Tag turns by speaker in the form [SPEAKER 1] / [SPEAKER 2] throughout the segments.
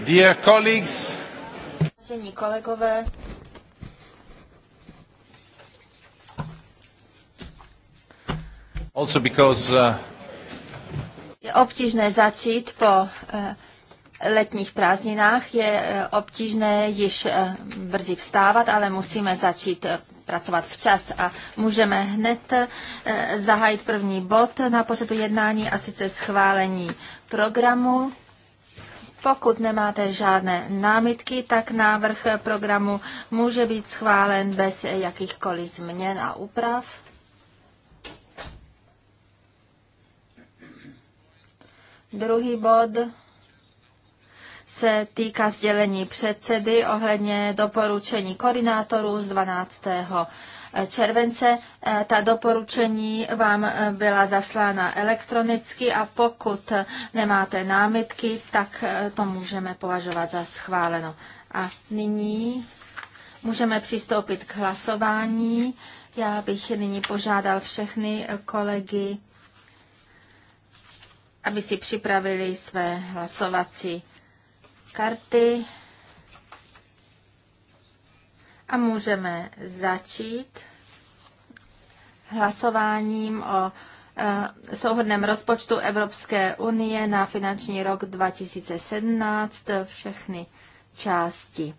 [SPEAKER 1] Dear colleagues,
[SPEAKER 2] Vážení kolegové,
[SPEAKER 1] also because, uh,
[SPEAKER 2] je obtížné začít po uh, letních prázdninách, je uh, obtížné již uh, brzy vstávat, ale musíme začít uh, pracovat včas a můžeme hned uh, zahájit první bod na pořadu jednání a sice schválení programu. Pokud nemáte žádné námitky, tak návrh programu může být schválen bez jakýchkoliv změn a úprav. Druhý bod se týká sdělení předsedy ohledně doporučení koordinátorů z 12 července. Eh, ta doporučení vám eh, byla zaslána elektronicky a pokud nemáte námitky, tak eh, to můžeme považovat za schváleno. A nyní můžeme přistoupit k hlasování. Já bych nyní požádal všechny kolegy, aby si připravili své hlasovací karty. A můžeme začít hlasováním o e, souhodném rozpočtu Evropské unie na finanční rok 2017 všechny části.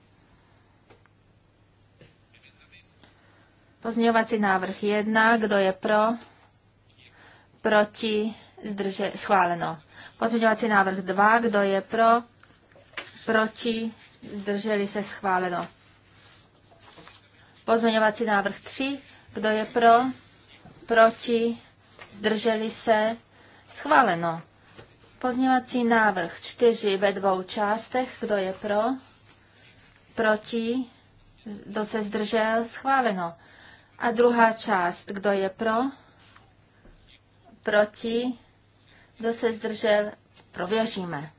[SPEAKER 2] Pozměňovací návrh 1. Kdo je pro? Proti? Zdrže, schváleno. Pozměňovací návrh 2. Kdo je pro? Proti? Zdrželi se schváleno. Pozměňovací návrh 3. Kdo je pro? Proti? Zdrželi se? Schváleno. Pozměňovací návrh 4 ve dvou částech. Kdo je pro? Proti? Kdo se zdržel? Schváleno. A druhá část. Kdo je pro? Proti? Kdo se zdržel? Prověříme.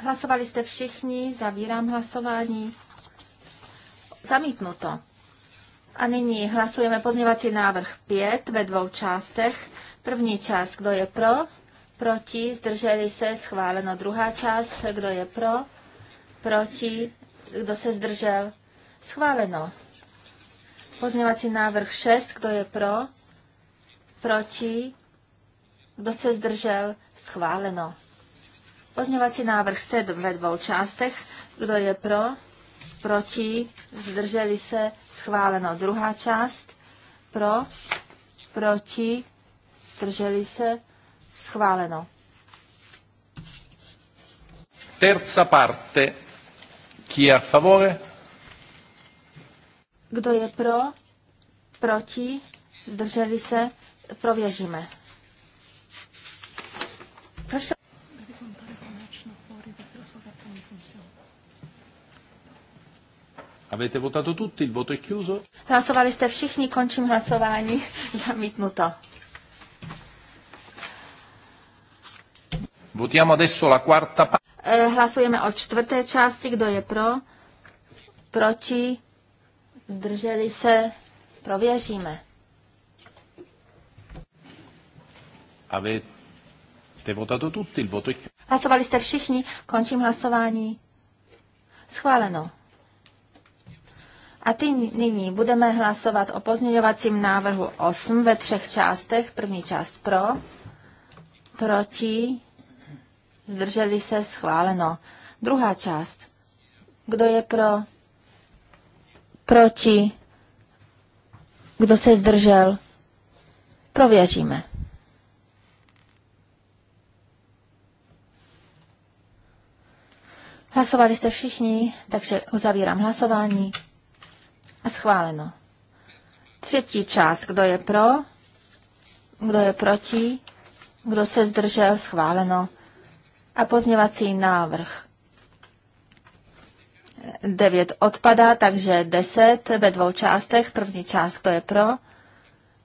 [SPEAKER 2] Hlasovali jste všichni, zavírám hlasování. Zamítnuto. A nyní hlasujeme pozměňovací návrh 5 ve dvou částech. První část, kdo je pro, proti, zdrželi se, schváleno. Druhá část, kdo je pro, proti, kdo se zdržel, schváleno. Pozměňovací návrh 6, kdo je pro, proti, kdo se zdržel, schváleno. Pozměňovací návrh 7 ve dvou částech. Kdo je pro? Proti? Zdrželi se? Schváleno. Druhá část. Pro? Proti? Zdrželi se? Schváleno.
[SPEAKER 3] Terza parte. Chi a favore?
[SPEAKER 2] Kdo je pro? Proti? Zdrželi se? Prověříme.
[SPEAKER 3] Prosím.
[SPEAKER 1] Avete votato tutti, il voto è chiuso.
[SPEAKER 2] Hlasovali jste všichni, končím hlasování. Zamítnuto.
[SPEAKER 3] Votiamo adesso la quarta parte.
[SPEAKER 2] Eh, hlasujeme o čtvrté části, kdo je pro, proti, zdrželi se, prověříme.
[SPEAKER 3] Avete votato tutti, il voto è chiuso.
[SPEAKER 2] Hlasovali jste všichni, končím hlasování. Schváleno. A ty nyní budeme hlasovat o pozměňovacím návrhu 8 ve třech částech. První část pro, proti, zdrželi se, schváleno. Druhá část. Kdo je pro, proti, kdo se zdržel, prověříme. Hlasovali jste všichni, takže uzavírám hlasování. Schváleno. Třetí část. Kdo je pro? Kdo je proti? Kdo se zdržel? Schváleno. A pozněvací návrh. 9 odpadá, takže 10 ve dvou částech. První část, kdo je pro,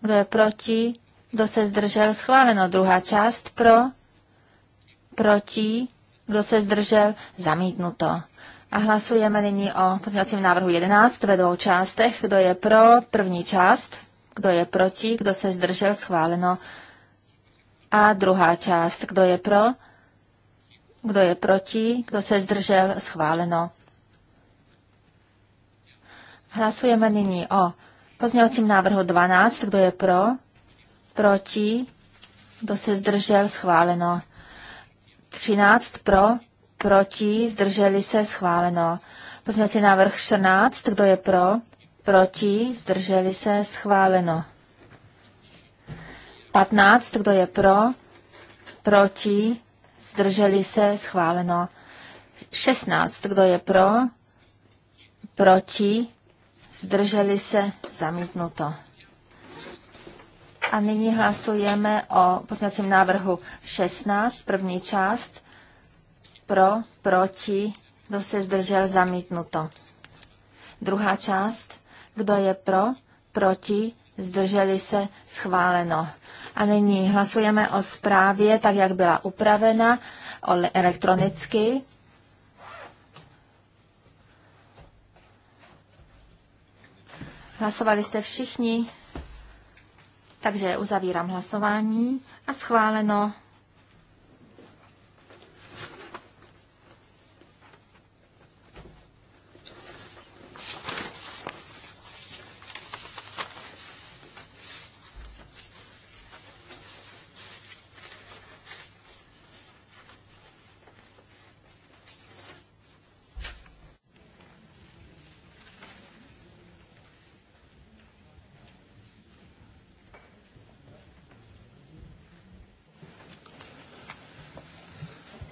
[SPEAKER 2] kdo je proti, kdo se zdržel, schváleno. Druhá část pro, proti, kdo se zdržel, zamítnuto. A hlasujeme nyní o pozměňovacím návrhu 11 ve dvou částech. Kdo je pro první část, kdo je proti, kdo se zdržel, schváleno. A druhá část, kdo je pro, kdo je proti, kdo se zdržel, schváleno. Hlasujeme nyní o pozměňovacím návrhu 12. Kdo je pro, proti, kdo se zdržel, schváleno. 13 pro, proti, zdrželi se, schváleno. Poznací návrh 14, kdo je pro, proti, zdrželi se, schváleno. 15, kdo je pro, proti, zdrželi se, schváleno. 16, kdo je pro, proti, zdrželi se, zamítnuto. A nyní hlasujeme o poznacím návrhu 16, první část. Pro, proti, kdo se zdržel, zamítnuto. Druhá část, kdo je pro, proti, zdrželi se, schváleno. A nyní hlasujeme o zprávě, tak jak byla upravena elektronicky. Hlasovali jste všichni, takže uzavírám hlasování a schváleno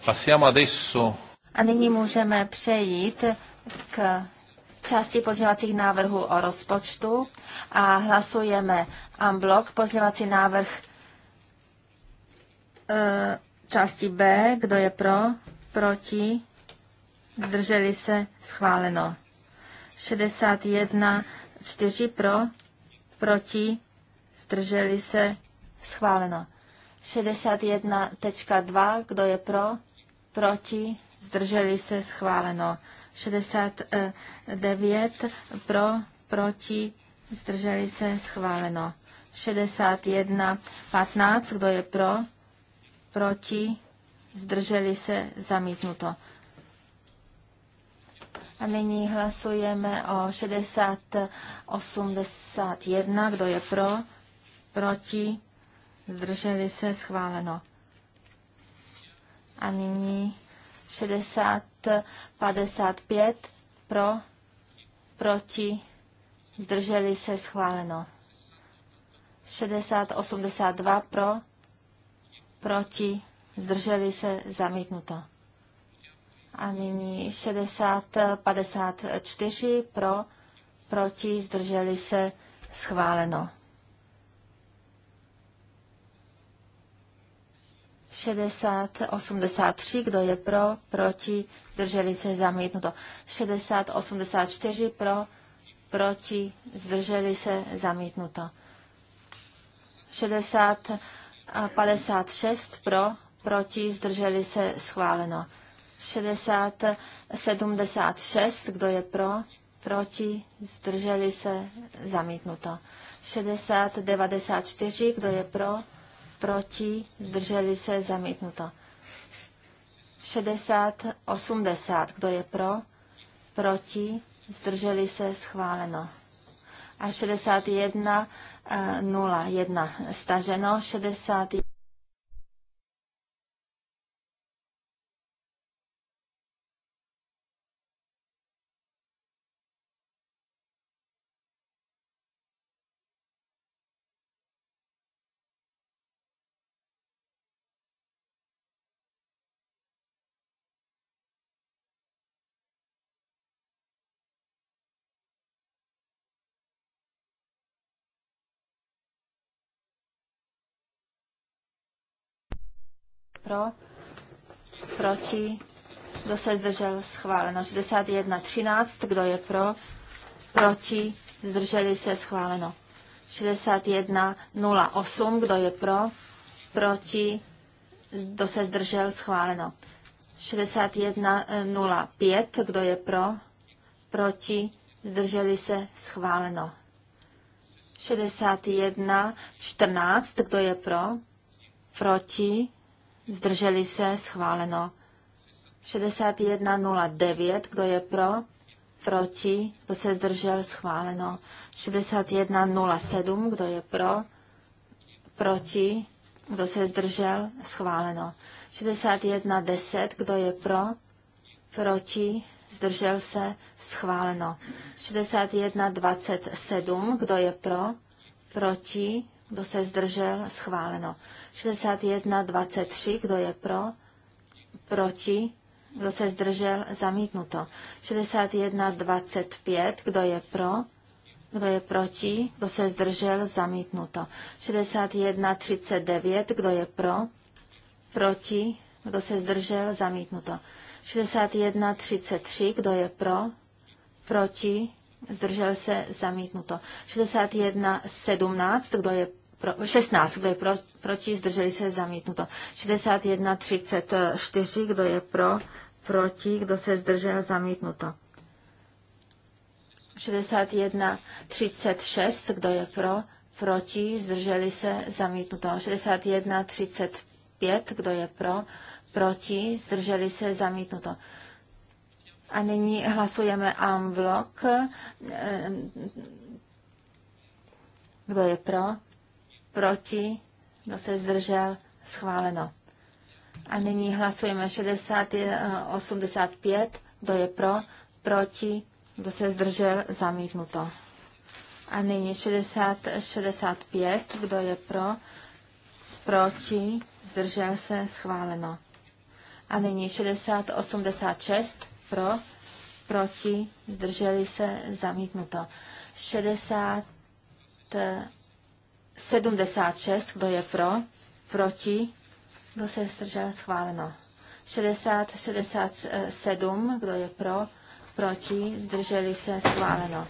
[SPEAKER 1] Passiamo adesso.
[SPEAKER 2] A nyní můžeme přejít k části pozdělacích návrhů o rozpočtu a hlasujeme unblock pozdělací návrh eh, části B. Kdo je pro? Proti? Zdrželi se? Schváleno. 61, 4 pro, proti, zdrželi se, schváleno. 61.2, kdo je pro, proti, zdrželi se, schváleno. 69 pro, proti, zdrželi se, schváleno. 61, 15, kdo je pro, proti, zdrželi se, zamítnuto. A nyní hlasujeme o 81, kdo je pro, proti, zdrželi se, schváleno a nyní 60, 55 pro, proti, zdrželi se schváleno. 60, 82 pro, proti, zdrželi se zamítnuto. A nyní 60, 54 pro, proti, zdrželi se schváleno. 60, 83, kdo je pro, proti, zdrželi se zamítnuto. 60, 84 pro, proti, zdrželi se zamítnuto. 60, pro, proti, zdrželi se schváleno. 60, 76, kdo je pro, proti, zdrželi se zamítnuto. 60, 94, kdo je pro, proti, zdrželi se, zamítnuto. 60, 80, kdo je pro, proti, zdrželi se, schváleno. A 61, 0, 1, staženo, 61.
[SPEAKER 1] pro, proti, kdo
[SPEAKER 2] se zdržel, schváleno. 61, 13, kdo je pro, proti, zdrželi se, schváleno. 61, 08, kdo je pro, proti, kdo se zdržel, schváleno. 61, 05, kdo je pro, proti, zdrželi se, schváleno. 61, 14, kdo je pro, proti, zdrželi se, schváleno. 6109, kdo je pro, proti, kdo se zdržel, schváleno. 6107, kdo je pro, proti, kdo se zdržel, schváleno. 6110, kdo je pro, proti, zdržel se, schváleno. 6127, kdo je pro, proti, kdo se zdržel? Schváleno. 61, 23. Kdo je pro? Proti? Kdo se zdržel? Zamítnuto. 61, 25. Kdo je pro? Kdo je proti? Kdo se zdržel? Zamítnuto. 61, 39. Kdo je pro? Proti? Kdo se zdržel? Zamítnuto. 61, 33. Kdo je pro? Proti? Zdržel se? Zamítnuto. 61, 17. Kdo je pro, 16, kdo je pro, proti, zdrželi se, zamítnuto. 61, 34, kdo je pro, proti, kdo se zdržel, zamítnuto. 61, 36, kdo je pro, proti, zdrželi se, zamítnuto. 61, 35, kdo je pro, proti, zdrželi se, zamítnuto. A nyní hlasujeme en bloc. Kdo je pro? proti, kdo se zdržel, schváleno. A nyní hlasujeme 60, 85, eh, kdo je pro, proti, kdo se zdržel, zamítnuto. A nyní 60, 65, kdo je pro, proti, zdržel se, schváleno. A nyní 60, 86, pro, proti, zdrželi se, zamítnuto. 60, 76, kdo je pro, proti, kdo se zdržel, schváleno. 60, 67, kdo je pro, proti, zdrželi se, schváleno.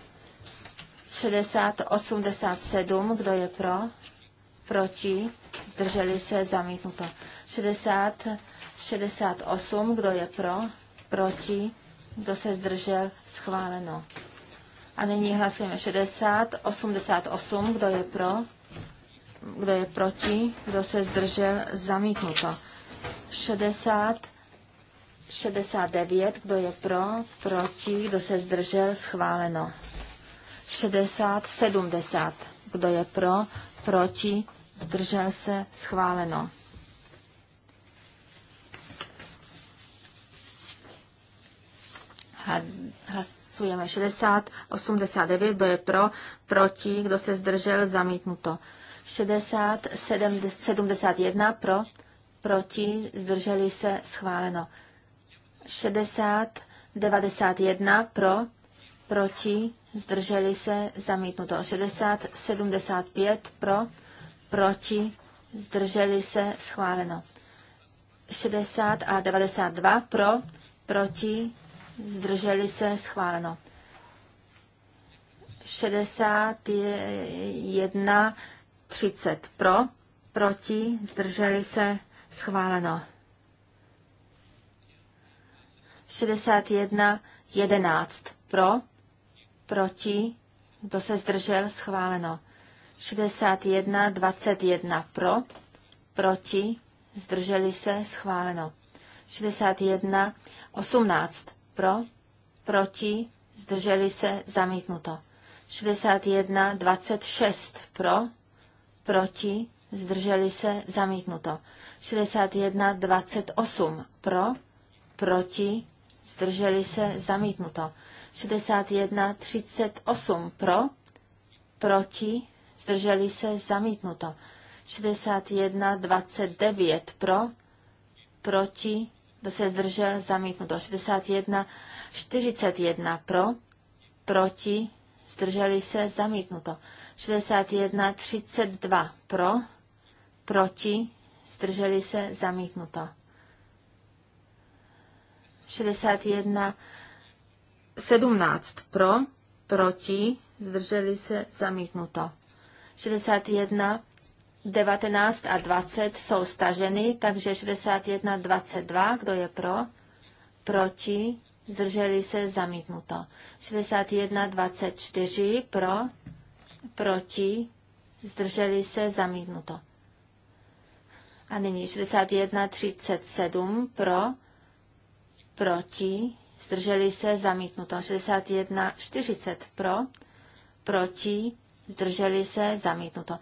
[SPEAKER 2] 60, 87, kdo je pro, proti, zdrželi se, zamítnuto. 60, 68, kdo je pro, proti, kdo se zdržel, schváleno. A nyní hlasujeme 60, 88, kdo je pro, kdo je proti? Kdo se zdržel? Zamítnuto. 60. 69. Kdo je pro? Proti? Kdo se zdržel? Schváleno. 60. 70. Kdo je pro? Proti? Zdržel se? Schváleno. Hlasujeme 60, 89, kdo je pro, proti, kdo se zdržel, zamítnuto. 60, 70, 71 pro, proti, zdrželi se, schváleno. 60, 91 pro, proti, zdrželi se, zamítnuto. 60, 75 pro, proti, zdrželi se, schváleno. 60 a 92 pro, proti, zdrželi se, schváleno. 61 30 pro, proti, zdrželi se, schváleno. 61, 11 pro, proti, kdo se zdržel, schváleno. 61, 21 pro, proti, zdrželi se, schváleno. 61, 18 pro, proti, zdrželi se, zamítnuto. 61, 26 pro, proti, zdrželi se, zamítnuto. 61, 28 pro, proti, zdrželi se, zamítnuto. 61, 38 pro, proti, zdrželi se, zamítnuto. 61, 29 pro, proti, kdo se zdržel, zamítnuto. 61, 41 pro, proti, zdrželi se, zamítnuto. 61, 32 pro, proti, zdrželi se, zamítnuto. 61, 17 pro, proti, zdrželi se, zamítnuto. 61, 19 a 20 jsou staženy, takže 61, 22, kdo je pro, proti, zdrželi se zamítnuto. 61.24 pro, proti, zdrželi se zamítnuto. A nyní 61.37 pro, proti, zdrželi se zamítnuto. 61.40 pro, proti, zdrželi se zamítnuto.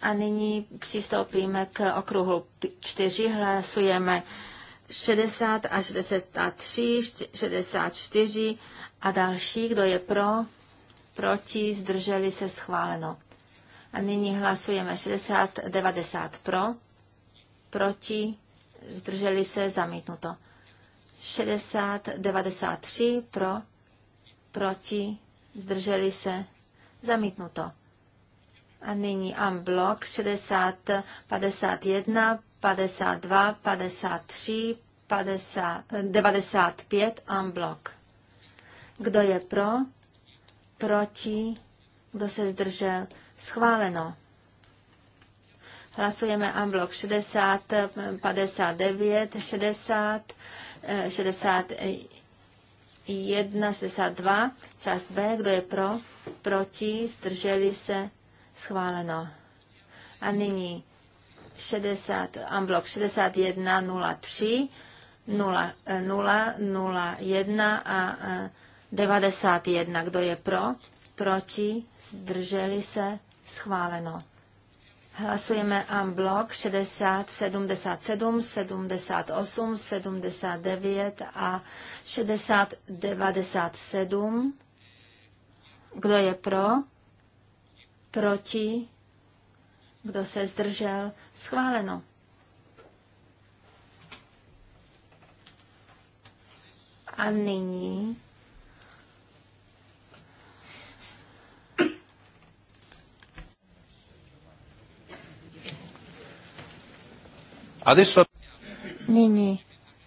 [SPEAKER 2] A nyní přistoupíme k okruhu 4, hlasujeme 60 a 63, 64 a další. Kdo je pro? Proti? Zdrželi se? Schváleno. A nyní hlasujeme 60, 90 pro, proti, zdrželi se, zamítnuto. 60, 93 pro, proti, zdrželi se, zamítnuto. A nyní amblok 60, 51 52, 53, 50, 95 en blok. Kdo je pro? Proti? Kdo se zdržel? Schváleno. Hlasujeme en blok 60, 59, 60, 61, 62, část B. Kdo je pro? Proti? Zdrželi se? Schváleno. A nyní 60, amblok 61, 03, 0, 0, 0, 1 a 91. Eh, Kdo je pro? Proti? Zdrželi se? Schváleno. Hlasujeme amblok 60, 77, 78, 79 a 60, 97. Kdo je pro? Proti? Kdo se zdržel? Schváleno. A nyní Nyní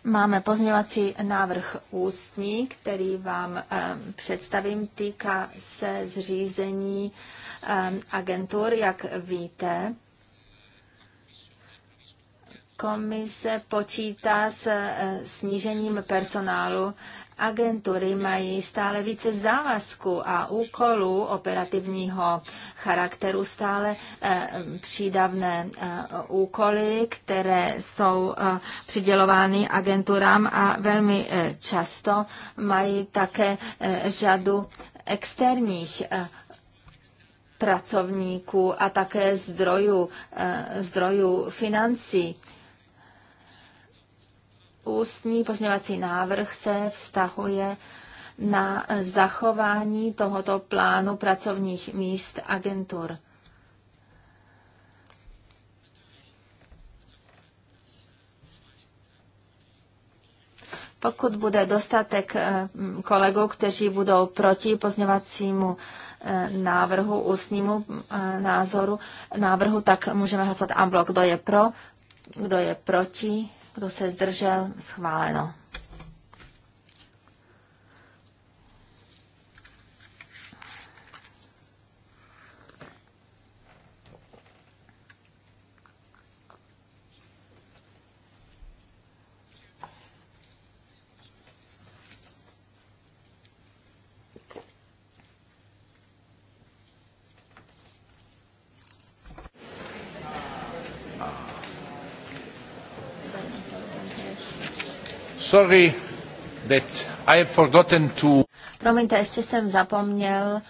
[SPEAKER 2] Máme pozměňovací návrh ústní, který vám představím. Týká se zřízení agentur, jak víte. Komise počítá s e, snížením personálu. Agentury mají stále více závazků a úkolů operativního charakteru, stále e, přídavné e, úkoly, které jsou přidělovány agenturám a velmi často mají také řadu externích pracovníků a také zdrojů, zdrojů financí Ústní pozměvací návrh se vztahuje na zachování tohoto plánu pracovních míst agentur. Pokud bude dostatek eh, kolegů, kteří budou proti pozněvacímu eh, návrhu, ústnímu eh, názoru, návrhu, tak můžeme hlasovat amblok, kdo je pro, kdo je proti, kdo se zdržel? Schváleno. sorry that I have forgotten to... Promiňte, ještě jsem zapomněl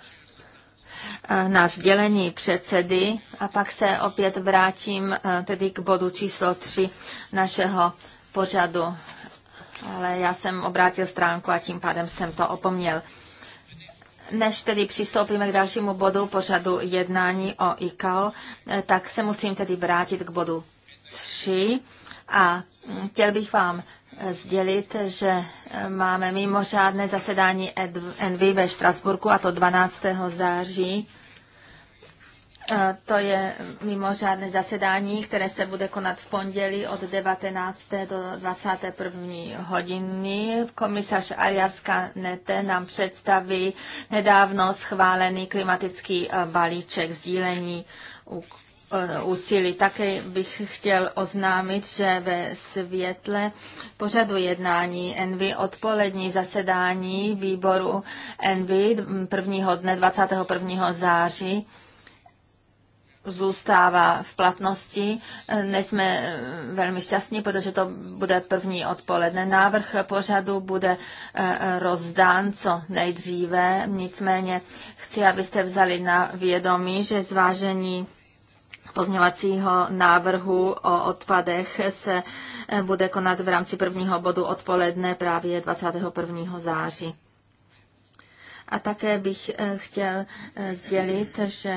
[SPEAKER 2] eh, na sdělení předsedy a pak se opět vrátím eh, tedy k bodu číslo 3 našeho pořadu. Ale já jsem obrátil stránku a tím pádem jsem to opomněl. Než tedy přistoupíme k dalšímu bodu pořadu jednání o ICAO, eh, tak se musím tedy vrátit k bodu 3 a mm, chtěl bych vám sdělit, že máme mimořádné zasedání ENVY ve Štrasburku, a to 12. září. E, to je mimořádné zasedání, které se bude konat v pondělí od 19. do 21. hodiny. Komisař Ariaska Nete nám představí nedávno schválený klimatický e, balíček sdílení Eh, úsilí. Také bych chtěl oznámit, že ve světle pořadu jednání Envy odpolední zasedání výboru Envy 1. dne 21. září zůstává v platnosti. Nejsme eh, velmi šťastní, protože to bude první odpoledne. Návrh pořadu bude eh, rozdán co nejdříve. Nicméně chci, abyste vzali na vědomí, že zvážení pozměvacího návrhu o odpadech se eh, bude konat v rámci prvního bodu odpoledne právě 21. září. A také bych eh, chtěl eh, sdělit, že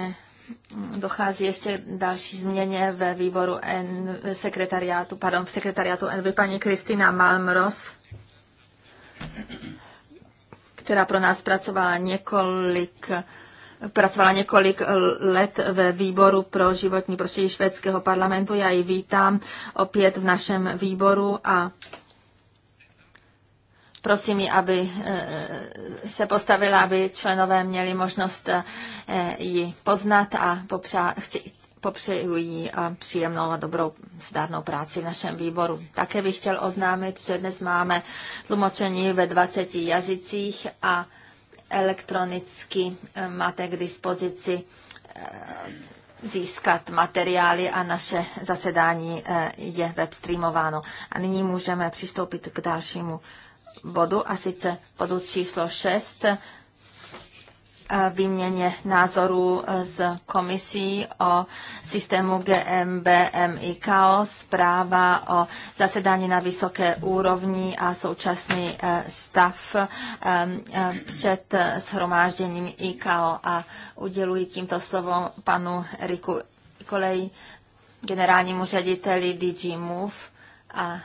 [SPEAKER 2] mm, dochází ještě další změně ve výboru N, sekretariátu, pardon, v sekretariátu NV paní Kristina Malmros, která pro nás pracovala několik pracovala několik let ve výboru pro životní prostředí švédského parlamentu. Já ji vítám opět v našem výboru a prosím ji, aby eh, se postavila, aby členové měli možnost eh, ji poznat a popřá, chci, popřeju jí eh, příjemnou a dobrou zdárnou práci v našem výboru. Také bych chtěl oznámit, že dnes máme tlumočení ve 20 jazycích a elektronicky eh, máte k dispozici eh, získat materiály a naše zasedání eh, je webstreamováno. A nyní můžeme přistoupit k dalšímu bodu, a sice bodu číslo 6, Eh, výměně názorů eh, s komisí o systému GMBM GMBMIKO, zpráva o zasedání na vysoké úrovni a současný eh, stav před shromážděním IKO a uděluji tímto slovo panu Riku Kolej, generálnímu řediteli DG Move a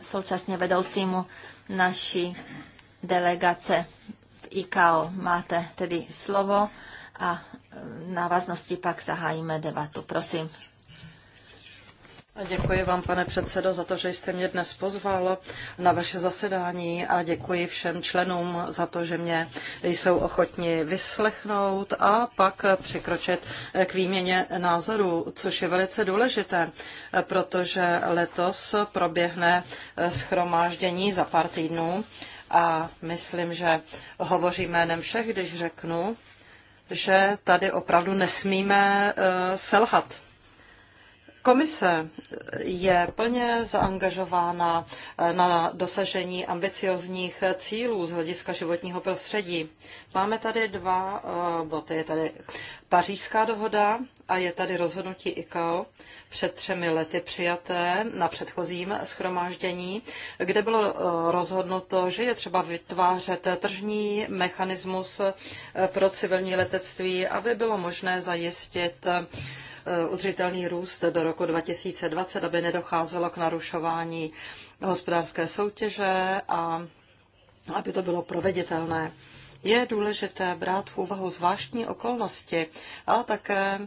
[SPEAKER 2] současně vedoucímu naší delegace ICAO. Máte tedy slovo a návaznosti pak zahájíme debatu. Prosím.
[SPEAKER 3] děkuji vám, pane předsedo, za to, že jste mě dnes pozval na vaše zasedání a děkuji všem členům za to, že mě jsou ochotni vyslechnout a pak přikročit k výměně názorů, což je velice důležité, protože letos proběhne schromáždění za pár týdnů a myslím, že hovořím jménem všech, když řeknu, že tady opravdu nesmíme eh, selhat. Komise je plně zaangažována eh, na dosažení ambiciozních cílů z hlediska životního prostředí. Máme tady dva eh, boty. Je tady pařížská dohoda a je tady rozhodnutí ICAO před třemi lety přijaté na předchozím schromáždění, kde bylo eh, rozhodnuto, že je třeba vytvářet tržní mechanismus pro civilní letectví, aby bylo možné zajistit Eh, udržitelný růst do roku 2020, aby nedocházelo k narušování hospodářské soutěže a aby to bylo proveditelné. Je důležité brát v úvahu zvláštní okolnosti, ale také eh,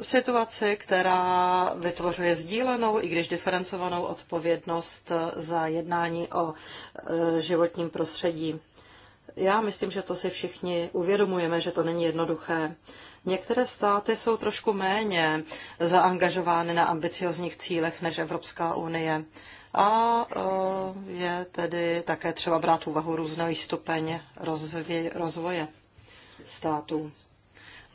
[SPEAKER 3] situaci, která vytvořuje sdílenou, i když diferencovanou odpovědnost za jednání o eh, životním prostředí. Já myslím, že to si všichni uvědomujeme, že to není jednoduché. Některé státy jsou trošku méně zaangažovány na ambiciozních cílech než Evropská unie. A eh, je tedy také třeba brát úvahu různé stupeň rozvě, rozvoje států.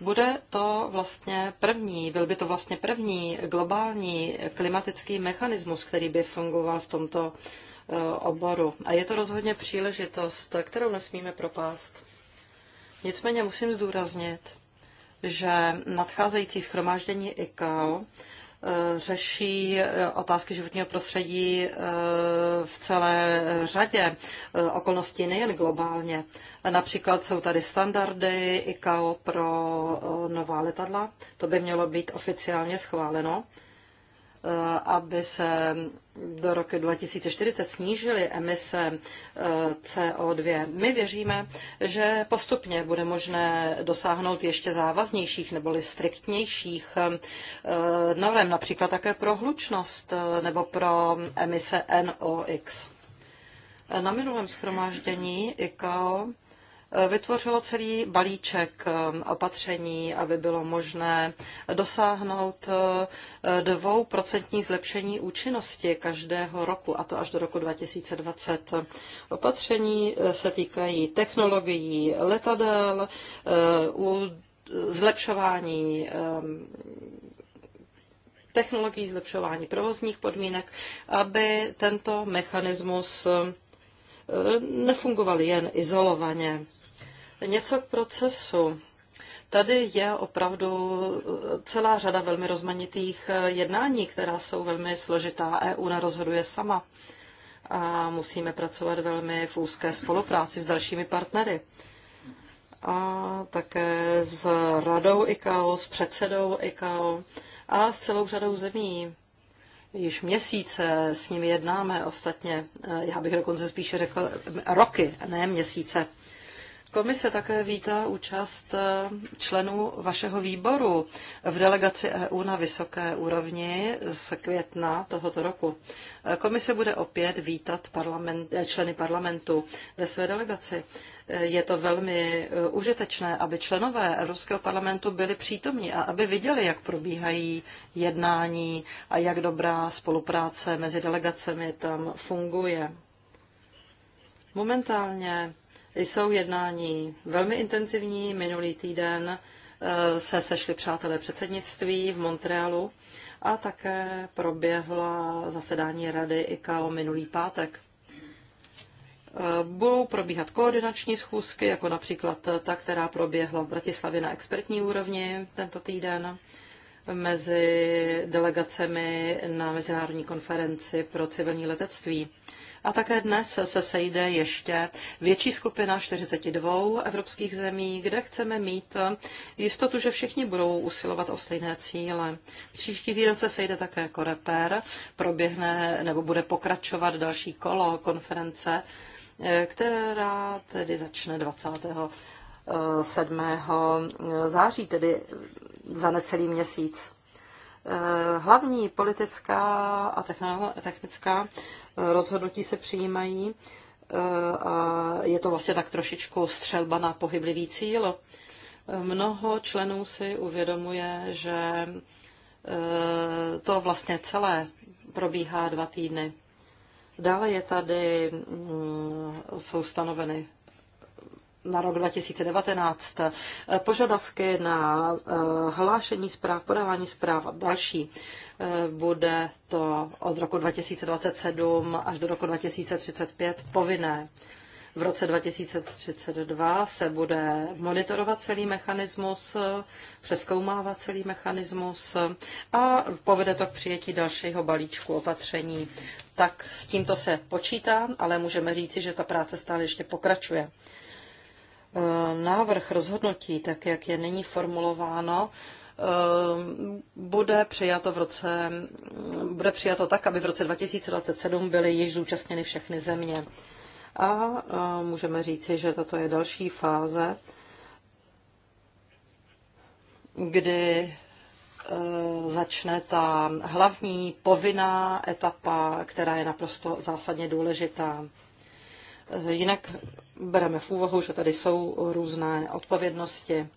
[SPEAKER 3] Bude to vlastně první, byl by to vlastně první globální klimatický mechanismus, který by fungoval v tomto Eh, oboru. A je to rozhodně příležitost, kterou nesmíme propást. Nicméně musím zdůraznit, že nadcházející schromáždění ICAO eh, řeší eh, otázky životního prostředí v celé řadě okolností, nejen globálně. Například jsou tady standardy ICAO pro nová letadla, to by mělo být oficiálně schváleno. Eh, aby se do roku 2040 snížily emise eh, CO2. My věříme, že postupně bude možné dosáhnout ještě závaznějších neboli striktnějších eh, norem, například také pro hlučnost nebo pro emise NOx. Na minulém schromáždění ICAO Eh, vytvořilo celý balíček eh, opatření, aby bylo možné dosáhnout eh, dvouprocentní zlepšení účinnosti každého roku, a to až do roku 2020. Opatření se týkají technologií letadel, zlepšování technologií, zlepšování provozních podmínek, aby tento mechanismus nefungoval jen izolovaně. Něco k procesu. Tady je opravdu celá řada velmi rozmanitých eh, jednání, která jsou velmi složitá. EU nerozhoduje sama a musíme pracovat velmi v úzké spolupráci s dalšími partnery. A také s radou ICAO, s předsedou ICAO a s celou řadou zemí. Již měsíce s nimi jednáme ostatně, eh, já bych dokonce spíše řekl roky, ne měsíce. Komise také vítá účast eh, členů vašeho výboru v delegaci EU na vysoké úrovni z května tohoto roku. Eh, komise bude opět vítat parlament, eh, členy parlamentu ve své delegaci. Je to velmi užitečné, aby členové Evropského parlamentu byli přítomni a aby viděli, jak probíhají jednání a jak dobrá spolupráce mezi delegacemi tam funguje. Momentálně jsou jednání velmi intenzivní. Minulý týden eh, se sešli přátelé předsednictví v Montrealu a také proběhla zasedání rady ICAO minulý pátek. Eh, budou probíhat koordinační schůzky, jako například ta, která proběhla v Bratislavě na expertní úrovni tento týden mezi delegacemi na Mezinárodní konferenci pro civilní letectví. A také dnes se sejde ještě větší skupina 42 evropských zemí, kde chceme mít jistotu, že všichni budou usilovat o stejné cíle. Příští týden se sejde také Koreper, proběhne nebo bude pokračovat další kolo konference, která tedy začne 20. 7. září, tedy za necelý měsíc. Hlavní politická a technická rozhodnutí se přijímají eh, a je to vlastně tak trošičku střelba na pohyblivý cíl. Mnoho členů si uvědomuje, že eh, to vlastně celé probíhá dva týdny. Dále je tady, mm, jsou stanoveny na rok 2019 eh, požadavky na hlášení zpráv, podávání zpráv a další. Bude to od roku 2027 až do roku 2035 povinné. V roce 2032 se bude monitorovat celý mechanismus, přeskoumávat celý mechanismus a povede to k přijetí dalšího balíčku opatření. Tak s tímto se počítá, ale můžeme říci, že ta práce stále ještě pokračuje. E, návrh rozhodnutí, tak jak je nyní formulováno, Ehm, bude přijato v roce, bude přijato tak, aby v roce 2027 byly již zúčastněny všechny země. A e, můžeme říci, že toto je další fáze, kdy e, začne ta hlavní povinná etapa, která je naprosto zásadně důležitá. E, jinak bereme v úvahu, že tady jsou různé odpovědnosti.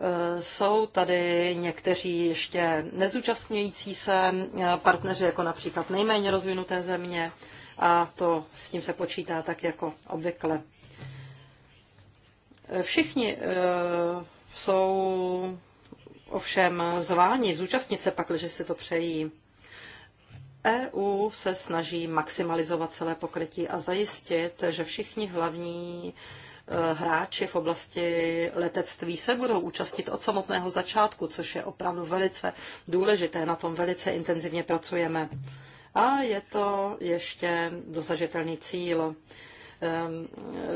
[SPEAKER 3] Eh, jsou tady někteří ještě nezúčastňující se eh, partneři, jako například nejméně rozvinuté země, a to s tím se počítá tak jako obvykle. Eh, všichni jsou ovšem zváni zúčastnit se pak, že si to přejí. EU se snaží maximalizovat celé pokrytí a zajistit, že všichni hlavní Eh, hráči v oblasti letectví se budou účastnit od samotného začátku, což je opravdu velice důležité. Na tom velice intenzivně pracujeme. A je to ještě dosažitelný cíl. Ehm,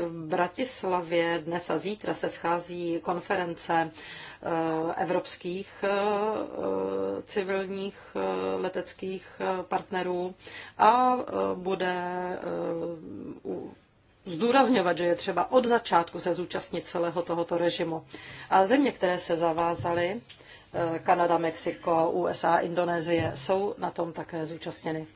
[SPEAKER 3] v Bratislavě dnes a zítra se schází konference eh, evropských eh, civilních leteckých partnerů a bude zdůrazňovat, že je třeba od začátku se zúčastnit celého tohoto režimu. A země, které se zavázaly, eh, Kanada, Mexiko, USA, Indonésie, jsou na tom také zúčastněny.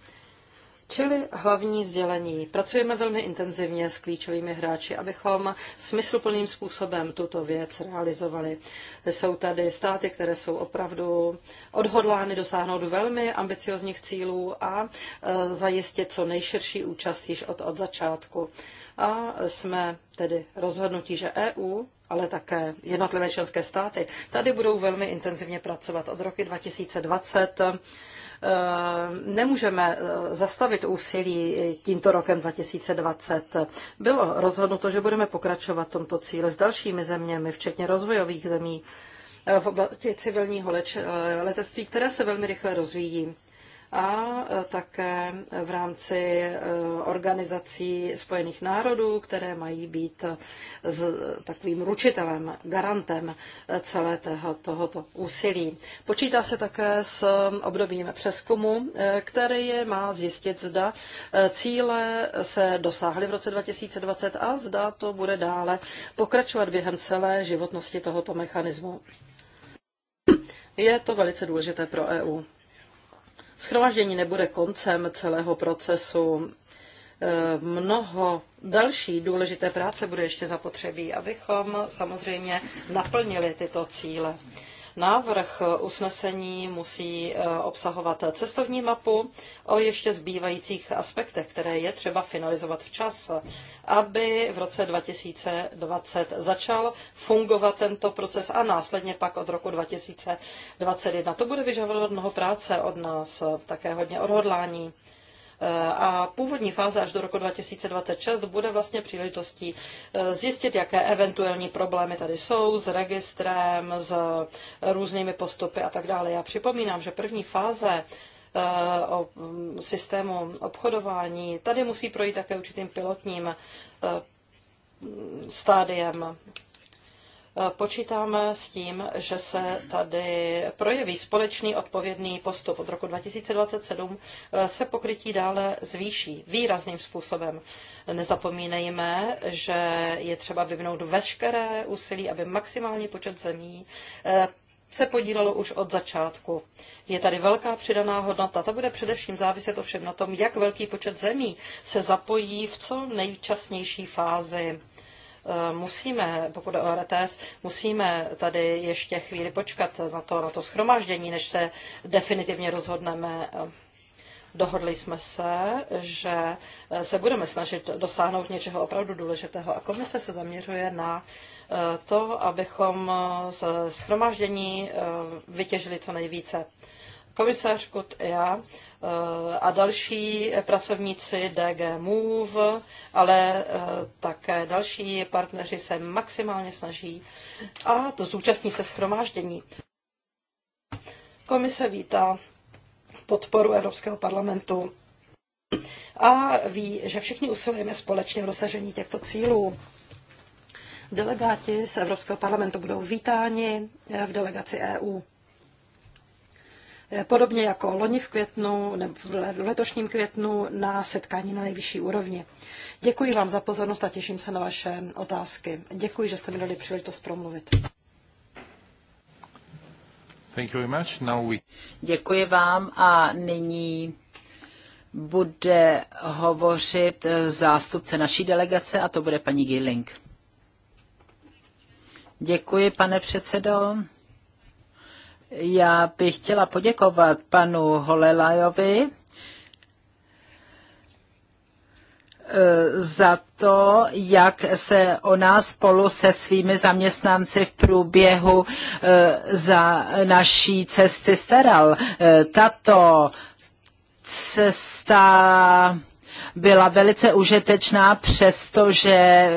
[SPEAKER 3] Čili hlavní sdělení. Pracujeme velmi intenzivně s klíčovými hráči, abychom smysluplným způsobem tuto věc realizovali. Jsou tady státy, které jsou opravdu odhodlány dosáhnout velmi ambiciozních cílů a eh, zajistit co nejširší účast již od, od začátku a jsme tedy rozhodnutí, že EU ale také jednotlivé členské státy. Tady budou velmi intenzivně pracovat od roku 2020. Eh, nemůžeme eh, zastavit úsilí tímto rokem 2020. Bylo rozhodnuto, že budeme pokračovat v tomto cíli s dalšími zeměmi, včetně rozvojových zemí eh, v oblasti civilního letectví, které se velmi rychle rozvíjí a e, také v rámci e, organizací Spojených národů, které mají být s e, takovým ručitelem, garantem celé tého, tohoto úsilí. Počítá se také s obdobím přeskumu, který je má zjistit, zda cíle se dosáhly v roce 2020 a zda to bude dále pokračovat během celé životnosti tohoto mechanismu. Je to velice důležité pro EU. Schromaždění nebude koncem celého procesu. Eh, mnoho další důležité práce bude ještě zapotřebí, abychom samozřejmě naplnili tyto cíle. Návrh usnesení musí eh, obsahovat cestovní mapu o ještě zbývajících aspektech, které je třeba finalizovat včas, aby v roce 2020 začal fungovat tento proces a následně pak od roku 2021. To bude vyžadovat mnoho práce od nás, také hodně odhodlání. A původní fáze až do roku 2026 bude vlastně příležitostí eh, zjistit, jaké eventuální problémy tady jsou s registrem, s různými postupy a tak dále. Já připomínám, že první fáze eh, o mm, systému obchodování. Tady musí projít také určitým pilotním eh, mm, stádiem počítáme s tím, že se tady projeví společný odpovědný postup. Od roku 2027 eh, se pokrytí dále zvýší výrazným způsobem. Nezapomínejme, že je třeba vyvinout veškeré úsilí, aby maximální počet zemí eh, se podílelo už od začátku. Je tady velká přidaná hodnota. Ta bude především záviset ovšem na tom, jak velký počet zemí se zapojí v co nejčasnější fázi Eh, musíme, pokud jde o RTS, musíme tady ještě chvíli počkat na to, na to schromáždění, než se definitivně rozhodneme. Dohodli jsme se, že eh, se budeme snažit dosáhnout něčeho opravdu důležitého a komise se zaměřuje na eh, to, abychom z schromáždění vytěžili co nejvíce komisař Kot já eh, a další pracovníci DG Move, ale eh, také další partneři se maximálně snaží a to zúčastní se schromáždění. Komise vítá podporu Evropského parlamentu a ví, že všichni usilujeme společně v dosažení těchto cílů. Delegáti z Evropského parlamentu budou vítáni v delegaci EU. Eh, podobně jako loni v květnu nebo v letošním květnu na setkání na nejvyšší úrovni. Děkuji vám za pozornost a těším se na vaše otázky. Děkuji, že jste mi dali příležitost promluvit.
[SPEAKER 1] Thank you very much. Now we... Děkuji vám a nyní bude hovořit eh, zástupce naší delegace a to bude paní Gilling. Děkuji, pane předsedo. Já bych chtěla poděkovat panu Holelajovi eh, za to, jak se o nás spolu se svými zaměstnanci v průběhu eh, za naší cesty staral. Eh, tato cesta byla velice užitečná, přestože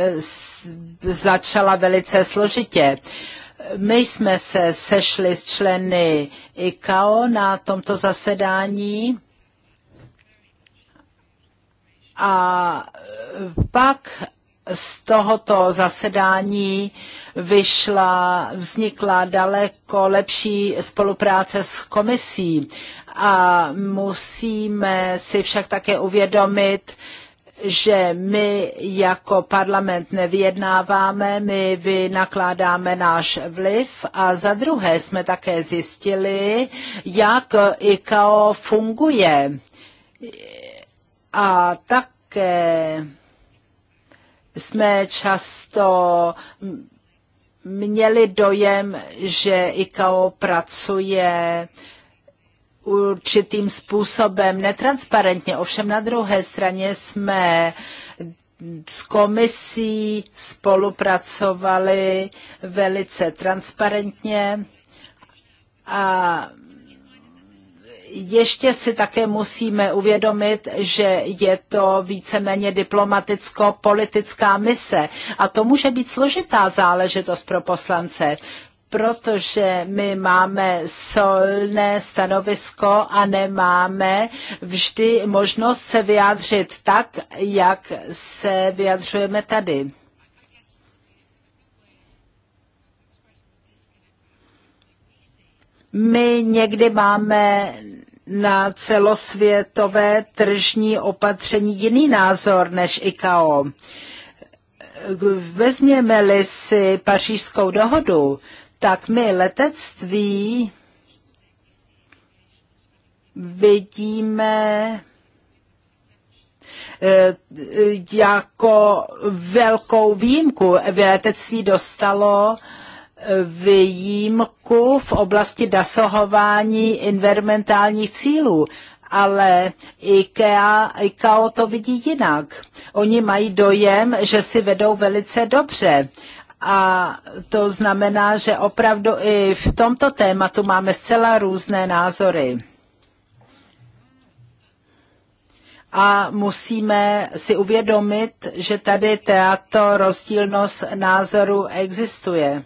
[SPEAKER 1] začala velice složitě. Uh, my jsme se sešli s členy ICAO na tomto zasedání a pak z tohoto zasedání vyšla, vznikla daleko lepší spolupráce s komisí. A musíme si však také uvědomit, že my jako parlament nevyjednáváme, my vynakládáme náš vliv a za druhé jsme také zjistili, jak ICAO funguje. A také jsme často měli dojem, že ICAO pracuje určitým způsobem netransparentně. Ovšem na druhé straně jsme s komisí spolupracovali velice transparentně a ještě si také musíme uvědomit, že je to víceméně diplomaticko-politická mise a to může být složitá záležitost pro poslance protože my máme solné stanovisko a nemáme vždy možnost se vyjádřit tak, jak se vyjadřujeme tady. My někdy máme na celosvětové tržní opatření jiný názor než ICAO. Vezměme-li si pařížskou dohodu, tak my letectví vidíme eh, jako velkou výjimku. Letectví dostalo eh, výjimku v oblasti dasohování environmentálních cílů, ale IKEA, IKEA to vidí jinak. Oni mají dojem, že si vedou velice dobře a to znamená, že opravdu i v tomto tématu máme zcela různé názory. A musíme si uvědomit, že tady tato rozdílnost názoru existuje.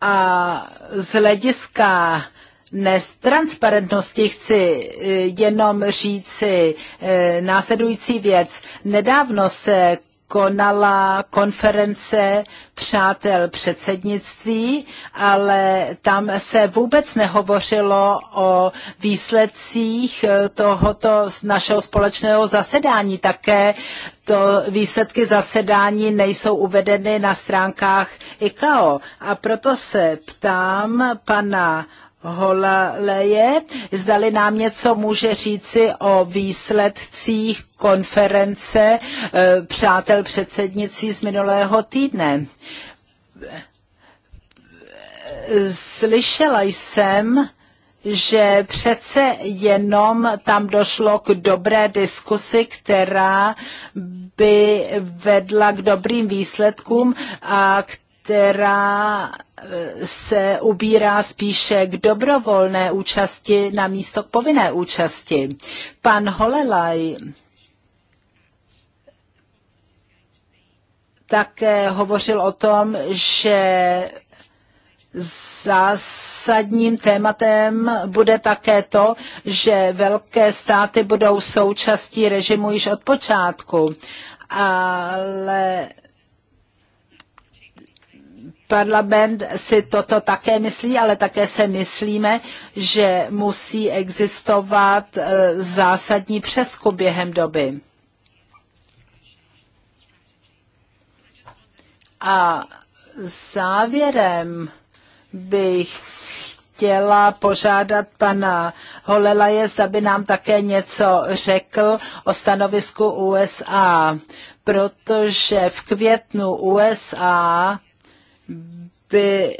[SPEAKER 1] A z hlediska netransparentnosti chci eh, jenom říci eh, následující věc. Nedávno se konala konference přátel předsednictví, ale tam se vůbec nehovořilo o výsledcích eh, tohoto našeho společného zasedání. Také to výsledky zasedání nejsou uvedeny na stránkách ICAO. A proto se ptám pana Holaleje, zdali nám něco může říci o výsledcích konference eh, přátel předsednictví z minulého týdne. Slyšela jsem, že přece jenom tam došlo k dobré diskusi, která by vedla k dobrým výsledkům a k která eh, se ubírá spíše k dobrovolné účasti na místo k povinné účasti. Pan Holelaj také hovořil o tom, že zásadním tématem bude také to, že velké státy budou součástí režimu již od počátku. Ale Parlament si toto také myslí, ale také se myslíme, že musí existovat e, zásadní přeskup během doby. A závěrem bych chtěla požádat pana Holelaje, zda by nám také něco řekl o stanovisku USA, protože v květnu USA byli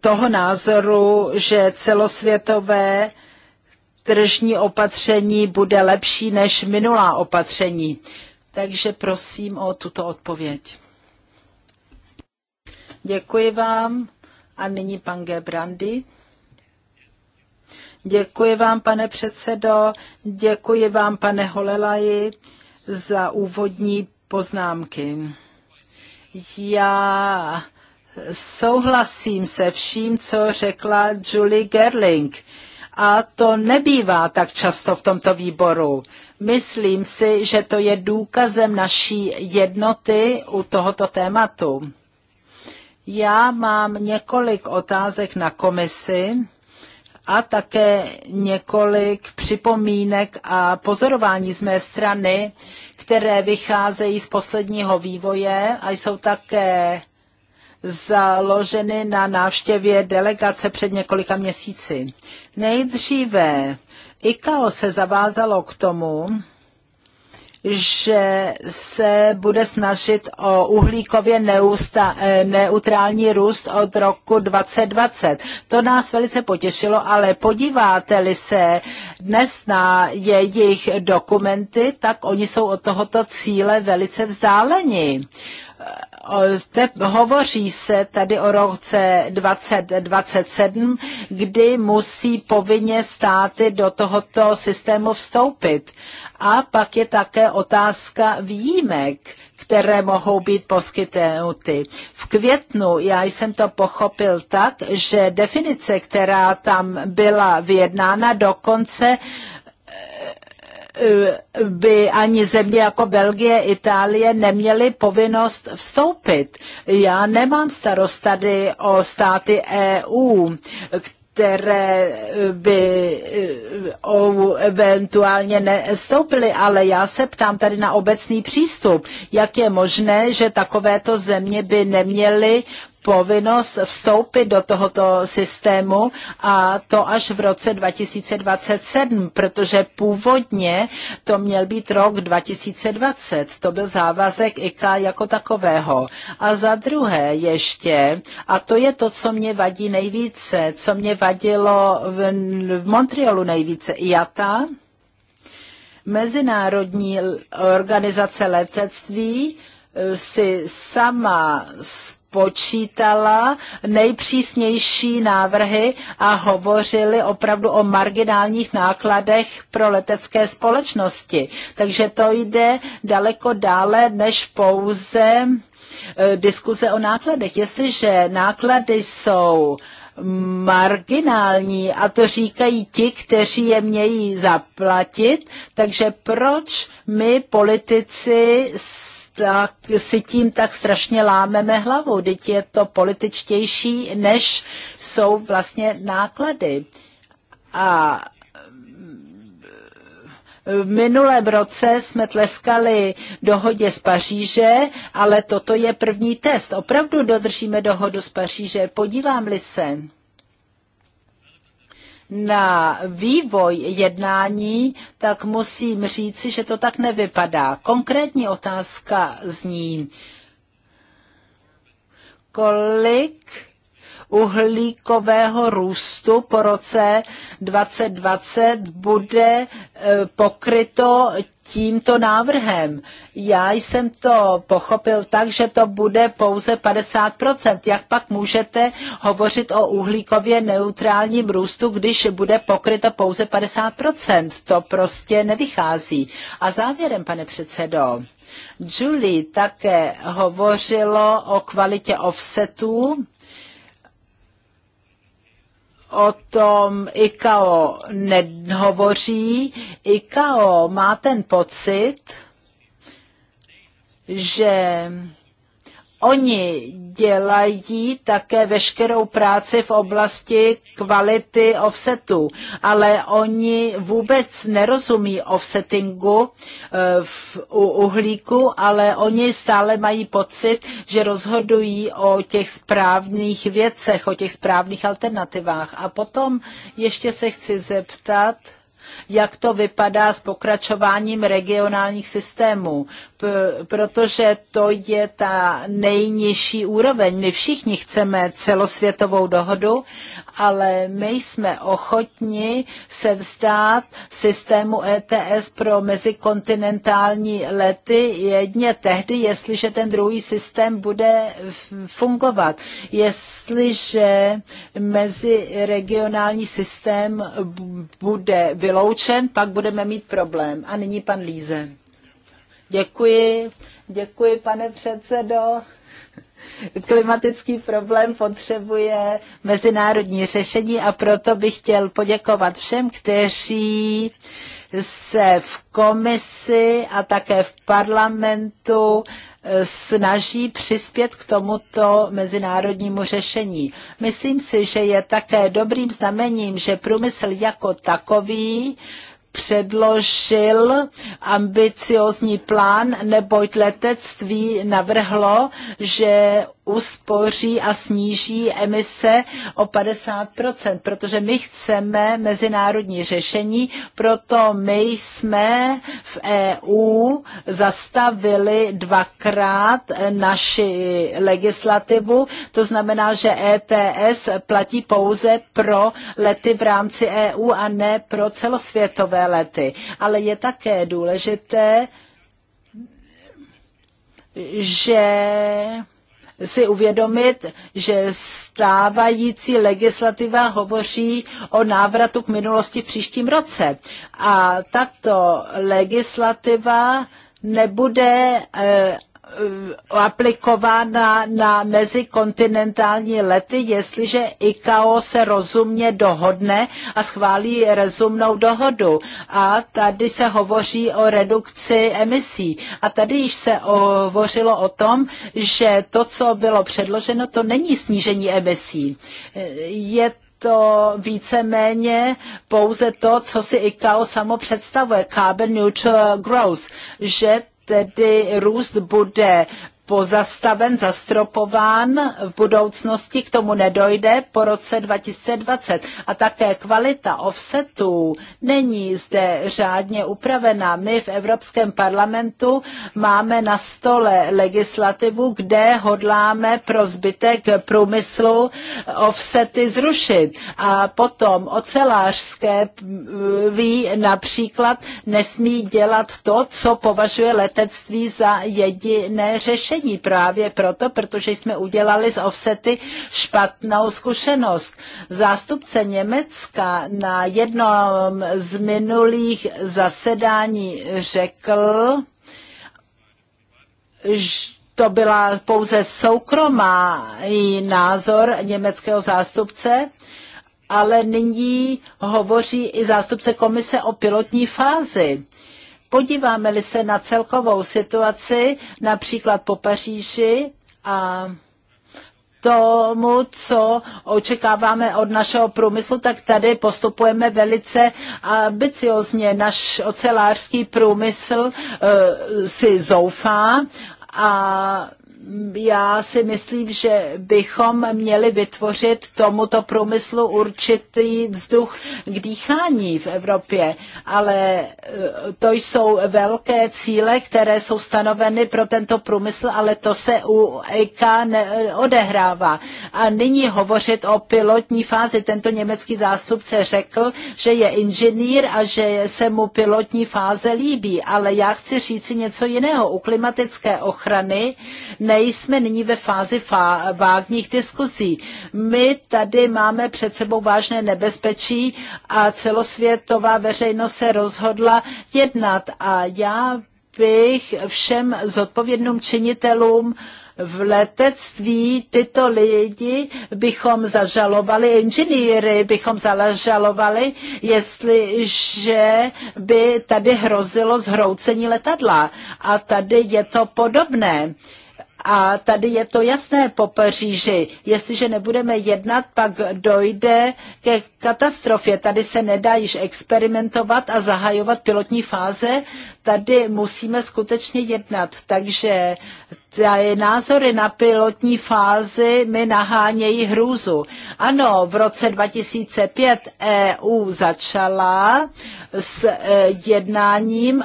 [SPEAKER 1] toho názoru, že celosvětové tržní opatření bude lepší než minulá opatření. Takže prosím o tuto odpověď. Děkuji vám. A nyní pan Gebrandy. Děkuji vám, pane předsedo, děkuji vám, pane Holelaji, za úvodní poznámky. Já souhlasím se vším, co řekla Julie Gerling. A to nebývá tak často v tomto výboru. Myslím si, že to je důkazem naší jednoty u tohoto tématu. Já mám několik otázek na komisi a také několik připomínek a pozorování z mé strany které vycházejí z posledního vývoje a jsou také založeny na návštěvě delegace před několika měsíci. Nejdříve ICAO se zavázalo k tomu, že se bude snažit o uhlíkově neusta, eh, neutrální růst od roku 2020. To nás velice potěšilo, ale podíváte-li se dnes na jejich dokumenty, tak oni jsou od tohoto cíle velice vzdáleni te, hovoří se tady o roce 2027, kdy musí povinně státy do tohoto systému vstoupit. A pak je také otázka výjimek, které mohou být poskytnuty. V květnu já jsem to pochopil tak, že definice, která tam byla vyjednána, dokonce uh, by ani země jako Belgie, Itálie neměly povinnost vstoupit. Já nemám starost tady o státy EU, které by e, eventuálně nestoupily, ale já se ptám tady na obecný přístup. Jak je možné, že takovéto země by neměly povinnost vstoupit do tohoto systému a to až v roce 2027, protože původně to měl být rok 2020. To byl závazek IK jako takového. A za druhé ještě, a to je to, co mě vadí nejvíce, co mě vadilo v, v Montrealu nejvíce, IATA, Mezinárodní organizace letectví eh, si sama počítala nejpřísnější návrhy a hovořili opravdu o marginálních nákladech pro letecké společnosti. Takže to jde daleko dále než pouze eh, diskuze o nákladech. Jestliže náklady jsou marginální a to říkají ti, kteří je mějí zaplatit, takže proč my politici tak si tím tak strašně lámeme hlavu, teď je to političtější, než jsou vlastně náklady. A mm, v minulém roce jsme tleskali dohodě z Paříže, ale toto je první test. Opravdu dodržíme dohodu z Paříže, podívám-li se na vývoj jednání, tak musím říci, že to tak nevypadá. Konkrétní otázka zní, kolik uhlíkového růstu po roce 2020 bude e, pokryto tímto návrhem. Já jsem to pochopil tak, že to bude pouze 50%. Jak pak můžete hovořit o uhlíkově neutrálním růstu, když bude pokryto pouze 50%? To prostě nevychází. A závěrem, pane předsedo, Julie také hovořilo o kvalitě offsetů o tom ICAO nehovoří. ICAO má ten pocit, že Oni dělají také veškerou práci v oblasti kvality offsetu, ale oni vůbec nerozumí offsettingu eh, u uhlíku, ale oni stále mají pocit, že rozhodují o těch správných věcech, o těch správných alternativách. A potom ještě se chci zeptat, jak to vypadá s pokračováním regionálních systémů, protože to je ta nejnižší úroveň. My všichni chceme celosvětovou dohodu, ale my jsme ochotni se vzdát systému ETS pro mezikontinentální lety jedně tehdy, jestliže ten druhý systém bude fungovat. Jestliže meziregionální systém bude vyloučen, pak budeme mít problém. A nyní pan Líze. Děkuji, děkuji pane předsedo. Klimatický problém potřebuje mezinárodní řešení a proto bych chtěl poděkovat všem, kteří se v komisi a také v parlamentu eh, snaží přispět k tomuto mezinárodnímu řešení. Myslím si, že je také dobrým znamením, že průmysl jako takový předložil ambiciozní plán, neboť letectví navrhlo, že uspoří a sníží emise o 50%, protože my chceme mezinárodní řešení, proto my jsme v EU zastavili dvakrát naši legislativu, to znamená, že ETS platí pouze pro lety v rámci EU a ne pro celosvětové lety. Ale je také důležité, že si uvědomit, že stávající legislativa hovoří o návratu k minulosti v příštím roce. A tato legislativa nebude eh, Eh, aplikována na mezikontinentální lety, jestliže ICAO se rozumně dohodne a schválí rozumnou dohodu. A tady se hovoří o redukci emisí. A tady již se hovořilo o tom, že to, co bylo předloženo, to není snížení emisí. Eh, je to víceméně pouze to, co si ICAO samo představuje, carbon neutral growth, že tedy růst bude pozastaven, zastropován v budoucnosti, k tomu nedojde po roce 2020. A také kvalita offsetů není zde řádně upravená. My v Evropském parlamentu máme na stole legislativu, kde hodláme pro zbytek průmyslu offsety zrušit. A potom ocelářské ví například nesmí dělat to, co považuje letectví za jediné řešení řešení právě proto, protože jsme udělali z offsety špatnou zkušenost. Zástupce Německa na jednom z minulých zasedání řekl, že to byla pouze soukromá názor německého zástupce, ale nyní hovoří i zástupce komise o pilotní fázi. Podíváme-li se na celkovou situaci, například po Paříži a tomu, co očekáváme od našeho průmyslu, tak tady postupujeme velice ambiciozně. Náš ocelářský průmysl uh, si zoufá a já si myslím, že bychom měli vytvořit tomuto průmyslu určitý vzduch k dýchání v Evropě, ale e, to jsou velké cíle, které jsou stanoveny pro tento průmysl, ale to se u EK odehrává. A nyní hovořit o pilotní fázi. Tento německý zástupce řekl, že je inženýr a že se mu pilotní fáze líbí, ale já chci říci něco jiného. U klimatické ochrany ne nejsme nyní ve fázi fá- vágních diskusí. My tady máme před sebou vážné nebezpečí a celosvětová veřejnost se rozhodla jednat. A já bych všem zodpovědným činitelům v letectví tyto lidi bychom zažalovali, inženýry bychom zažalovali, jestliže by tady hrozilo zhroucení letadla. A tady je to podobné. A tady je to jasné po Paříži. Jestliže nebudeme jednat, pak dojde ke katastrofě. Tady se nedá již experimentovat a zahajovat pilotní fáze. Tady musíme skutečně jednat. Takže ty názory na pilotní fázi mi nahánějí hrůzu. Ano, v roce 2005 EU začala s eh, jednáním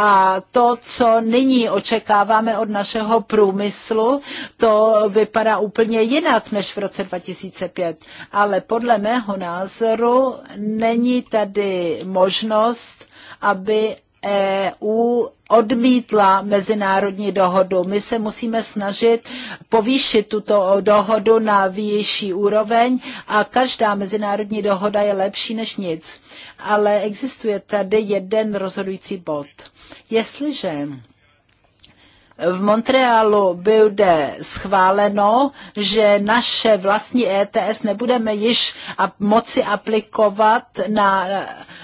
[SPEAKER 1] a to, co nyní očekáváme od našeho průmyslu, to vypadá úplně jinak než v roce 2005. Ale podle mého názoru není tady možnost, aby EU odmítla mezinárodní dohodu. My se musíme snažit povýšit tuto dohodu na vyšší úroveň a každá mezinárodní dohoda je lepší než nic. Ale existuje tady jeden rozhodující bod. Jestliže v Montrealu bude schváleno, že naše vlastní ETS nebudeme již moci aplikovat na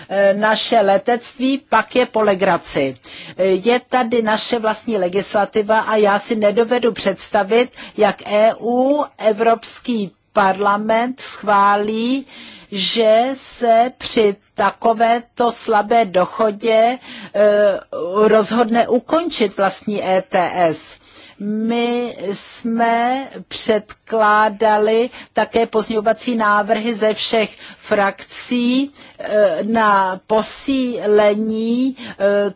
[SPEAKER 1] e, naše letectví, pak je po legraci. Je tady naše vlastní legislativa a já si nedovedu představit, jak EU, Evropský parlament schválí, že se při takovéto slabé dochodě e, rozhodne ukončit vlastní ETS. My jsme předkládali také pozměňovací návrhy ze všech frakcí e, na posílení e,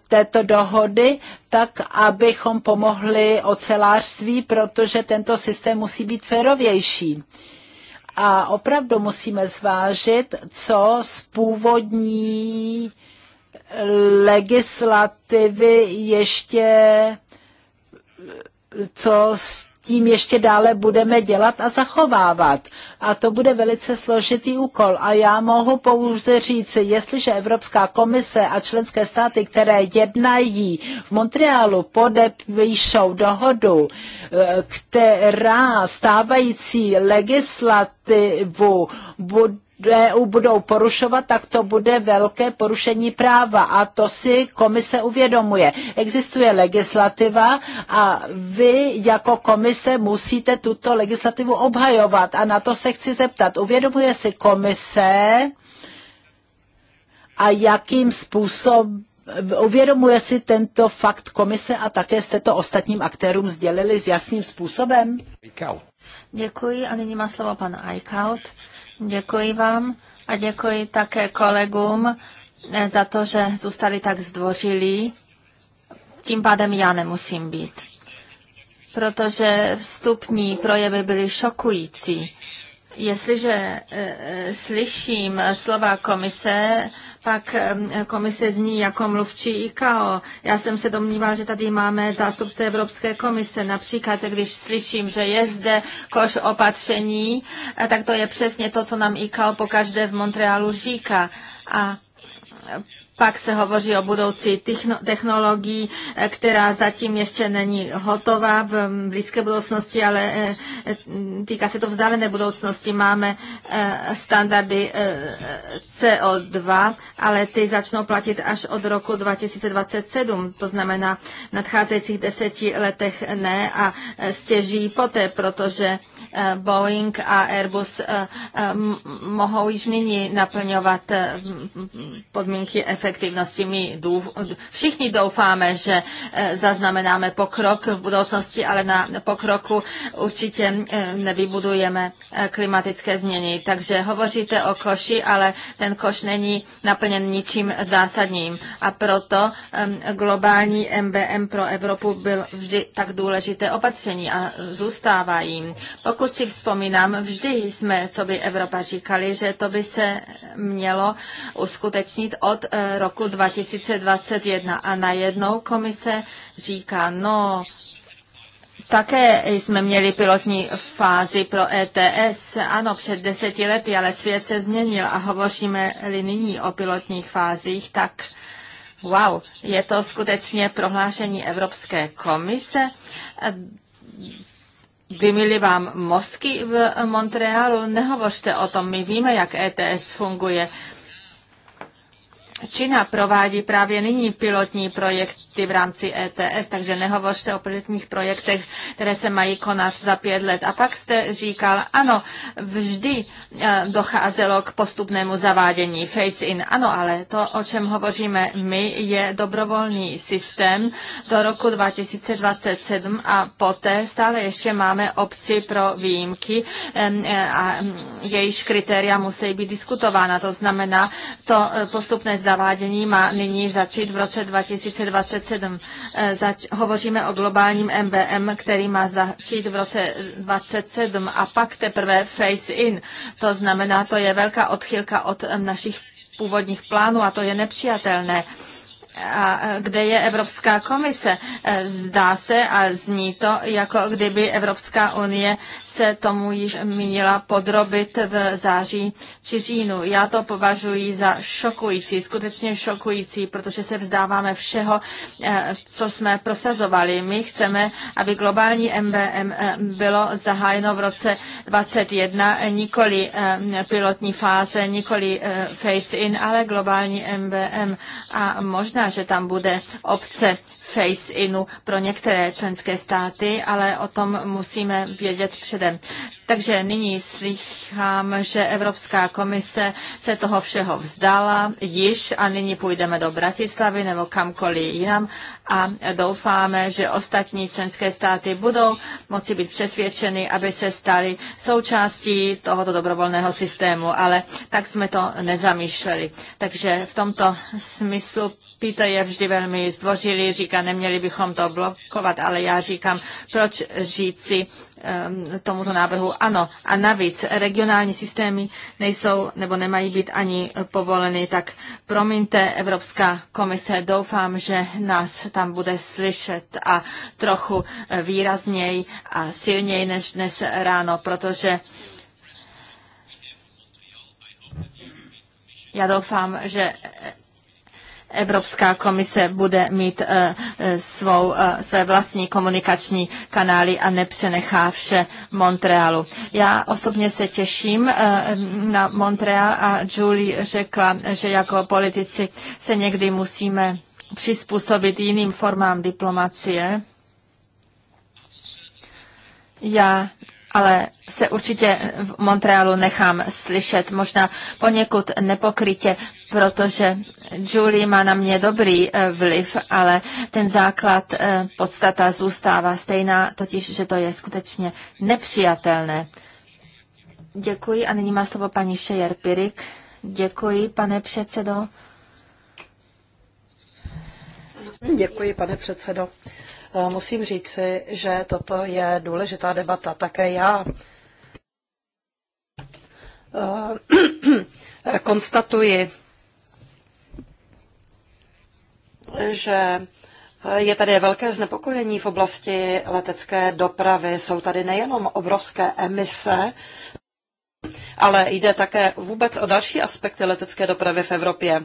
[SPEAKER 1] této dohody, tak abychom pomohli ocelářství, protože tento systém musí být férovější. A opravdu musíme zvážit, co z původní legislativy ještě co z tím ještě dále budeme dělat a zachovávat. A to bude velice složitý úkol. A já mohu pouze říct, jestliže Evropská komise a členské státy, které jednají v Montrealu, podepíšou dohodu, eh, která stávající legislativu bude EU budou porušovat, tak to bude velké porušení práva a to si komise uvědomuje. Existuje legislativa a vy jako komise musíte tuto legislativu obhajovat a na to se chci zeptat. Uvědomuje si komise a jakým způsobem Uvědomuje si tento fakt komise a také jste to ostatním aktérům sdělili s jasným způsobem?
[SPEAKER 2] Děkuji a nyní má slovo pan Eichhout. Děkuji vám a děkuji také kolegům eh, za to, že zůstali tak zdvořilí. Tím pádem já nemusím být, protože vstupní projevy byly šokující Jestliže e, e, slyším slova komise, pak e, komise zní jako mluvčí ICAO. Já jsem se domníval, že tady máme zástupce Evropské komise. Například, když slyším, že je zde koš opatření, tak to je přesně to, co nám ICAO pokaždé v Montrealu říká. A pak se hovoří o budoucí technologii, eh, která zatím ještě není hotová v mm, blízké budoucnosti, ale eh, eh, týká se to vzdálené budoucnosti. Máme standardy CO2, ale ty začnou platit až od roku 2027, to znamená v nadcházejících deseti letech ne a stěží poté, protože Boeing a Airbus mohou již nyní naplňovat podmínky FSA efektivnosti. My dův, všichni doufáme, že eh, zaznamenáme pokrok v budoucnosti, ale na pokroku určitě eh, nevybudujeme eh, klimatické změny. Takže hovoříte o koši, ale ten koš není naplněn ničím zásadním. A proto globální MBM pro Evropu byl vždy tak důležité opatření a zůstává jim. Pokud si vzpomínám, vždy jsme, co by Evropa říkali, že to by se mělo uskutečnit od roku 2021. A najednou komise říká, no, také jsme měli pilotní fázi pro ETS, ano, před deseti lety, ale svět se změnil a hovoříme-li nyní o pilotních fázích, tak wow, je to skutečně prohlášení Evropské komise. Vymili vám mozky v Montrealu? Nehovořte o tom, my víme, jak ETS funguje. Čína provádí právě nyní pilotní projekty v rámci ETS, takže nehovořte o pilotních projektech, které se mají konat za pět let. A pak jste říkal, ano, vždy eh, docházelo k postupnému zavádění face-in. Ano, ale to, o čem hovoříme my, je dobrovolný systém do roku 2027 a poté stále ještě máme obci pro výjimky eh, a mm, jejíž kritéria musí být diskutována. To znamená, to eh, postupné zavádění zavádění má nyní začít v roce 2027. Eh, zač- hovoříme o globálním MBM, který má začít v roce 2027 a pak teprve face-in. To znamená, to je velká odchylka od eh, našich původních plánů a to je nepřijatelné. A eh, kde je Evropská komise? Zdá se a zní to, jako kdyby Evropská unie se tomu již měla podrobit v září či říjnu. Já to považuji za šokující, skutečně šokující, protože se vzdáváme všeho, eh, co jsme prosazovali. My chceme, aby globální MBM eh, bylo zahájeno v roce 2021, nikoli eh, pilotní fáze, nikoli face-in, ale globální MBM. A možná, že tam bude obce face-inu pro některé členské státy, ale o tom musíme vědět předem světem. Takže nyní slychám, že Evropská komise se toho všeho vzdala již a nyní půjdeme do Bratislavy nebo kamkoliv jinam a doufáme, že ostatní členské státy budou moci být přesvědčeny, aby se staly součástí tohoto dobrovolného systému, ale tak jsme to nezamýšleli. Takže v tomto smyslu Pita je vždy velmi zdvořilý, říká, neměli bychom to blokovat, ale já říkám, proč říci Ehm, tomuto návrhu. Ano, a navíc regionální systémy nejsou nebo nemají být ani povoleny, tak promiňte, Evropská komise, doufám, že nás tam bude slyšet a trochu výrazněji a silněji než dnes ráno, protože já doufám, že Evropská komise bude mít eh, eh, svou, eh, své vlastní komunikační kanály a nepřenechá vše Montrealu. Já osobně se těším na Montreal a Julie řekla, že jako politici se někdy musíme přizpůsobit jiným formám diplomacie. Já ale se určitě v Montrealu nechám slyšet, možná poněkud nepokrytě, protože Julie má na mě dobrý eh, vliv, ale ten základ eh, podstata zůstává stejná, totiž, že to je skutečně nepřijatelné. Děkuji a nyní má slovo paní Šejer Pirik. Děkuji, pane předsedo.
[SPEAKER 3] Děkuji, pane předsedo. Eh, musím říci, že toto je důležitá debata. Také já konstatuji že je tady velké znepokojení v oblasti letecké dopravy. Jsou tady nejenom obrovské emise, ale jde také vůbec o další aspekty letecké dopravy v Evropě.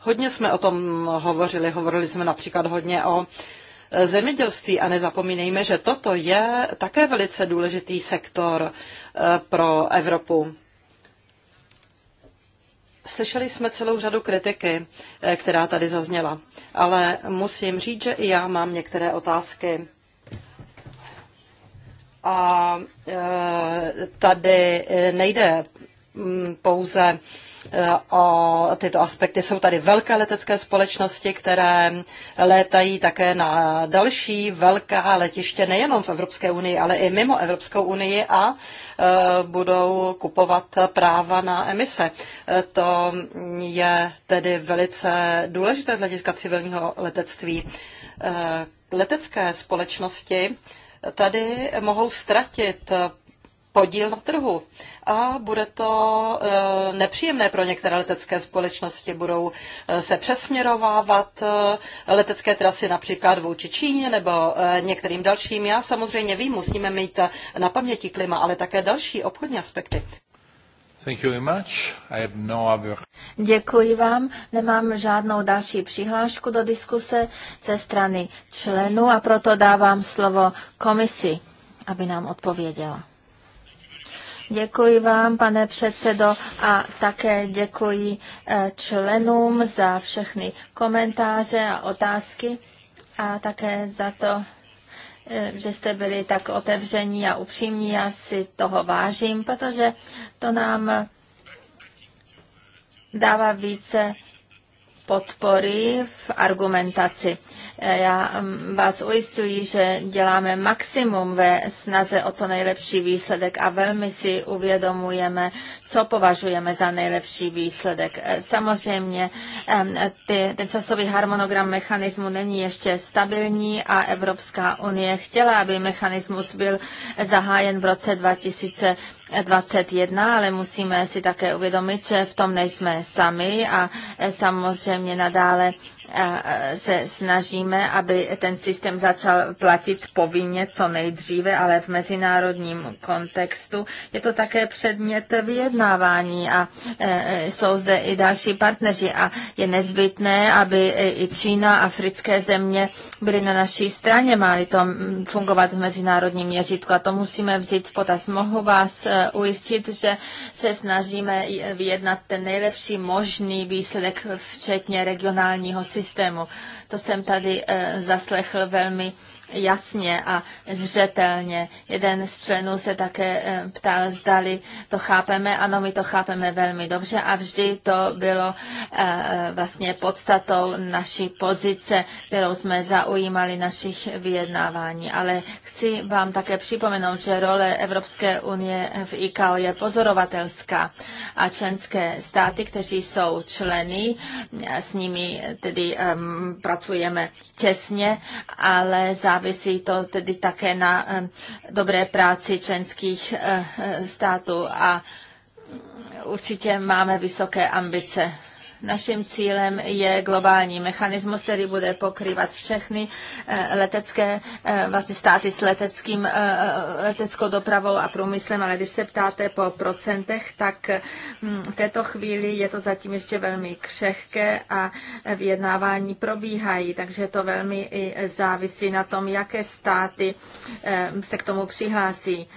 [SPEAKER 3] Hodně jsme o tom hovořili, hovořili jsme například hodně o zemědělství a nezapomínejme, že toto je také velice důležitý sektor eh, pro Evropu. Slyšeli jsme celou řadu kritiky, eh, která tady zazněla, ale musím říct, že i já mám některé otázky. A eh, tady eh, nejde Mm, pouze eh, o tyto aspekty. Jsou tady velké letecké společnosti, které létají také na další velká letiště nejenom v Evropské unii, ale i mimo Evropskou unii a eh, budou kupovat práva na emise. Eh, to je tedy velice důležité z hlediska civilního letectví. Letecké společnosti tady mohou ztratit podíl na trhu. A bude to eh, nepříjemné pro některé letecké společnosti. Budou eh, se přesměrovávat eh, letecké trasy například vůči Číně nebo některým dalším. Já samozřejmě vím, musíme mít na paměti klima, ale také další obchodní aspekty.
[SPEAKER 1] Thank you very much. I have no other...
[SPEAKER 2] Děkuji vám. Nemám žádnou další přihlášku do diskuse ze strany členů a proto dávám slovo komisi, aby nám odpověděla. Děkuji vám, pane předsedo, a také děkuji eh, členům za všechny komentáře a otázky a také za to, eh, že jste byli tak otevření a upřímní. Já si toho vážím, protože to nám dává více podpory v argumentaci. E, já mm, vás ujistuji, že děláme maximum ve snaze o co nejlepší výsledek a velmi si uvědomujeme, co považujeme za nejlepší výsledek. E, samozřejmě ty, ten časový harmonogram mechanismu není ještě stabilní a Evropská unie chtěla, aby mechanismus byl zahájen v roce 2000 21, e ale musíme si také uvědomit, že v tom nejsme sami a samozřejmě nadále se snažíme, aby ten systém začal platit povinně co nejdříve, ale v mezinárodním kontextu. Je to také předmět vyjednávání a e, e, jsou zde i další partneři a je nezbytné, aby e, i Čína, africké země byly na naší straně, máli to fungovat v mezinárodním měřítku a to musíme vzít v potaz. Mohu vás ujistit, že se snažíme vyjednat ten nejlepší možný výsledek, včetně regionálního systému systému. To jsem tady eh, zaslechl velmi jasně a zřetelně. Jeden z členů se také eh, ptal, zdali to chápeme. Ano, my to chápeme velmi dobře a vždy to bylo eh, eh, vlastně podstatou naší pozice, kterou jsme zaujímali našich vyjednávání. Ale chci vám také připomenout, že role Evropské unie v ICAO je pozorovatelská a členské státy, kteří jsou členy, s nimi tedy um, pracujeme těsně, ale zároveň závisí to tedy také na eh, dobré práci členských eh, států a určitě máme vysoké ambice Naším cílem je globální mechanismus, který bude pokrývat všechny eh, letecké eh, vlastně státy s leteckým, eh, leteckou dopravou a průmyslem, ale když se ptáte po procentech, tak hm, v této chvíli je to zatím ještě velmi křehké a vyjednávání probíhají, takže to velmi závisí na tom, jaké státy se k tomu přihlásí.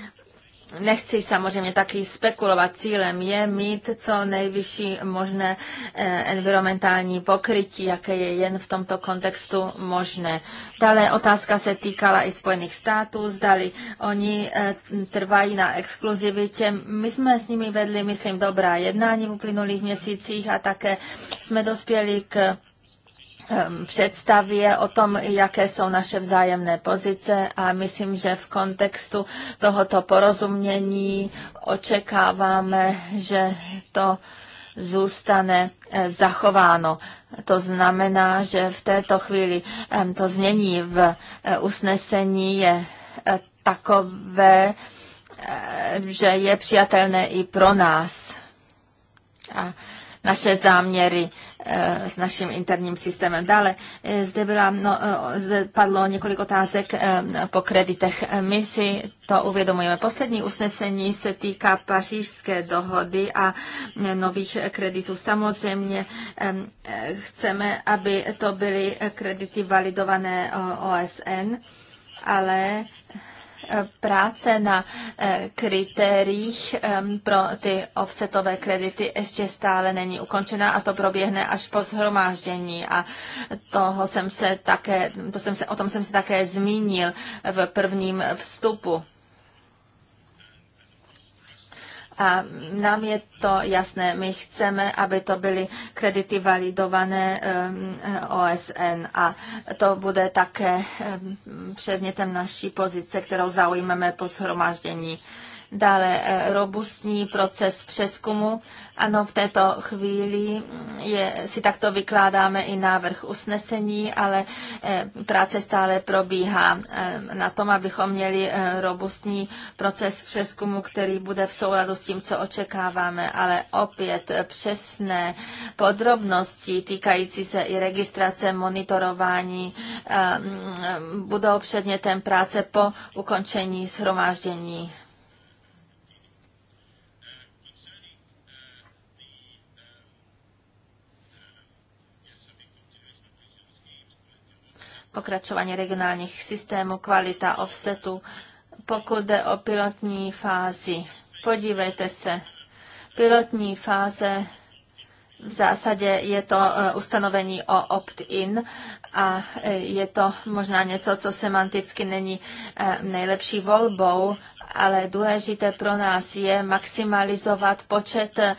[SPEAKER 2] Nechci samozřejmě taky spekulovat. Cílem je mít co nejvyšší možné eh, environmentální pokrytí, jaké je jen v tomto kontextu možné. Dále otázka se týkala i Spojených států, zdali oni eh, trvají na exkluzivitě. My jsme s nimi vedli, myslím, dobrá jednání v uplynulých měsících a také jsme dospěli k Um, představě o tom, jaké jsou naše vzájemné pozice a myslím, že v kontextu tohoto porozumění očekáváme, že to zůstane eh, zachováno. To znamená, že v této chvíli to znění v eh, usnesení je eh, takové, že je přijatelné i pro nás. A naše záměry. Eh, s naším interním systémem. Dále eh, zde, byla, no, eh, zde padlo několik otázek po kreditech. My si to uvědomujeme. Poslední usnesení se týká pařížské dohody a nových kreditů. Samozřejmě chceme, aby to byly kredity validované OSN, ale práce na eh, kritériích ehm, pro ty offsetové kredity ještě stále není ukončena a to proběhne až po zhromáždění a toho jsem se také, to jsem se, o tom jsem se také zmínil v prvním vstupu. A nám je to jasné. My chceme, aby to byly kredity validované um, OSN a to bude také um, předmětem naší pozice, kterou zaujmeme po shromáždění Dále eh, robustní proces přeskumu. Ano, v této chvíli mm, je, si takto vykládáme i návrh usnesení, ale eh, práce stále probíhá eh, na tom, abychom měli robustní proces přeskumu, který bude v souladu s tím, co očekáváme, ale opět přesné podrobnosti týkající se i registrace, monitorování budou předmětem práce po ukončení shromáždění pokračování regionálních systémů, kvalita offsetu. Pokud jde o pilotní fázi, podívejte se, pilotní fáze v zásadě je to e, ustanovení o opt-in a e, je to možná něco, co semanticky není e, nejlepší volbou, ale důležité pro nás je maximalizovat počet eh,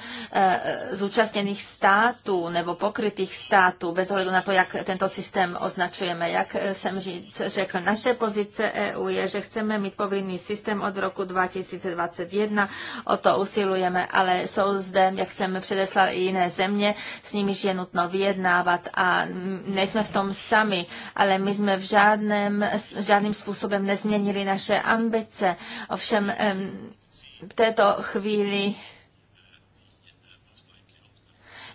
[SPEAKER 2] zúčastněných států nebo pokrytých států, bez ohledu na to, jak tento systém označujeme. Jak eh, jsem řekl, naše pozice EU je, že chceme mít povinný systém od roku 2021, o to usilujeme, ale jsou zde, jak jsem předeslal, i jiné země, s nimiž je nutno vyjednávat a nejsme v tom sami, ale my jsme v žádném, žádným způsobem nezměnili naše ambice. Ovšem Ovšem v této chvíli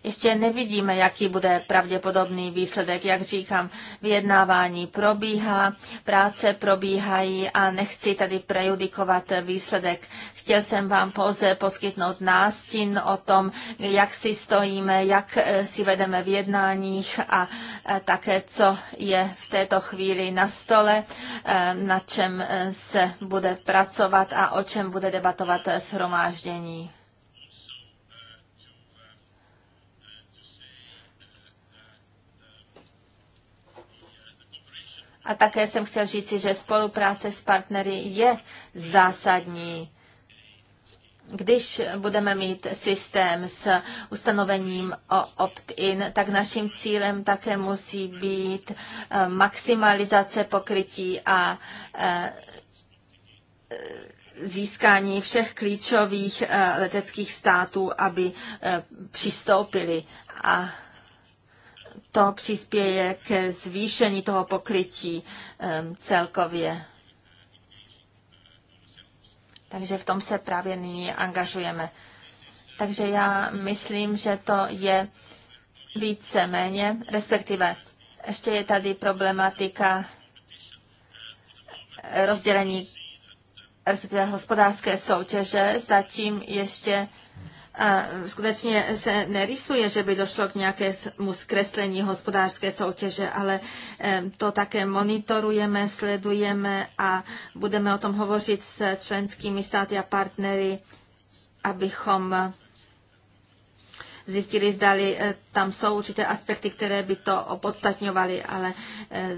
[SPEAKER 2] ještě nevidíme, jaký bude pravděpodobný výsledek. Jak říkám, vyjednávání probíhá, práce probíhají a nechci tady prejudikovat výsledek. Chtěl jsem vám pouze poskytnout nástin o tom, jak si stojíme, jak eh, si vedeme v jednáních a eh, také, co je v této chvíli na stole, eh, na čem se bude pracovat a o čem bude debatovat shromáždění. A také jsem chtěl říci, že spolupráce s partnery je zásadní. Když budeme mít systém s ustanovením o opt-in, tak naším cílem také musí být eh, maximalizace pokrytí a eh, získání všech klíčových eh, leteckých států, aby přistoupili a to přispěje k zvýšení toho pokrytí celkově. Takže v tom se právě nyní angažujeme. Takže já myslím, že to je více méně, respektive ještě je tady problematika eh, rozdělení, respektive hospodářské soutěže. Zatím ještě skutečně se nerysuje, že by došlo k nějakému zkreslení hospodářské soutěže, ale to také monitorujeme, sledujeme a budeme o tom hovořit s členskými státy a partnery, abychom zjistili, zdali e, tam jsou určité aspekty, které by to opodstatňovaly, ale e,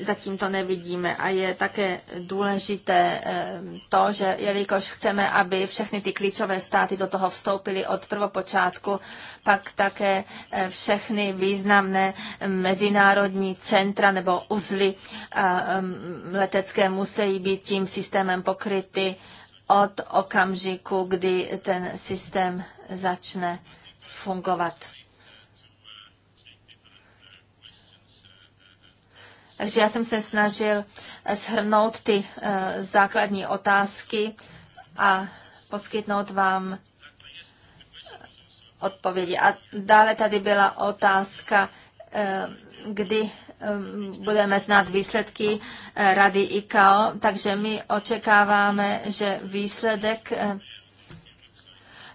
[SPEAKER 2] zatím to nevidíme. A je také důležité eh, to, že jelikož chceme, aby všechny ty klíčové státy do toho vstoupily od prvopočátku, pak také eh, všechny významné mezinárodní centra nebo uzly eh, mm, letecké musí být tím systémem pokryty od okamžiku, kdy ten systém začne fungovat. Takže já jsem se snažil eh, shrnout ty eh, základní otázky a poskytnout vám eh, odpovědi. A dále tady byla otázka, kdy budeme znát výsledky Rady ICAO, takže my očekáváme, že výsledek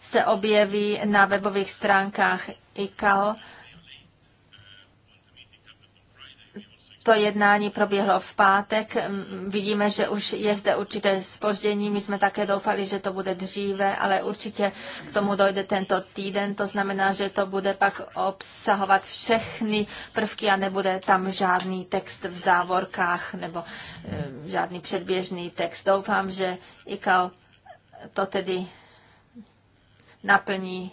[SPEAKER 2] se objeví na webových stránkách ICAO To jednání proběhlo v pátek. Vidíme, že už je zde určité spoždění. My jsme také doufali, že to bude dříve, ale určitě k tomu dojde tento týden. To znamená, že to bude pak obsahovat všechny prvky a nebude tam žádný text v závorkách nebo eh, žádný předběžný text. Doufám, že IKAO to tedy naplní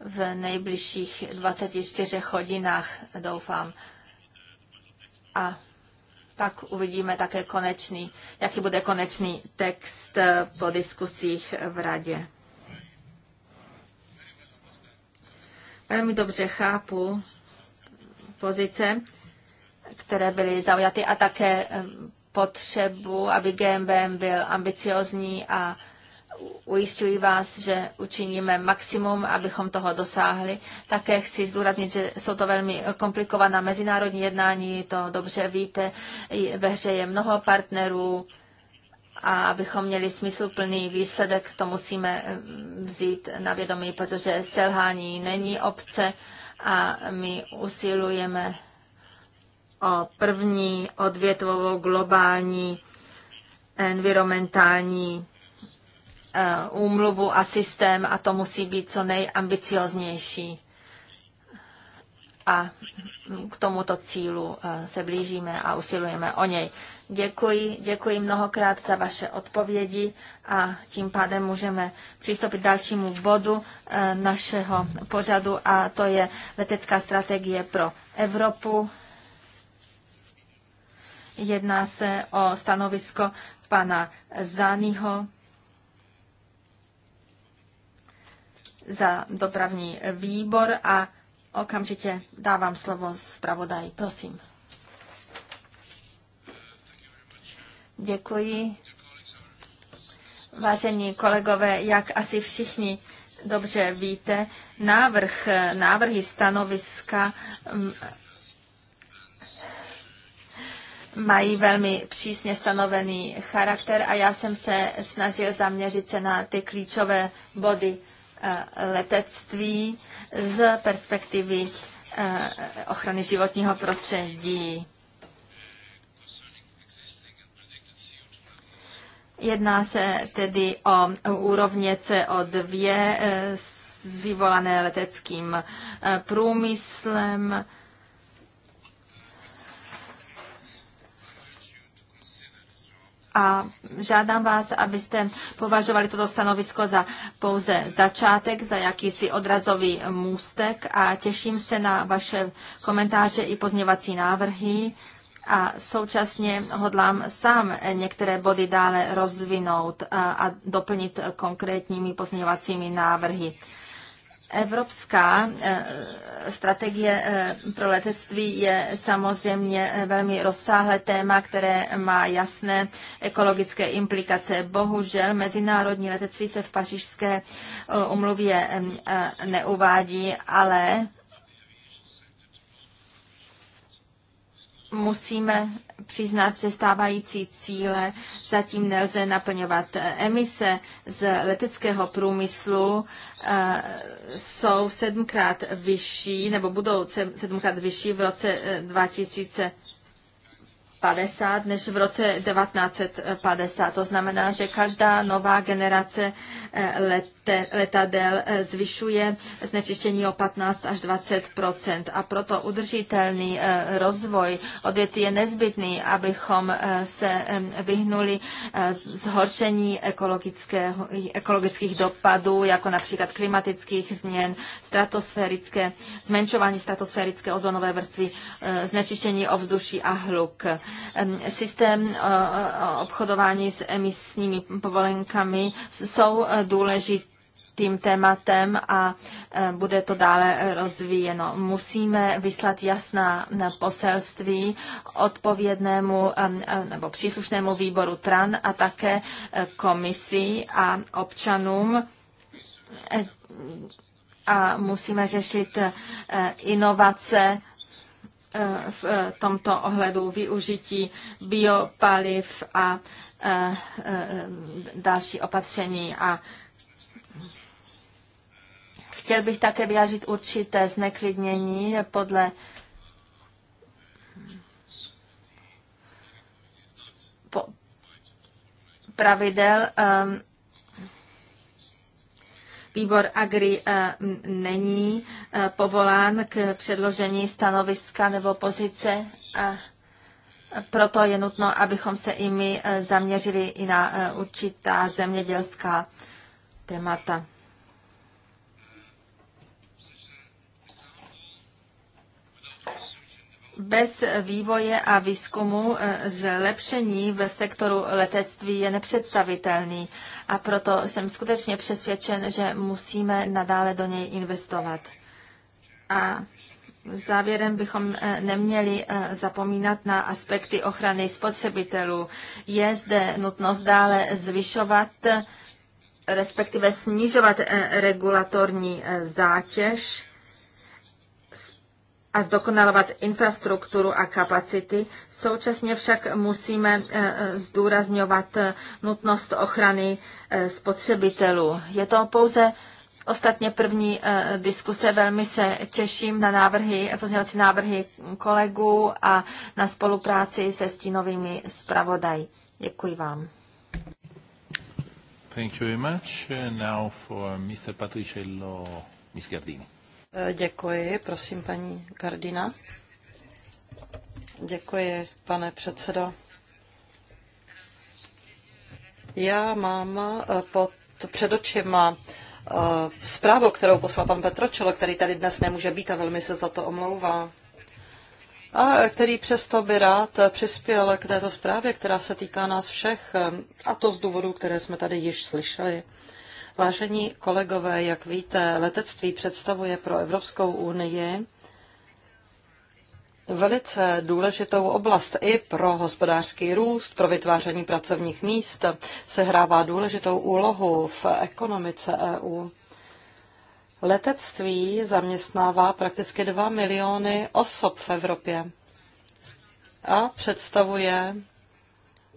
[SPEAKER 2] v nejbližších 24 hodinách, doufám a pak uvidíme také konečný, jaký bude konečný text eh, po diskusích v radě. Velmi dobře chápu pozice, které byly zaujaty a také eh, potřebu, aby GMBM byl ambiciozní a ujišťuji vás, že učiníme maximum, abychom toho dosáhli. Také chci zdůraznit, že jsou to velmi komplikovaná mezinárodní jednání, to dobře víte, ve hře je mnoho partnerů a abychom měli smysluplný výsledek, to musíme eh, vzít na vědomí, protože selhání není obce a my usilujeme o první odvětvovou globální environmentální Eh, úmluvu a systém a to musí být co nejambicioznější. A k tomuto cílu eh, se blížíme a usilujeme o něj. Děkuji, děkuji mnohokrát za vaše odpovědi a tím pádem můžeme přistoupit k dalšímu bodu eh, našeho pořadu a to je letecká strategie pro Evropu. Jedná se o stanovisko pana Zányho. za dopravní výbor a okamžitě dávám slovo zpravodaj. Prosím. Děkuji. Vážení kolegové, jak asi všichni dobře víte, návrh, návrhy stanoviska mm, mají velmi přísně stanovený charakter a já jsem se snažil zaměřit se na ty klíčové body Eh, letectví z perspektivy eh, ochrany životního prostředí. Jedná se tedy o úrovně CO2 eh, vyvolané leteckým průmyslem, a žádám vás, abyste považovali toto stanovisko za pouze začátek, za jakýsi odrazový můstek a těším se na vaše komentáře i pozněvací návrhy a současně hodlám sám některé body dále rozvinout a doplnit konkrétními pozměňovacími návrhy. Evropská eh, strategie eh, pro letectví je samozřejmě eh, velmi rozsáhlé téma, které má jasné ekologické implikace. Bohužel mezinárodní letectví se v pařížské umluvě neuvádí, ale musíme přiznat, že stávající cíle zatím nelze naplňovat. Emise z leteckého průmyslu eh, jsou sedmkrát vyšší, nebo budou sedmkrát vyšší v roce 2000 eh, 50 než v roce 1950. To znamená, že každá nová generace eh, lete, letadel eh, zvyšuje znečištění o 15 až 20 a proto udržitelný eh, rozvoj odvětví je nezbytný, abychom se vyhnuli zhoršení ekologických dopadů, jako například klimatických změn, stratosférické, zmenšování stratosférické ozonové vrstvy, znečištění ovzduší a hluk systém obchodování s emisními povolenkami jsou e, důležité tím tématem a e, bude to dále rozvíjeno. Musíme vyslat jasná e, poselství odpovědnému nebo příslušnému výboru TRAN a také komisi a občanům a musíme řešit inovace v eh, tomto ohledu využití biopaliv a eh, eh, další opatření. A chtěl bych také vyjádřit určité zneklidnění podle pravidel Výbor Agri eh, není eh, povolán k předložení stanoviska nebo pozice a proto je nutno, abychom se i my eh, zaměřili i na určitá zemědělská témata. Bez vývoje a výzkumu e, zlepšení ve sektoru letectví je nepředstavitelný a proto jsem skutečně přesvědčen, že musíme nadále do něj investovat. A Závěrem bychom e, neměli e, zapomínat na aspekty ochrany spotřebitelů. Je zde nutnost dále zvyšovat respektive snižovat regulatorní zátěž a zdokonalovat infrastrukturu a kapacity. Současně však musíme eh, eh, zdůrazňovat eh, nutnost ochrany spotřebitelů. Je to pouze ostatně první diskuse. Velmi se těším na návrhy, pozměňovací návrhy kolegů a na spolupráci se stínovými zpravodaj. Děkuji vám. Thank you very much. Now for Mr.
[SPEAKER 3] Patriciello Misgardini. Eh, děkuji, prosím, paní Gardina. Děkuji, pane předsedo. Já mám eh, pod před očima eh, zprávu, kterou poslal pan Petročelo, který tady dnes nemůže být a velmi se za to omlouvá. A který přesto by rád přispěl k této zprávě, která se týká nás všech, a to z důvodů, které jsme tady již slyšeli. Vážení kolegové, jak víte, letectví představuje pro Evropskou unii velice důležitou oblast i pro hospodářský růst, pro vytváření pracovních míst, sehrává důležitou úlohu v ekonomice EU. Letectví zaměstnává prakticky 2 miliony osob v Evropě a představuje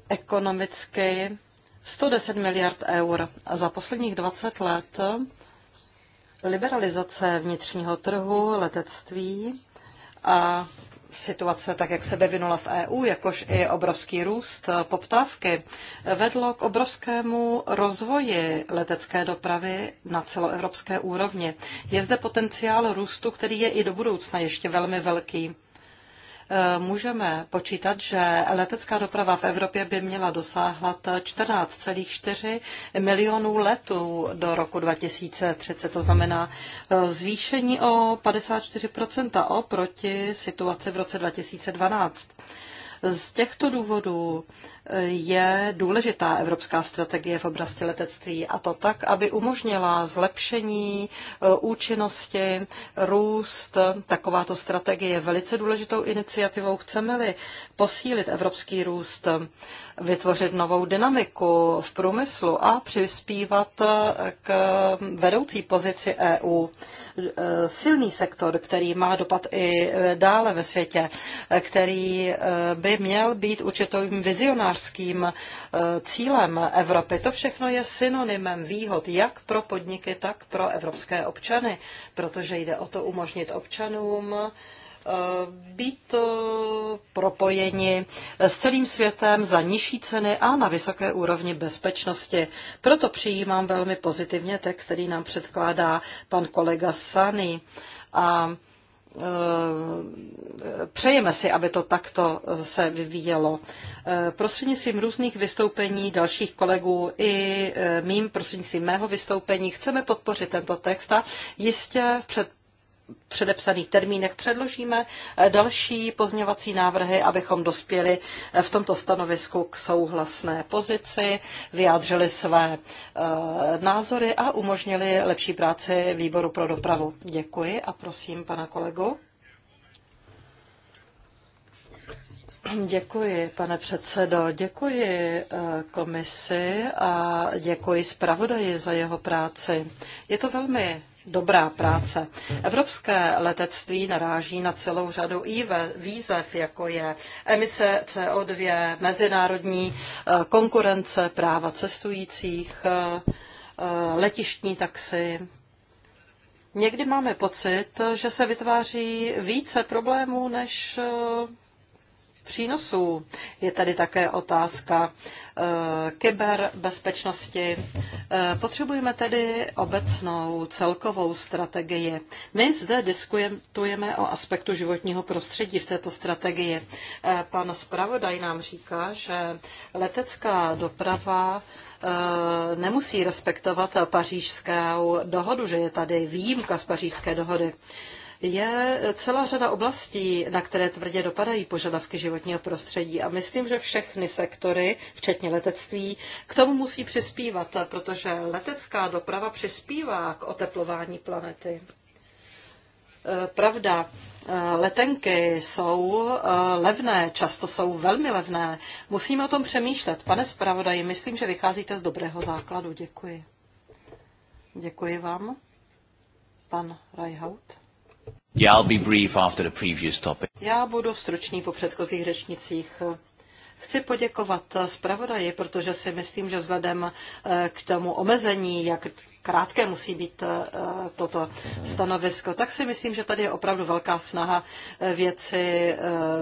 [SPEAKER 3] ekonomicky 110 miliard eur. A za posledních 20 let liberalizace vnitřního trhu, letectví a situace, tak jak se vyvinula v EU, jakož i obrovský růst poptávky, vedlo k obrovskému rozvoji letecké dopravy na celoevropské úrovni. Je zde potenciál růstu, který je i do budoucna ještě velmi velký. Eh, můžeme počítat, že letecká doprava v Evropě by měla dosáhlat 14,4 milionů letů do roku 2030. To znamená eh, zvýšení o 54 oproti situaci v roce 2012. Z těchto důvodů eh, je důležitá evropská strategie v oblasti letectví a to tak, aby umožnila zlepšení eh, účinnosti, růst. Takováto strategie je velice důležitou iniciativou. Chceme-li posílit evropský růst, vytvořit novou dynamiku v průmyslu a přispívat k vedoucí pozici EU. Silný sektor, který má dopad i dále ve světě, který eh, by měl být určitým vizionářským eh, cílem Evropy. To všechno je synonymem výhod jak pro podniky, tak pro evropské občany, protože jde o to umožnit občanům, Eh, být eh, propojeni s celým světem za nižší ceny a na vysoké úrovni bezpečnosti. Proto přijímám velmi pozitivně text, který nám předkládá pan kolega Sany. A eh, přejeme si, aby to takto se vyvíjelo. Prostřednictvím různých vystoupení dalších kolegů i mým prostřednictvím mého vystoupení chceme podpořit tento text a jistě v před předepsaných termínech předložíme další pozměňovací návrhy, abychom dospěli v tomto stanovisku k souhlasné pozici, vyjádřili své eh, názory a umožnili lepší práci výboru pro dopravu. Děkuji a prosím pana kolegu. Děkuji, pane předsedo. Děkuji eh, komisi a děkuji zpravodaji za jeho práci. Je to velmi dobrá práce. Evropské letectví naráží na celou řadu i výzev, jako je emise CO2, mezinárodní eh, konkurence, práva cestujících, eh, eh, letištní taxi. Někdy máme pocit, že se vytváří více problémů, než přínosů. Je tady také otázka eh, kyberbezpečnosti. Eh, potřebujeme tedy obecnou celkovou strategii. My zde diskutujeme o aspektu životního prostředí v této strategii. Eh, pan zpravodaj nám říká, že letecká doprava nemusí respektovat pařížskou dohodu, že je tady výjimka z pařížské dohody je celá řada oblastí, na které tvrdě dopadají požadavky životního prostředí a myslím, že všechny sektory, včetně letectví, k tomu musí přispívat, protože letecká doprava přispívá k oteplování planety. E, pravda, e, letenky jsou e, levné, často jsou velmi levné. Musíme o tom přemýšlet. Pane zpravodaji, myslím, že vycházíte z dobrého základu. Děkuji. Děkuji vám. Pan Rajhaut.
[SPEAKER 2] I'll be brief after the previous topic.
[SPEAKER 3] Já budu stručný po předchozích řečnicích. Chci poděkovat zpravodaji, protože si myslím, že vzhledem eh, k tomu omezení, jak krátké musí být eh, toto stanovisko, tak si myslím, že tady je opravdu velká snaha eh, věci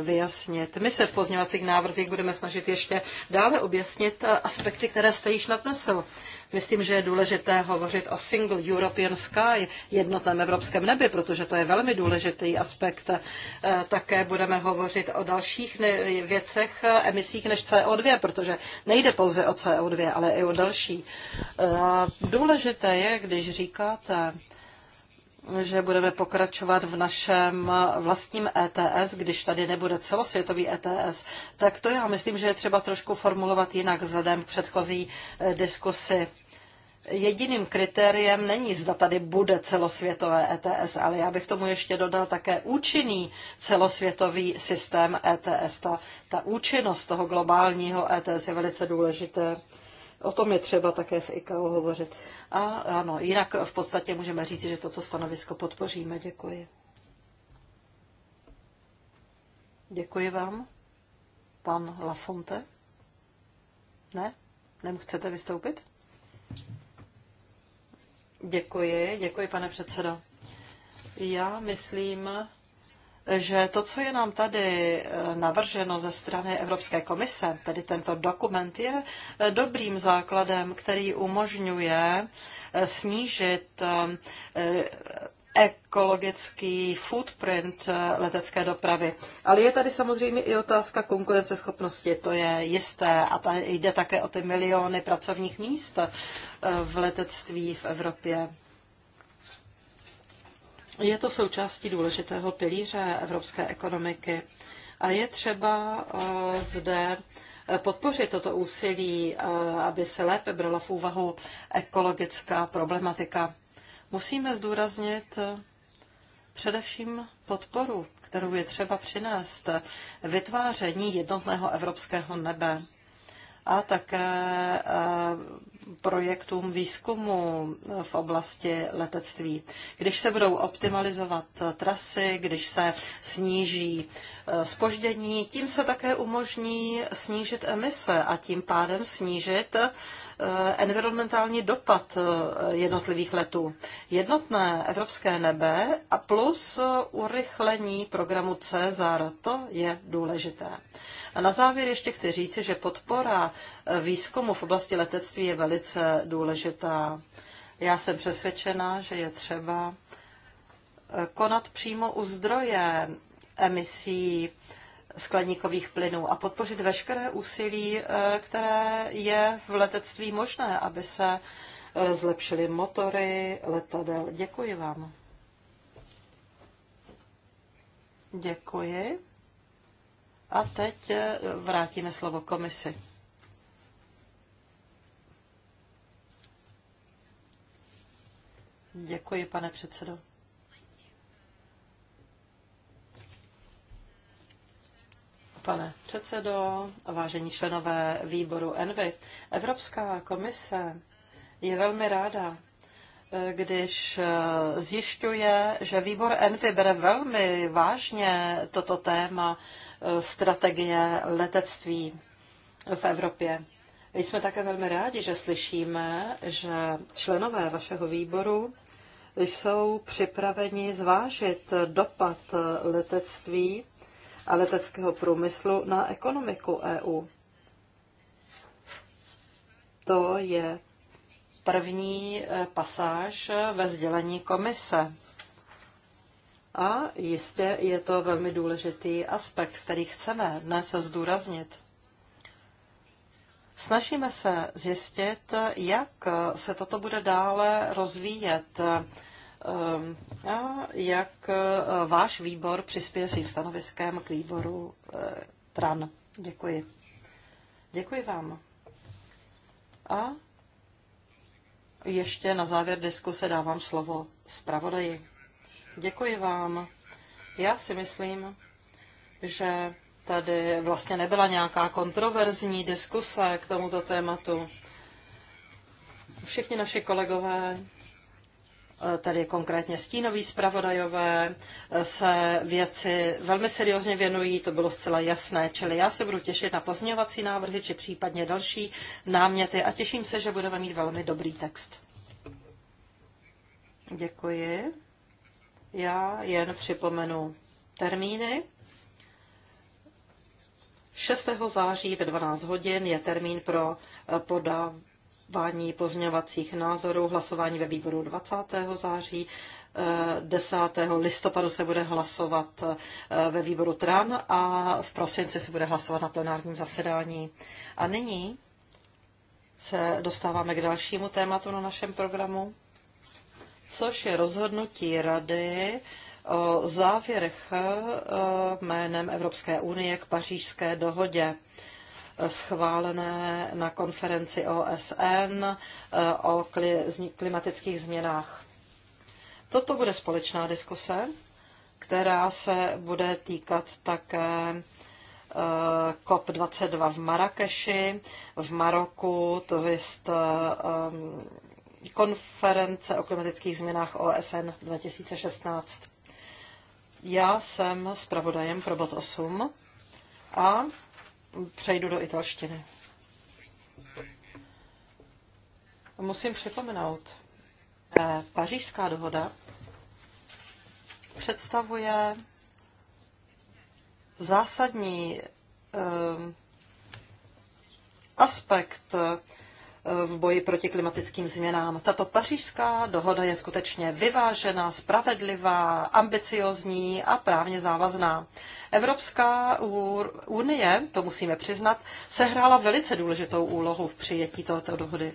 [SPEAKER 3] vyjasnit. My se v pozněvacích návrzích budeme snažit ještě dále objasnit aspekty, které jste již nadnesl. Myslím, že je důležité hovořit o Single European Sky, jednotném evropském nebi, protože to je velmi důležitý aspekt. E, také budeme hovořit o dalších věcech, emisích než CO2, protože nejde pouze o CO2, ale i o další. E, důležité je, když říkáte, že budeme pokračovat v našem vlastním ETS, když tady nebude celosvětový ETS, tak to já myslím, že je třeba trošku formulovat jinak vzhledem k předchozí e, diskusi jediným kritériem není, zda tady bude celosvětové ETS, ale já bych tomu ještě dodal také účinný celosvětový systém ETS. Ta, ta účinnost toho globálního ETS je velice důležité. O tom je třeba také v ICAO hovořit. A ano, jinak v podstatě můžeme říct, že toto stanovisko podpoříme. Děkuji. Děkuji vám. Pan Lafonte? Ne? Nechcete vystoupit? Děkuji, děkuji, pane předsedo. Já myslím, že to, co je nám tady eh, navrženo ze strany Evropské komise, tedy tento dokument, je eh, dobrým základem, který umožňuje eh, snížit ekologický footprint eh, letecké dopravy. Ale je tady samozřejmě i otázka konkurenceschopnosti, to je jisté. A ta jde také o ty miliony pracovních míst eh, v letectví v Evropě. Je to součástí důležitého pilíře evropské ekonomiky. A je třeba eh, zde podpořit toto úsilí, aby se lépe brala v úvahu ekologická problematika. Musíme zdůraznit eh, především podporu, kterou je třeba přinést eh, vytváření jednotného evropského nebe a také eh, projektům výzkumu v oblasti letectví. Když se budou optimalizovat trasy, když se sníží spoždění, tím se také umožní snížit emise a tím pádem snížit Eh, environmentální dopad eh, jednotlivých letů. Jednotné evropské nebe a plus eh, urychlení programu CESAR, to je důležité. A na závěr ještě chci říci, že podpora výzkumu v oblasti letectví je velice důležitá. Já jsem přesvědčena, že je třeba konat přímo u zdroje emisí skleníkových plynů a podpořit veškeré úsilí, eh, které je v letectví možné, aby se eh, zlepšily motory letadel. Děkuji vám. Děkuji. A teď eh, vrátíme slovo komisi. Děkuji, pane předsedo. pane předsedo, vážení členové výboru ENVY. Evropská komise je velmi ráda, když zjišťuje, že výbor Envy bere velmi vážně toto téma eh, strategie letectví v Evropě. Jsme také velmi rádi, že slyšíme, že členové vašeho výboru jsou připraveni zvážit dopad letectví a leteckého průmyslu na ekonomiku EU. To je první eh, pasáž eh, ve sdělení komise. A jistě je to velmi důležitý aspekt, který chceme dnes zdůraznit. Snažíme se zjistit, jak se toto bude dále rozvíjet Ehm, a jak e, váš výbor přispěje svým stanoviskem k výboru e, TRAN. Děkuji. Děkuji vám. A ještě na závěr diskuse dávám slovo zpravodaji. Děkuji vám. Já si myslím, že tady vlastně nebyla nějaká kontroverzní diskuse k tomuto tématu. Všichni naši kolegové Eh, tedy konkrétně stínoví zpravodajové, eh, se věci velmi seriózně věnují, to bylo zcela jasné. Čili já se budu těšit na pozměňovací návrhy, či případně další náměty a těším se, že budeme mít velmi dobrý text. Děkuji. Já jen připomenu termíny. 6. září ve 12 hodin je termín pro podávání hlasování pozměňovacích názorů, hlasování ve výboru 20. září, 10. Eh, listopadu se bude hlasovat eh, ve výboru TRAN a v prosinci se bude hlasovat na plenárním zasedání. A nyní se dostáváme k dalšímu tématu na našem programu, což je rozhodnutí Rady o závěrech eh, jménem Evropské unie k pařížské dohodě schválené na konferenci OSN o eh, klimatických změnách. Toto bude společná diskuse, která se bude týkat také eh, COP22 v Marrakeši, v Maroku, to je eh, konference o klimatických změnách OSN 2016. Já jsem zpravodajem pro bod 8 a přejdu do italštiny. Musím připomenout, pařížská dohoda představuje zásadní eh, aspekt v boji proti klimatickým změnám. Tato pařížská dohoda je skutečně vyvážená, spravedlivá, ambiciozní a právně závazná. Evropská unie, to musíme přiznat, sehrála velice důležitou úlohu v přijetí této dohody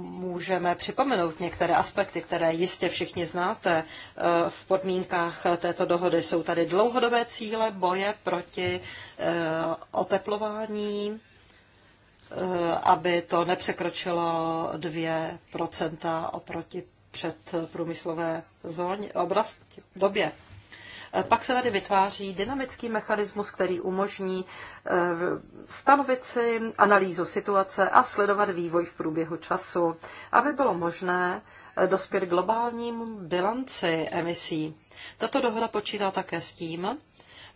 [SPEAKER 3] můžeme připomenout některé aspekty, které jistě všichni znáte. E, v podmínkách této dohody jsou tady dlouhodobé cíle boje proti e, oteplování, Eh, aby to nepřekročilo 2% oproti před průmyslové zóně, oblasti, době. Eh, pak se tady vytváří dynamický mechanismus, který umožní eh, stanovit si analýzu situace a sledovat vývoj v průběhu času, aby bylo možné dospět globálnímu bilanci emisí. Tato dohoda počítá také s tím,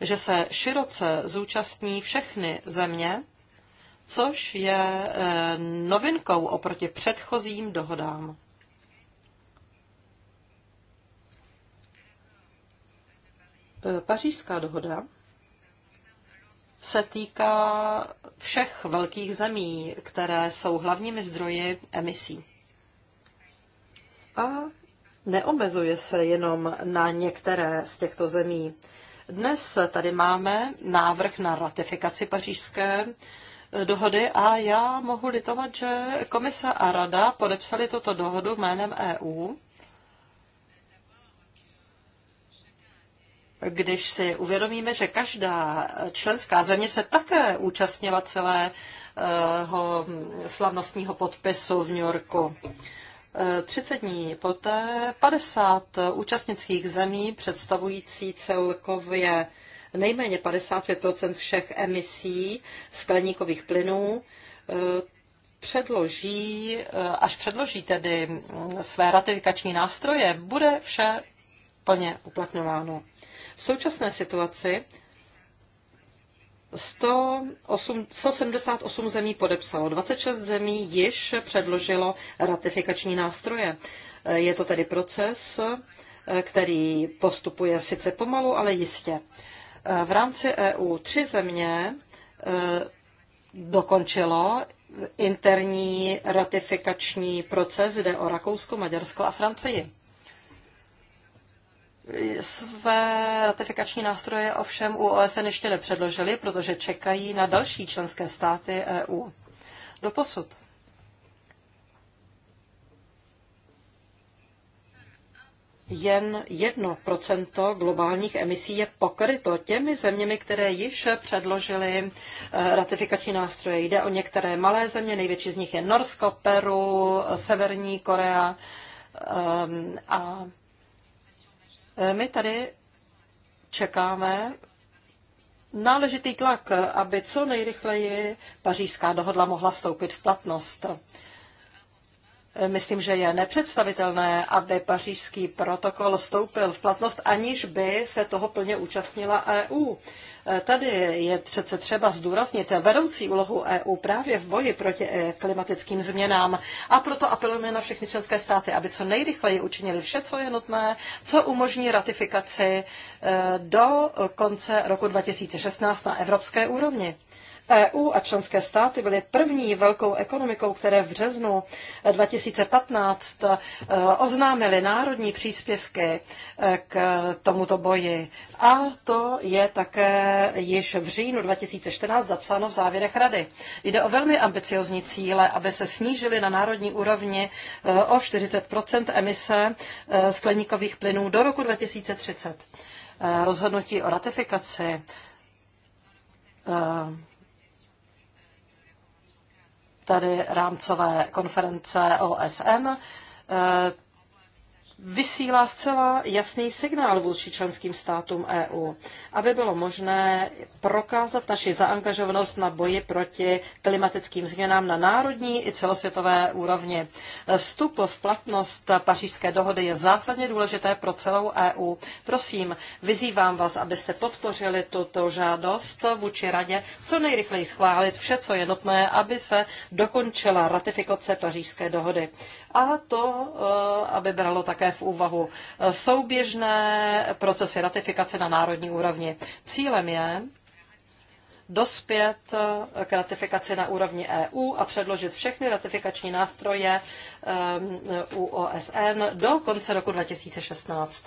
[SPEAKER 3] že se široce zúčastní všechny země což je eh, novinkou oproti předchozím dohodám. Eh, pařížská dohoda se týká všech velkých zemí, které jsou hlavními zdroji emisí. A neomezuje se jenom na některé z těchto zemí. Dnes tady máme návrh na ratifikaci pařížské dohody a já mohu litovat, že komise a rada podepsali tuto dohodu jménem EU. Když si uvědomíme, že každá členská země se také účastnila celého slavnostního podpisu v New Yorku. 30 dní poté 50 účastnických zemí představující celkově nejméně 55 všech emisí skleníkových plynů eh, předloží, eh, až předloží tedy mm, své ratifikační nástroje, bude vše plně uplatňováno. V současné situaci 108, 178 zemí podepsalo, 26 zemí již předložilo ratifikační nástroje. Eh, je to tedy proces, který postupuje sice pomalu, ale jistě. V rámci EU tři země e, dokončilo interní ratifikační proces, jde o Rakousko, Maďarsko a Francii. Své ratifikační nástroje ovšem u OSN ještě nepředložili, protože čekají na další členské státy EU. Doposud jen 1% globálních emisí je pokryto těmi zeměmi, které již předložily eh, ratifikační nástroje. Jde o některé malé země, největší z nich je Norsko, Peru, eh, Severní Korea. Eh, a my tady čekáme náležitý tlak, aby co nejrychleji pařížská dohodla mohla vstoupit v platnost. Myslím, že je nepředstavitelné, aby pařížský protokol vstoupil v platnost, aniž by se toho plně účastnila EU. E, tady je přece třeba zdůraznit vedoucí úlohu EU právě v boji proti e, klimatickým změnám a proto apelujeme na všechny členské státy, aby co nejrychleji učinili vše, co je nutné, co umožní ratifikaci e, do konce roku 2016 na evropské úrovni. EU a členské státy byly první velkou ekonomikou, které v březnu 2015 e, oznámily národní příspěvky e, k tomuto boji. A to je také již v říjnu 2014 zapsáno v závěrech Rady. Jde o velmi ambiciozní cíle, aby se snížily na národní úrovni e, o 40 emise skleníkových plynů do roku 2030. Rozhodnutí o ratifikaci tady rámcové konference OSN. Eh, vysílá zcela jasný signál vůči členským státům EU, aby bylo možné prokázat naši zaangažovanost na boji proti klimatickým změnám na národní i celosvětové úrovni. Vstup v platnost pařížské dohody je zásadně důležité pro celou EU. Prosím, vyzývám vás, abyste podpořili tuto žádost vůči radě, co nejrychleji schválit vše, co je nutné, aby se dokončila ratifikace pařížské dohody. A to, eh, aby bralo také v úvahu souběžné procesy ratifikace na národní úrovni. Cílem je dospět k ratifikaci na úrovni EU a předložit všechny ratifikační nástroje ehm, u OSN do konce roku 2016.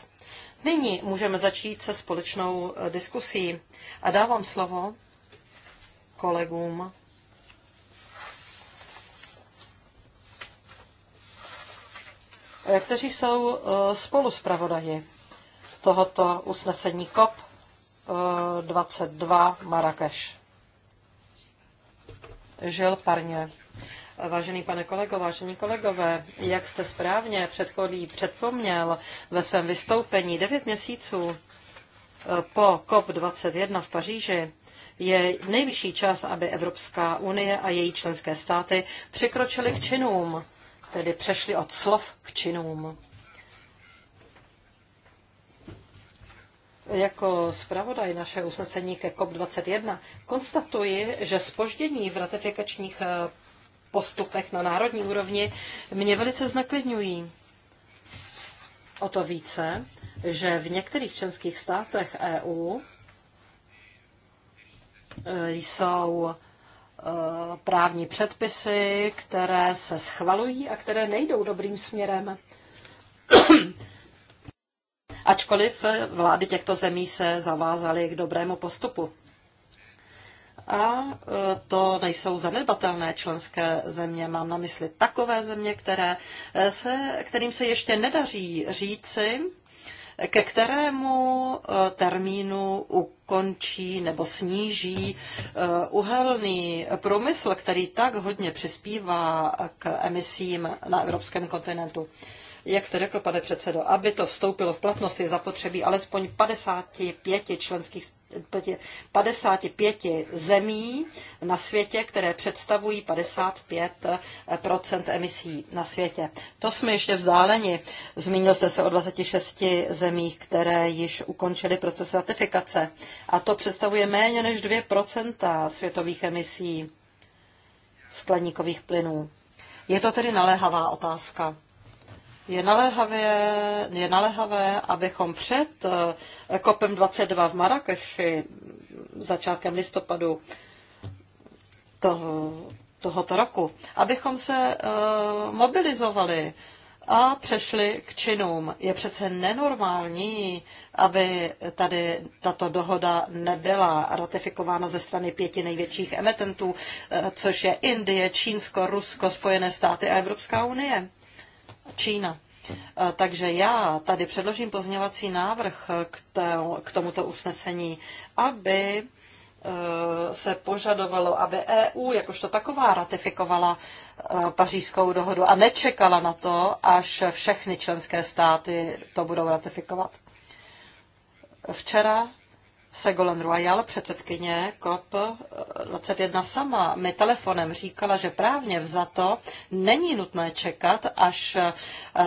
[SPEAKER 3] Nyní můžeme začít se společnou eh, diskusí a dávám slovo kolegům Eh, kteří jsou eh, spolu tohoto usnesení COP 22 eh, Marrakeš. Žil Parně. Vážený pane kolego, vážení kolegové, jak jste správně předchodí předpomněl ve svém vystoupení 9 měsíců po COP21 v Paříži, je nejvyšší čas, aby Evropská unie a její členské státy přikročily k činům tedy přešli od slov k činům. Jako zpravodaj naše usnesení ke COP21 konstatuji, že spoždění v ratifikačních eh, postupech na národní úrovni mě velice znaklidňují. O to více, že v některých členských státech EU eh, jsou Eh, právní předpisy, které se schvalují a které nejdou dobrým
[SPEAKER 1] směrem.
[SPEAKER 3] Ačkoliv vlády těchto zemí se zavázaly k dobrému postupu. A eh, to nejsou zanedbatelné členské země. Mám na mysli takové země, které eh, se, kterým se ještě nedaří říci, ke kterému eh, termínu ukončí nebo sníží eh, uhelný průmysl, který tak hodně přispívá k emisím na evropském kontinentu. Jak jste řekl, pane předsedo, aby to vstoupilo v platnost, je zapotřebí alespoň 55 členských 55 zemí na světě, které představují 55 emisí na světě. To jsme ještě vzdáleni. Zmínil jste se o 26 zemích, které již ukončily proces ratifikace. A to představuje méně než 2 světových emisí skleníkových plynů. Je to tedy naléhavá otázka. Je naléhavě, je naléhavé, abychom před kopem eh, 22 v Marrakeši začátkem listopadu toho, tohoto roku, abychom se uh, mobilizovali a přešli k činům. Je přece nenormální, aby tady tato dohoda nebyla ratifikována ze strany pěti největších emetentů, eh, což je Indie, Čínsko, Rusko, Spojené státy a Evropská unie. Čína. Eh, takže já tady předložím pozměňovací návrh k tomuto usnesení, aby eh, se požadovalo, aby EU jakožto taková ratifikovala eh, pařížskou dohodu a nečekala na to, až všechny členské státy to budou ratifikovat. Včera Segolen Royal, předsedkyně COP21 eh, sama, mi telefonem říkala, že právně vzato není nutné čekat, až eh,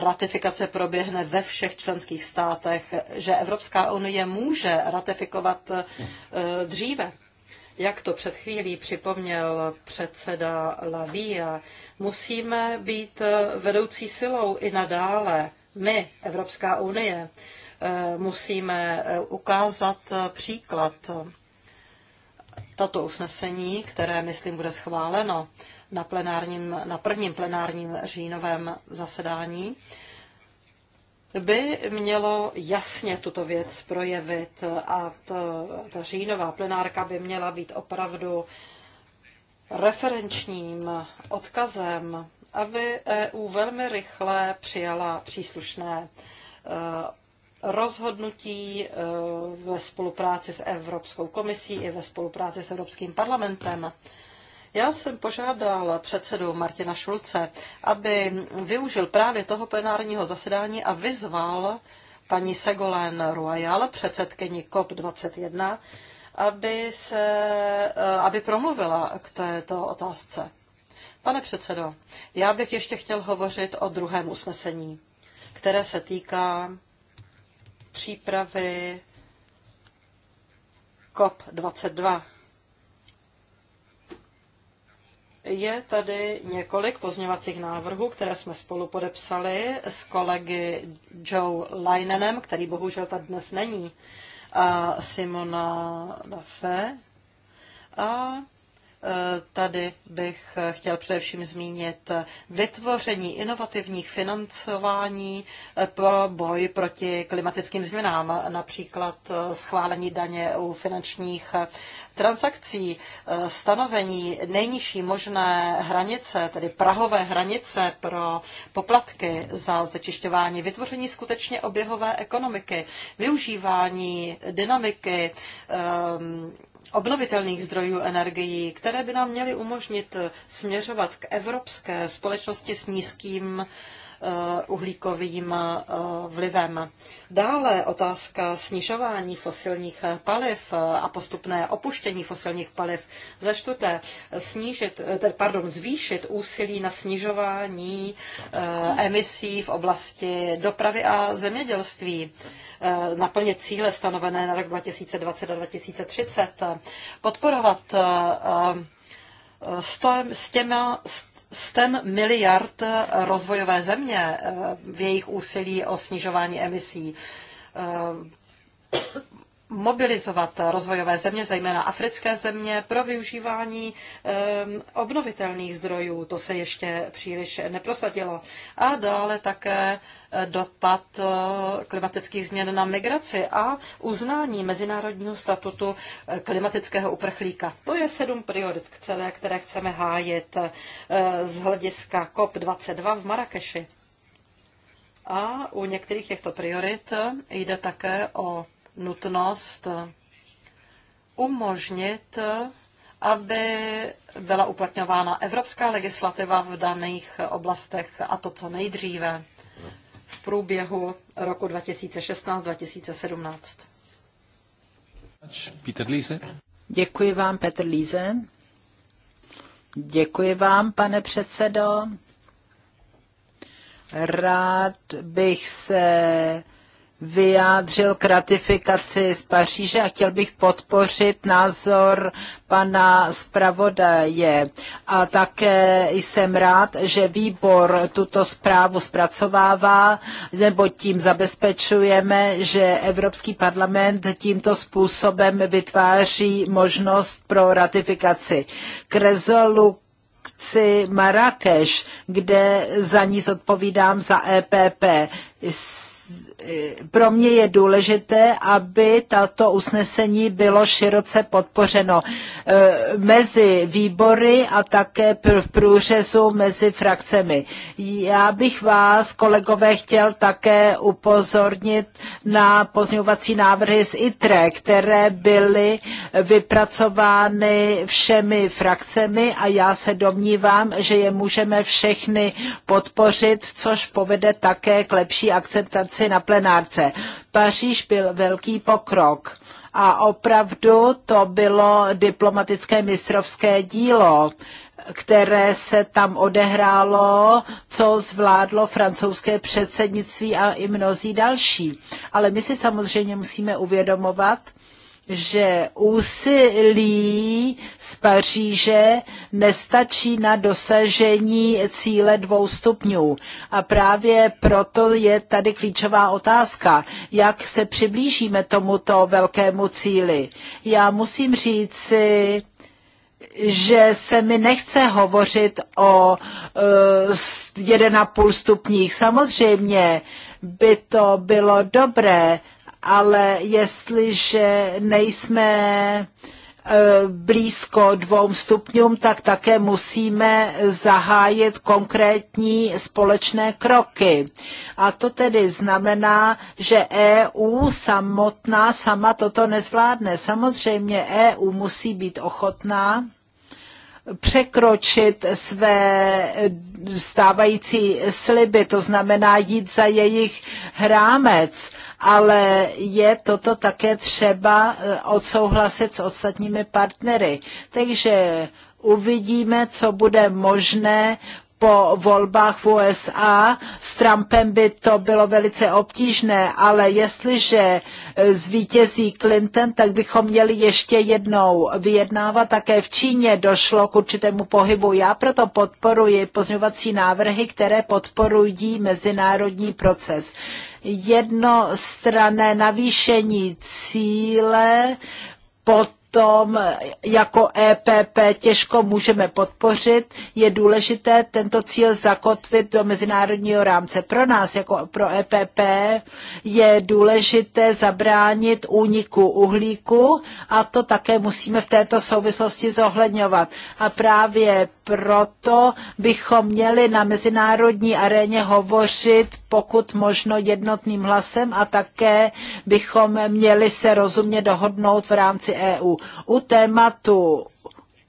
[SPEAKER 3] ratifikace proběhne ve všech členských státech, že Evropská unie může ratifikovat eh, dříve. Jak to před chvílí připomněl předseda Lavia, musíme být vedoucí silou i nadále my, Evropská unie Eh, musíme eh, ukázat eh, příklad. Tato usnesení, které, myslím, bude schváleno na, plenárním, na prvním plenárním říjnovém zasedání, by mělo jasně tuto věc projevit a to, ta říjnová plenárka by měla být opravdu referenčním odkazem, aby EU velmi rychle přijala příslušné rozhodnutí eh, ve spolupráci s Evropskou komisí i ve spolupráci s Evropským parlamentem. Já jsem požádal předsedu Martina Šulce, aby využil právě toho plenárního zasedání a vyzval paní Segolén Royal, předsedkyni COP21, aby, se, eh, aby promluvila k této otázce. Pane předsedo, já bych ještě chtěl hovořit o druhém usnesení, které se týká přípravy COP22. Je tady několik pozněvacích návrhů, které jsme spolu podepsali s kolegy Joe Linenem, který bohužel tady dnes není, a Simona Dafe. A Eh, tady bych eh, chtěl především zmínit eh, vytvoření inovativních financování pro boj proti klimatickým změnám, například schválení daně u finančních transakcí, stanovení nejnižší možné hranice, tedy prahové hranice pro poplatky za znečišťování, vytvoření skutečně oběhové ekonomiky, využívání dynamiky, ehm, obnovitelných zdrojů energií, které by nám měly umožnit směřovat k evropské společnosti s nízkým eh, uhlíkovým eh, vlivem. Dále otázka snižování fosilních eh, paliv a postupné opuštění fosilních paliv. Za čtvrté, snížit, pardon, zvýšit úsilí na snižování emisí v oblasti dopravy a zemědělství. Eh, naplnit cíle stanovené na rok 2020 a 2030, podporovat eh, eh, s těma STEM miliard rozvojové země v jejich úsilí o snižování emisí mobilizovat rozvojové země, zejména africké země, pro využívání ehm, obnovitelných zdrojů. To se ještě příliš neprosadilo. A dále také eh, dopad eh, klimatických změn na migraci a uznání mezinárodního statutu eh, klimatického uprchlíka. To je sedm priorit, které, které chceme hájit z hlediska COP22 v Marrakeši. A u některých těchto priorit jde také o nutnost umožnit, aby byla uplatňována evropská legislativa v daných oblastech a to co nejdříve v průběhu roku 2016-2017. Peter Líze.
[SPEAKER 1] Děkuji vám, Petr Líze. Děkuji vám, pane předsedo. Rád bych se vyjádřil k ratifikaci z Paříže a chtěl bych podpořit názor pana zpravodaje. A také jsem rád, že výbor tuto zprávu zpracovává, nebo tím zabezpečujeme, že Evropský parlament tímto způsobem vytváří možnost pro ratifikaci. K rezolu akci Marrakeš, kde za ní zodpovídám za EPP pro mě je důležité, aby tato usnesení bylo široce podpořeno eh, mezi výbory a také v průřezu mezi frakcemi. Já bych vás, kolegové, chtěl také upozornit na pozňovací návrhy z ITRE, které byly vypracovány všemi frakcemi a já se domnívám, že je můžeme všechny podpořit, což povede také k lepší akceptaci na plenárce. Paříž byl velký pokrok a opravdu to bylo diplomatické mistrovské dílo které se tam odehrálo, co zvládlo francouzské předsednictví a i mnozí další. Ale my si samozřejmě musíme uvědomovat, že úsilí z Paříže nestačí na dosažení cíle dvou stupňů. A právě proto je tady klíčová otázka, jak se přiblížíme tomuto velkému cíli. Já musím říci, že se mi nechce hovořit o uh, e, 1,5 stupních. Samozřejmě by to bylo dobré, ale jestliže nejsme eh, blízko dvou stupňům, tak také musíme zahájit konkrétní společné kroky. A to tedy znamená, že EU samotná sama toto nezvládne. Samozřejmě EU musí být ochotná překročit své stávající sliby, to znamená jít za jejich hrámec, ale je toto také třeba eh, odsouhlasit s ostatními partnery. Takže uvidíme, co bude možné po volbách v USA. S Trumpem by to bylo velice obtížné, ale jestliže e, zvítězí Clinton, tak bychom měli ještě jednou vyjednávat. Také v Číně došlo k určitému pohybu. Já proto podporuji pozměňovací návrhy, které podporují mezinárodní proces. Jednostrané navýšení cíle pod tom jako EPP těžko můžeme podpořit. Je důležité tento cíl zakotvit do mezinárodního rámce. Pro nás, jako pro EPP, je důležité zabránit úniku uhlíku a to také musíme v této souvislosti zohledňovat. A právě proto bychom měli na mezinárodní aréně hovořit pokud možno jednotným hlasem a také bychom měli se rozumně dohodnout v rámci EU. U tématu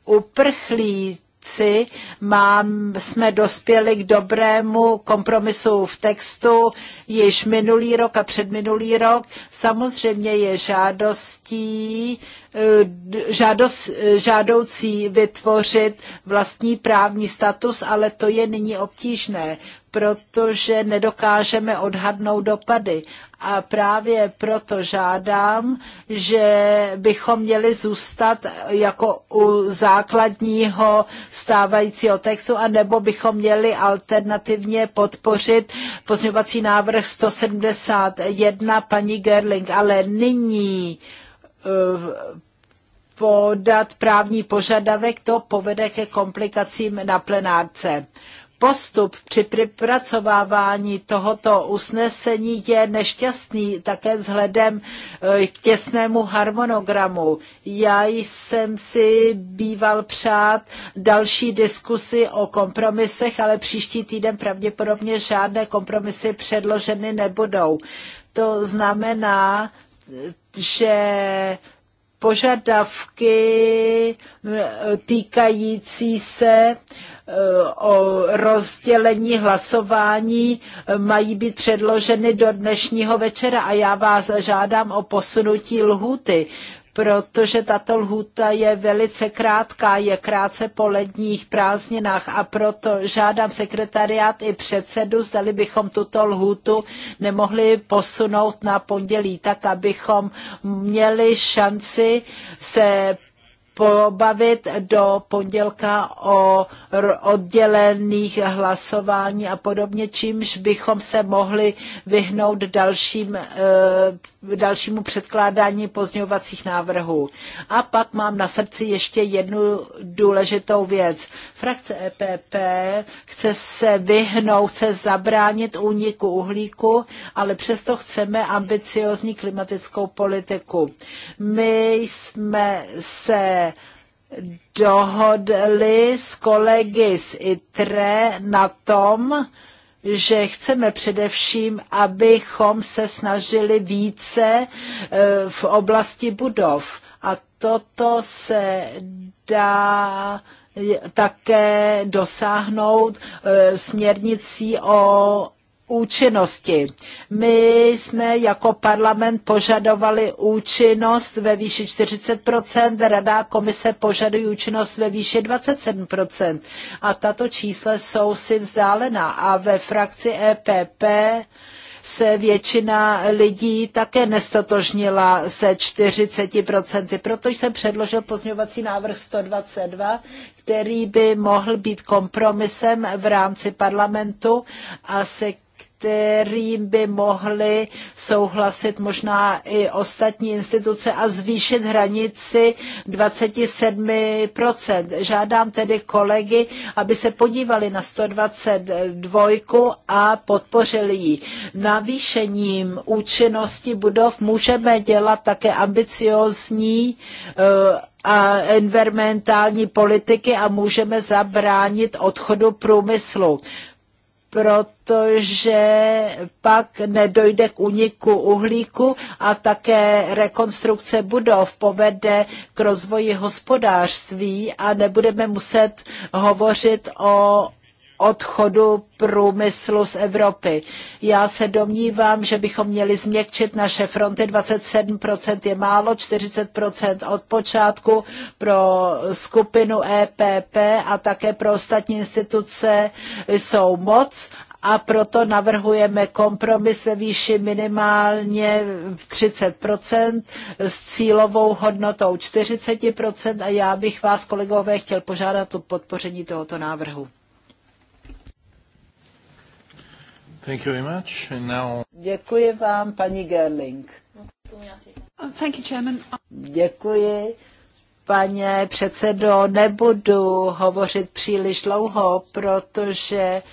[SPEAKER 1] uprchlíci mám, jsme dospěli k dobrému kompromisu v textu již minulý rok a předminulý rok. Samozřejmě je žádostí, eh, žádost, eh, žádoucí vytvořit vlastní právní status, ale to je nyní obtížné protože nedokážeme odhadnout dopady. A právě proto žádám, že bychom měli zůstat jako u základního stávajícího textu, anebo bychom měli alternativně podpořit pozměňovací návrh 171 paní Gerling. Ale nyní eh, podat právní požadavek, to povede ke komplikacím na plenárce postup při připracovávání tohoto usnesení je nešťastný také vzhledem eh, k těsnému harmonogramu. Já jsem si býval přát další diskusy o kompromisech, ale příští týden pravděpodobně žádné kompromisy předloženy nebudou. To znamená, že požadavky eh, týkající se Eh, o rozdělení hlasování eh, mají být předloženy do dnešního večera a já vás žádám o posunutí lhuty, protože tato lhuta je velice krátká, je krátce po ledních prázdninách a proto žádám sekretariát i předsedu, zdali bychom tuto lhutu nemohli posunout na pondělí, tak abychom měli šanci se pobavit do pondělka o oddělených hlasování a podobně, čímž bychom se mohli vyhnout dalším, e, dalšímu předkládání pozňovacích návrhů. A pak mám na srdci ještě jednu důležitou věc. Frakce EPP chce se vyhnout, chce zabránit úniku uhlíku, ale přesto chceme ambiciozní klimatickou politiku. My jsme se dohodli s kolegy z ITRE na tom, že chceme především, abychom se snažili více eh, v oblasti budov. A toto se dá eh, také dosáhnout eh, směrnicí o účinnosti. My jsme jako parlament požadovali účinnost ve výši 40%, Rada komise požadují účinnost ve výši 27%. A tato čísla jsou si vzdálená. A ve frakci EPP se většina lidí také nestotožnila se 40%, Protože jsem předložil pozňovací návrh 122, který by mohl být kompromisem v rámci parlamentu a se kterým by mohly souhlasit možná i ostatní instituce a zvýšit hranici 27%. Žádám tedy kolegy, aby se podívali na 122 a podpořili ji. Navýšením účinnosti budov můžeme dělat také ambiciozní eh, a environmentální politiky a můžeme zabránit odchodu průmyslu protože pak nedojde k uniku uhlíku a také rekonstrukce budov povede k rozvoji hospodářství a nebudeme muset hovořit o odchodu průmyslu z Evropy. Já se domnívám, že bychom měli změkčit naše fronty. 27% je málo, 40% od počátku pro skupinu EPP a také pro ostatní instituce jsou moc a proto navrhujeme kompromis ve výši minimálně 30 s cílovou hodnotou 40 a já bych vás, kolegové, chtěl požádat o podpoření tohoto návrhu.
[SPEAKER 3] Thank you very much. And now...
[SPEAKER 1] Děkuji vám, paní Gerling. Thank you, Chairman. Děkuji. Pane předsedo, nebudu hovořit příliš dlouho, protože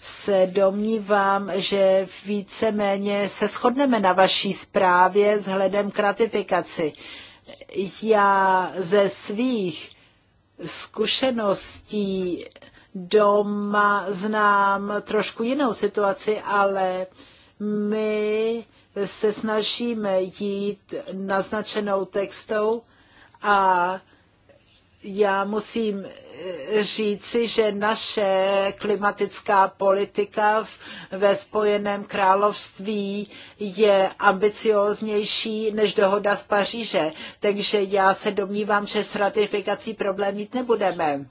[SPEAKER 1] se domnívám, že víceméně se shodneme na vaší zprávě vzhledem k ratifikaci. Já ze svých zkušeností doma znám trošku jinou situaci, ale my se snažíme jít naznačenou textou a já musím eh, říci, že naše klimatická politika ve Spojeném království je ambicióznější než dohoda z Paříže. Takže já se domnívám, že s ratifikací problém mít nebudeme.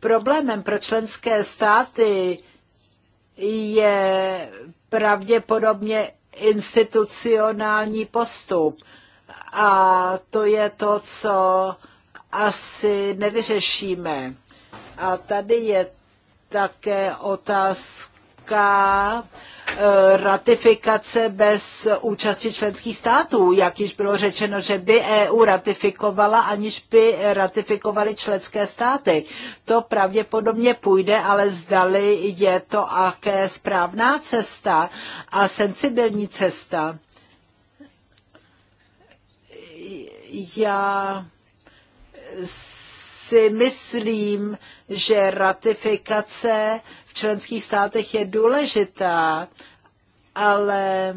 [SPEAKER 1] Problémem pro členské státy je pravděpodobně institucionální postup. A to je to, co asi nevyřešíme. A tady je také otázka, Eh, ratifikace bez účasti členských států. Jak již bylo řečeno, že by EU ratifikovala, aniž by ratifikovaly členské státy. To pravděpodobně půjde, ale zdali je to aké správná cesta a sensibilní cesta. Já si myslím, že ratifikace členských státech je důležitá, ale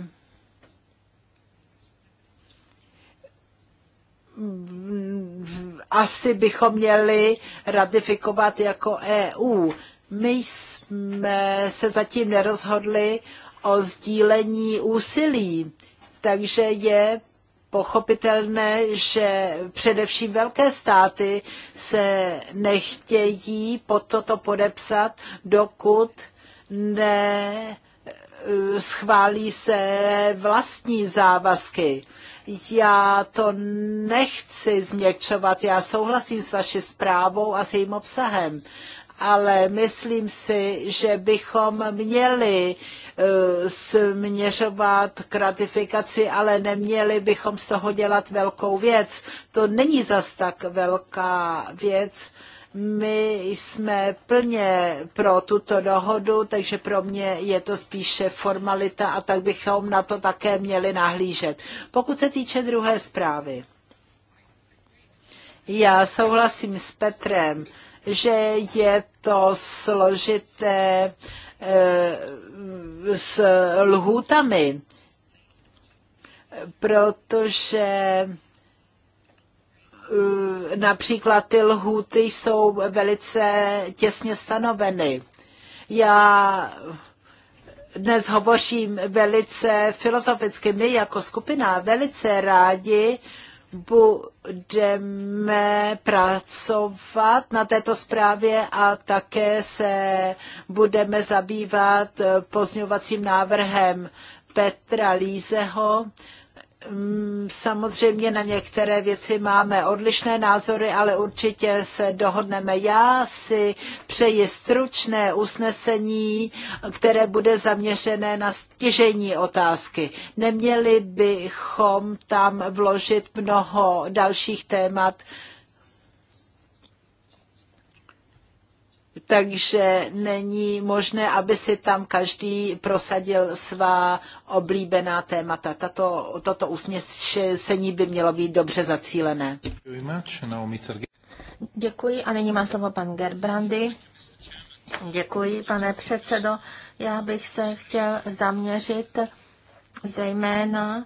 [SPEAKER 1] asi bychom měli ratifikovat jako EU. My jsme se zatím nerozhodli o sdílení úsilí, takže je pochopitelné, že především velké státy se nechtějí pod toto podepsat, dokud ne eh, schválí se vlastní závazky. Já to nechci změkčovat, já souhlasím s vaší zprávou a s jejím obsahem, ale myslím si, že bychom měli eh, směřovat k ratifikaci, ale neměli bychom z toho dělat velkou věc. To není zas tak velká věc. My jsme plně pro tuto dohodu, takže pro mě je to spíše formalita a tak bychom na to také měli nahlížet. Pokud se týče druhé zprávy, já souhlasím s Petrem, že je to složité eh, s lhůtami, protože eh, například ty lhůty jsou velice těsně stanoveny. Já dnes hovořím velice filozoficky. My jako skupina velice rádi budeme pracovat na této zprávě a také se budeme zabývat pozňovacím návrhem Petra Lízeho, Mm, samozřejmě na některé věci máme odlišné názory, ale určitě se dohodneme. Já si přeji stručné usnesení, které bude zaměřené na stěžení otázky. Neměli bychom tam vložit mnoho dalších témat, takže není možné, aby si tam každý prosadil svá oblíbená témata. Tato, toto usměšení by mělo být dobře zacílené. Děkuji
[SPEAKER 2] a nyní má slovo pan Gerbrandy. Děkuji, pane předsedo. Já bych se chtěl zaměřit zejména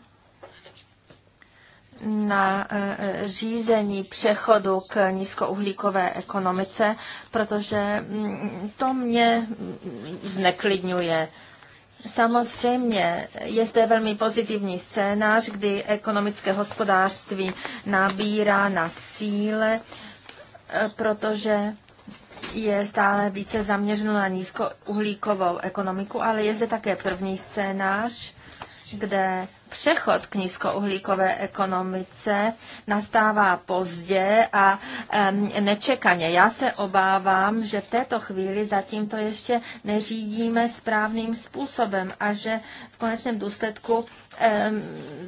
[SPEAKER 2] na e, e, řízení přechodu k nízkouhlíkové ekonomice, protože mm, to mě zneklidňuje. Samozřejmě je zde velmi pozitivní scénář, kdy ekonomické hospodářství nabírá na síle, e, protože je stále více zaměřeno na nízkouhlíkovou ekonomiku, ale je zde také první scénář, kde přechod k nízkouhlíkové ekonomice nastává pozdě a nečekaně. Já se obávám, že v této chvíli zatím to ještě neřídíme správným způsobem a že v konečném důsledku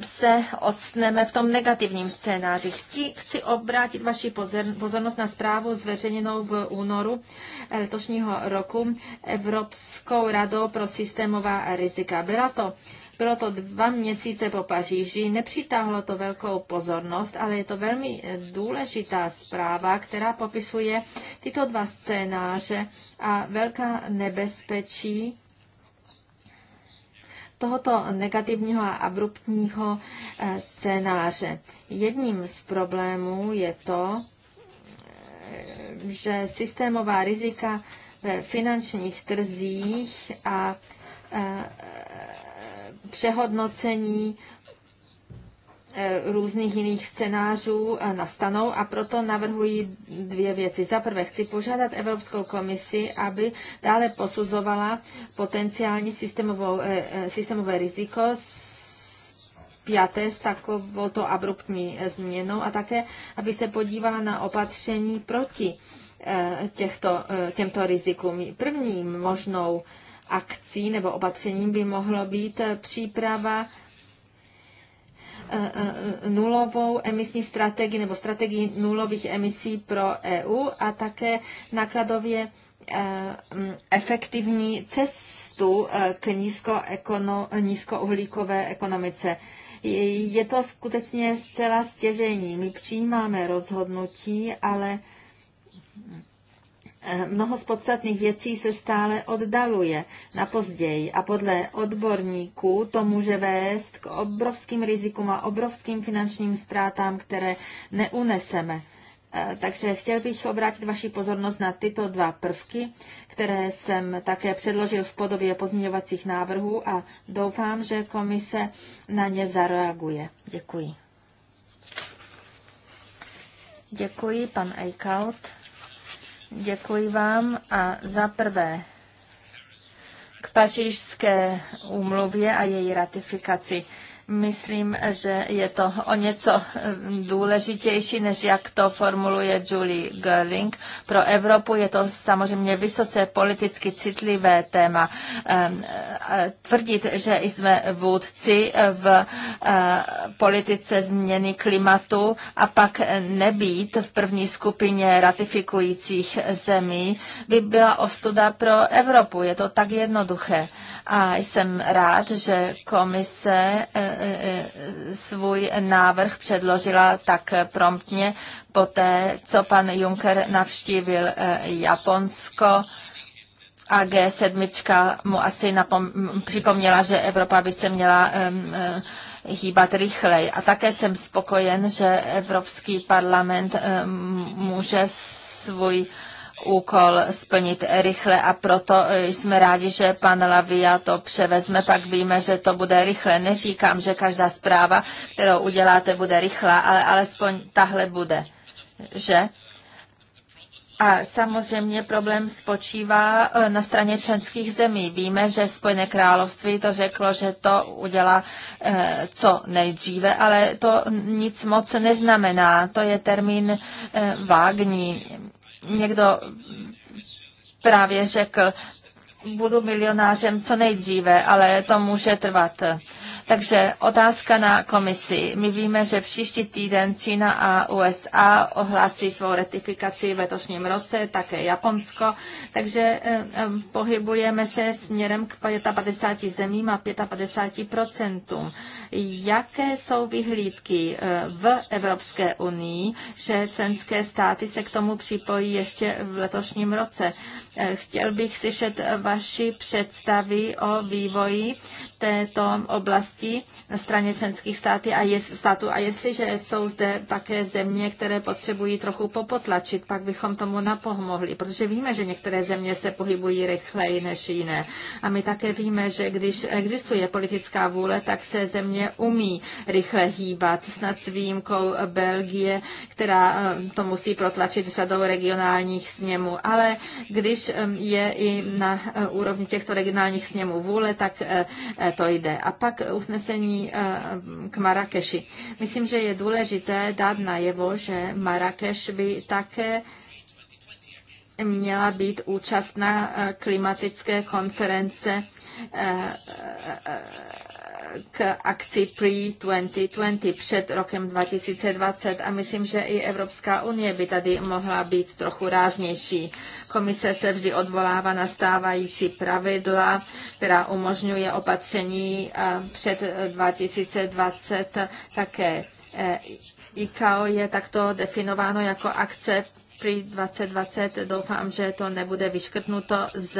[SPEAKER 2] se odstneme v tom negativním scénáři. Chci, chci obrátit vaši pozornost na zprávu zveřejněnou v únoru letošního roku Evropskou radou pro systémová rizika. Byla to bylo to dva měsíce po Paříži, nepřitáhlo to velkou pozornost, ale je to velmi eh, důležitá zpráva, která popisuje tyto dva scénáře a velká nebezpečí tohoto negativního a abruptního eh, scénáře. Jedním z problémů je to, eh, že systémová rizika ve finančních trzích a přehodnocení eh, různých jiných scénářů eh, nastanou a proto navrhuji dvě věci. Za prvé chci požádat Evropskou komisi, aby dále posuzovala potenciální eh, systémové riziko spjaté s takovouto abruptní změnou a také, aby se podívala na opatření proti těchto, těmto rizikům. První možnou akcí nebo opatřením by mohlo být eh, příprava eh, eh, nulovou emisní strategii nebo strategii nulových emisí pro EU a také nákladově mm, efektivní cestu k nízkouhlíkové ekonomice. Je to skutečně zcela stěžení. My přijímáme rozhodnutí, ale Eh, mnoho z podstatných věcí se stále oddaluje na později a podle odborníků to může vést k obrovským rizikům a obrovským finančním ztrátám, které neuneseme. Eh, takže chtěl bych obrátit vaši pozornost na tyto dva prvky, které jsem také předložil v podobě pozměňovacích návrhů a doufám, že komise na ně zareaguje. Děkuji. Děkuji, pan Eichaut. Děkuji vám a za prvé k pařížské úmluvě a její ratifikaci. Myslím, že je to o něco eh, důležitější, než jak to formuluje Julie Gerling. Pro Evropu je to samozřejmě vysoce politicky citlivé téma. Ehm, eh, tvrdit, že jsme vůdci eh, v politice změny klimatu a pak nebýt v první skupině ratifikujících zemí, by byla ostuda pro Evropu. Je to tak jednoduché. A jsem rád, že komise svůj návrh předložila tak promptně poté, co pan Juncker navštívil eh, Japonsko a G7 mu asi napom- připomněla, že Evropa by se měla um, hýbat rychleji. A také jsem spokojen, že Evropský parlament um, může svůj úkol splnit rychle a proto jsme rádi, že pan Lavia to převezme, pak víme, že to bude rychle. Neříkám, že každá zpráva, kterou uděláte, bude rychlá, ale alespoň tahle bude. Že? A samozřejmě problém spočívá eh, na straně členských zemí. Víme, že Spojené království to řeklo, že to udělá eh, co nejdříve, ale to nic moc neznamená. To je termín eh, vágní někdo právě řekl, budu milionářem co nejdříve, ale to může trvat. Takže otázka na komisi. My víme, že příští týden Čína a USA ohlásí svou ratifikaci v letošním roce, také Japonsko, takže eh, eh, pohybujeme se směrem k 55 zemím a 55 procentům jaké jsou vyhlídky eh, v Evropské unii, že členské státy se k tomu připojí ještě v letošním roce. Eh, chtěl bych slyšet vaši představy o vývoji této oblasti na straně členských států a je, státu A jestliže jsou zde také země, které potřebují trochu popotlačit, pak bychom tomu napomohli, protože víme, že některé země se pohybují rychleji než jiné. A my také víme, že když existuje politická vůle, tak se země umí rychle hýbat. Snad s výjimkou Belgie, která eh, to musí protlačit řadou regionálních sněmů. Ale když eh, je i na eh, úrovni těchto regionálních sněmů vůle, tak to jde. A pak usnesení eh, k Marrakeši. Myslím, že je důležité dát najevo, že Marrakeš by také měla být účastná eh, klimatické konference eh, eh, k akci Pre-2020 před rokem 2020 a myslím, že i Evropská unie by tady mohla být trochu ráznější. Komise se vždy odvolává na stávající pravidla, která umožňuje opatření před 2020 také ICAO je takto definováno jako akce PRI 2020. Doufám, že to nebude vyškrtnuto z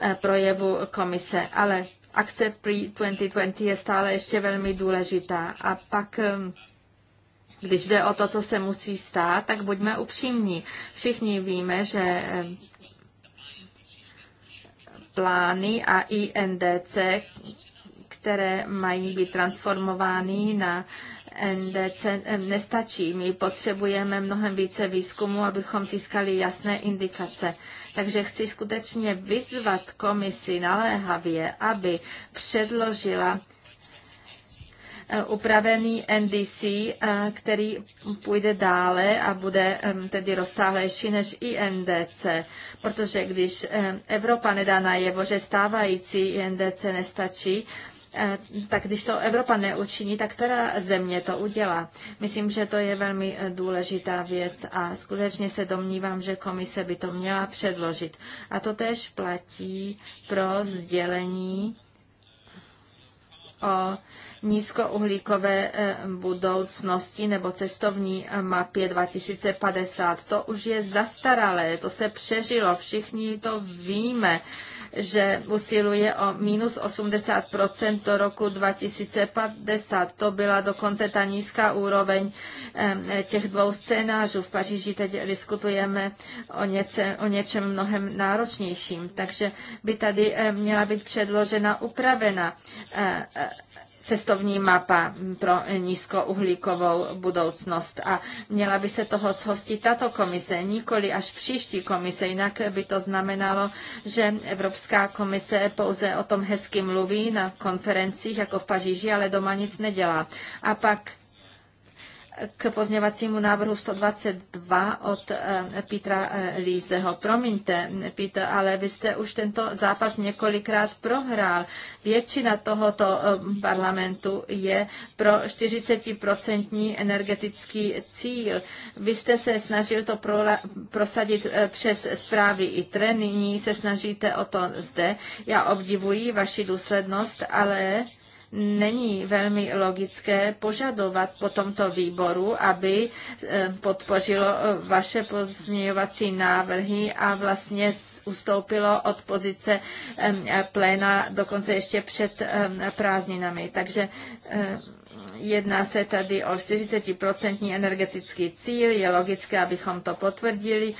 [SPEAKER 2] eh, projevu komise, ale akce PRI 2020 je stále ještě velmi důležitá. A pak eh, když jde o to, co se musí stát, tak buďme upřímní. Všichni víme, že eh, plány a INDC, které mají být transformovány na NDC eh, nestačí. My potřebujeme mnohem více výzkumu, abychom získali jasné indikace. Takže chci skutečně vyzvat komisi naléhavě, aby předložila eh, upravený NDC, eh, který půjde dále a bude tedy rozsáhlejší než i NDC. Protože když Evropa nedá najevo, že stávající NDC nestačí, Eh, tak když to Evropa neučiní, tak která země to udělá? Myslím, že to je velmi eh, důležitá věc a skutečně se domnívám, že komise by to měla předložit. A to tež platí pro sdělení o nízkouhlíkové eh, budoucnosti nebo cestovní mapě 2050. To už je zastaralé, to se přežilo, všichni to víme že usiluje o minus 80 do roku 2050. To byla dokonce ta nízká úroveň těch dvou scénářů. V Paříži teď diskutujeme o, něce, o něčem mnohem náročnějším, takže by tady měla být předložena upravena e, e, cestovní mapa pro nízkouhlíkovou budoucnost a měla by se toho zhostit tato komise, nikoli až příští komise, jinak by to znamenalo, že Evropská komise pouze o tom hezky mluví na konferencích jako v Paříži, ale doma nic nedělá. A pak k pozněvacímu návrhu 122 od eh, Petra eh, Lízeho. Promiňte, Pítr, ale vy jste už tento zápas několikrát prohrál. Většina tohoto eh, parlamentu je pro 40% energetický cíl. Vy jste se snažil to prosadit přes zprávy i trény, nyní se snažíte o to zde. Já obdivuji vaši důslednost, ale není velmi logické požadovat po tomto výboru, aby eh, podpořilo eh, vaše pozměňovací návrhy a vlastně ustoupilo od pozice eh, pléna dokonce ještě před prázdninami. Takže Jedná se tady o 40% energetický cíl, je logické, abychom to potvrdili.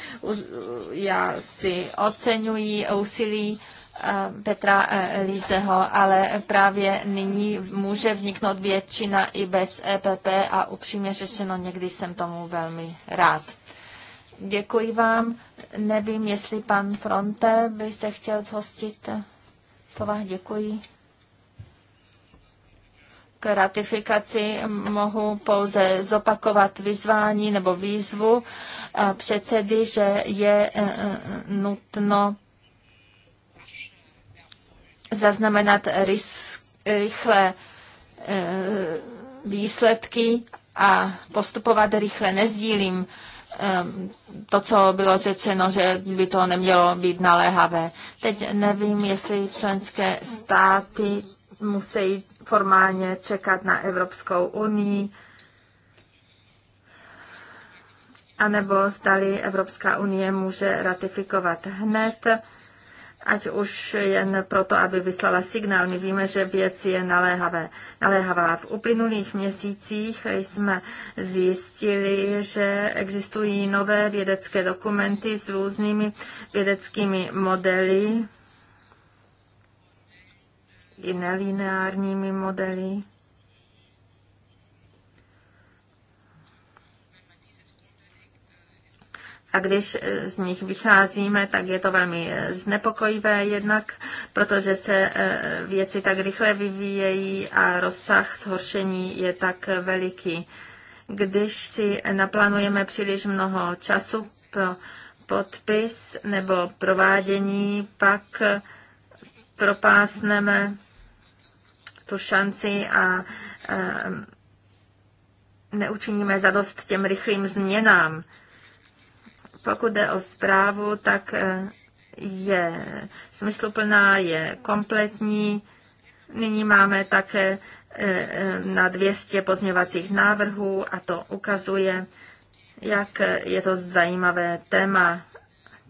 [SPEAKER 2] Já si oceňuji úsilí Eh, Petra eh, Lízeho, ale právě nyní může vzniknout většina i bez EPP a upřímně řečeno někdy jsem tomu velmi rád. Děkuji vám. Nevím, jestli pan Fronte by se chtěl zhostit slova. Děkuji. K ratifikaci mohu pouze zopakovat vyzvání nebo výzvu eh, předsedy, že je nutno zaznamenat rys, rychle eh, výsledky a postupovat rychle. Nezdílím eh, to, co bylo řečeno, že by to nemělo být naléhavé. Teď nevím, jestli členské státy musí formálně čekat na Evropskou unii, anebo zdali Evropská unie může ratifikovat hned ať už jen proto, aby vyslala signál. My víme, že věc je naléhavé, naléhavá. V uplynulých měsících jsme zjistili, že existují nové vědecké dokumenty s různými vědeckými modely i nelineárními modely. A když eh, z nich vycházíme, tak je to velmi eh, znepokojivé jednak, protože se eh, věci tak rychle vyvíjejí a rozsah zhoršení je tak veliký. Když si naplánujeme příliš mnoho času pro podpis nebo provádění, pak propásneme tu šanci a neučiníme zadost těm rychlým změnám. Pokud jde o zprávu, tak eh, je smysluplná, je kompletní. Nyní máme také eh, eh, na 200 pozměvacích návrhů a to ukazuje, jak je to zajímavé téma.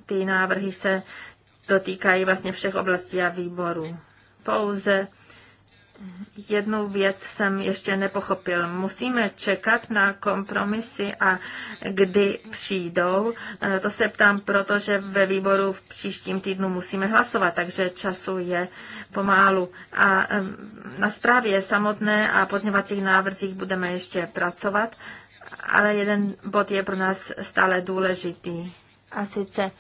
[SPEAKER 2] Ty návrhy se dotýkají vlastně všech oblastí a výborů. Pouze jednu věc jsem ještě nepochopil. Musíme čekat na kompromisy a kdy přijdou. Eh, to se ptám, protože ve výboru v příštím týdnu musíme hlasovat, takže času je pomálu. A na zprávě samotné a pozněvacích návrzích budeme ještě pracovat, ale jeden bod je pro nás stále důležitý. A sice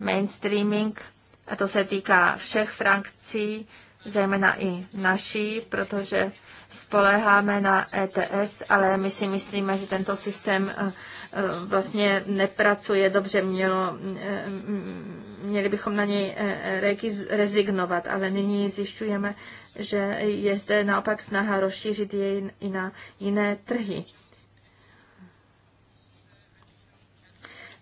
[SPEAKER 2] mainstreaming, a to se týká všech frakcí, zejména i naší, protože spoléháme na ETS, ale my si myslíme, že tento systém eh, eh, vlastně nepracuje dobře. Mělo, eh, měli bychom na něj rezignovat, ale nyní zjišťujeme, že je zde naopak snaha rozšířit jej i na jiné trhy.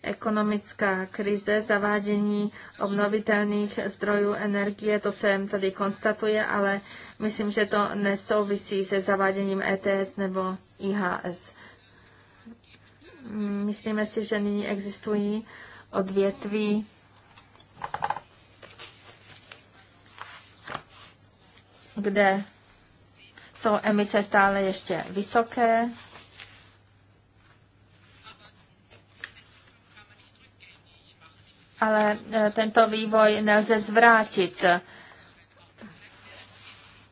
[SPEAKER 2] ekonomická krize, zavádění obnovitelných zdrojů energie, to se tady konstatuje, ale myslím, že to nesouvisí se zaváděním ETS nebo IHS. Myslíme si, že nyní existují odvětví, kde jsou emise stále ještě vysoké, ale e, tento vývoj nelze zvrátit.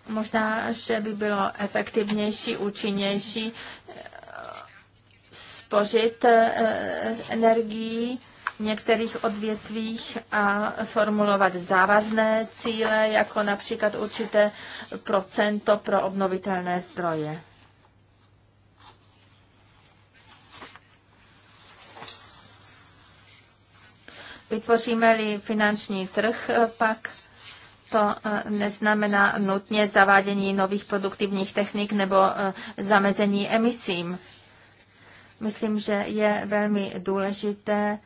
[SPEAKER 2] Možná, že by bylo efektivnější, účinnější e, spořit e, energii v některých odvětvích a formulovat závazné cíle, jako například určité procento pro obnovitelné zdroje. Vytvoříme-li finanční trh, eh, pak to eh, neznamená nutně zavádění nových produktivních technik nebo eh, zamezení emisím. Myslím, že je velmi důležité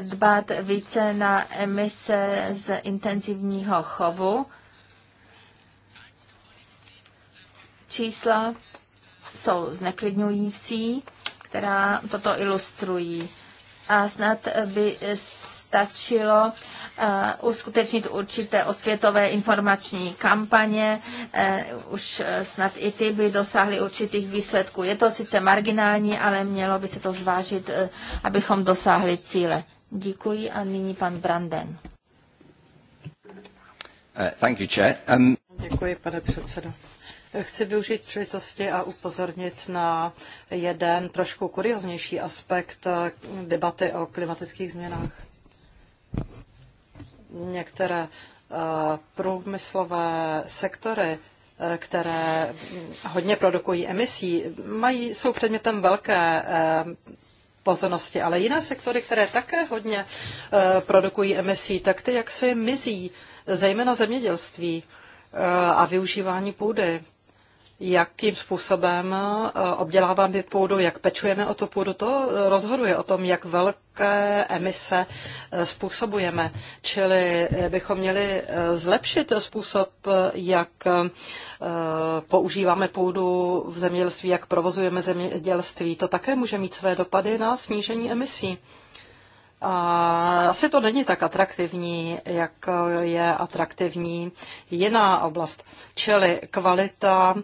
[SPEAKER 2] dbát více na emise z intenzivního chovu. Čísla jsou zneklidňující, která toto ilustrují a snad by stačilo eh, uskutečnit určité osvětové informační kampaně, eh, už eh, snad i ty by dosáhly určitých výsledků. Je to sice marginální, ale mělo by se to zvážit, abychom dosáhli cíle. Děkuji
[SPEAKER 3] a nyní pan Branden. Um, Děkuji, pane předsedo. Chci využít příležitosti a upozornit na jeden trošku kurioznější aspekt debaty o klimatických změnách. Některé eh, průmyslové sektory eh, které hodně produkují emisí, mají, jsou předmětem velké eh, pozornosti, ale jiné sektory, které také hodně produkují emisí, tak ty jak se mizí, zejména zemědělství a využívání půdy jakým způsobem eh, obděláváme půdu, jak pečujeme o tu půdu, to eh, rozhoduje o tom, jak velké emise eh, způsobujeme. Čili bychom měli zlepšit způsob, jak používáme půdu v zemědělství, jak provozujeme zemědělství. To také může mít své dopady na snížení emisí. A asi to není tak atraktivní, jak je atraktivní jiná oblast. Čili kvalita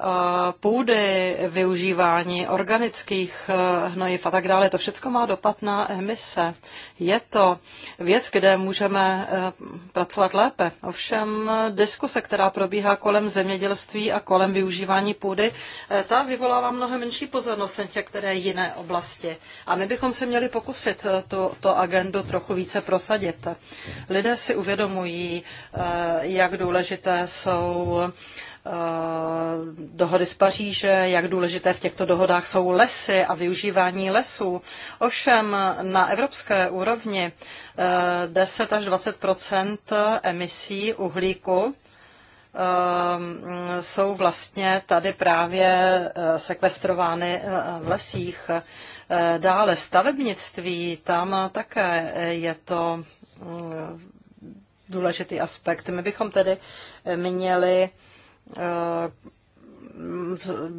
[SPEAKER 3] Eh, půdy, využívání organických eh, hnojiv a tak dále. To všechno má dopad na emise. Je to věc, kde můžeme eh, pracovat lépe. Ovšem diskuse, která probíhá kolem zemědělství a kolem využívání půdy, ta vyvolává mnohem menší pozornost než některé jiné oblasti. A my bychom se měli pokusit tu, tu agendu trochu více prosadit. Lidé si uvědomují, jak důležité jsou Eh, dohody z Paříže, jak důležité v těchto dohodách jsou lesy a využívání lesů. Ovšem na evropské úrovni 10 eh, až 20 emisí uhlíku eh, jsou vlastně tady právě sekvestrovány v lesích. Dále stavebnictví, tam také je to mm, důležitý aspekt. My bychom tedy měli Eh,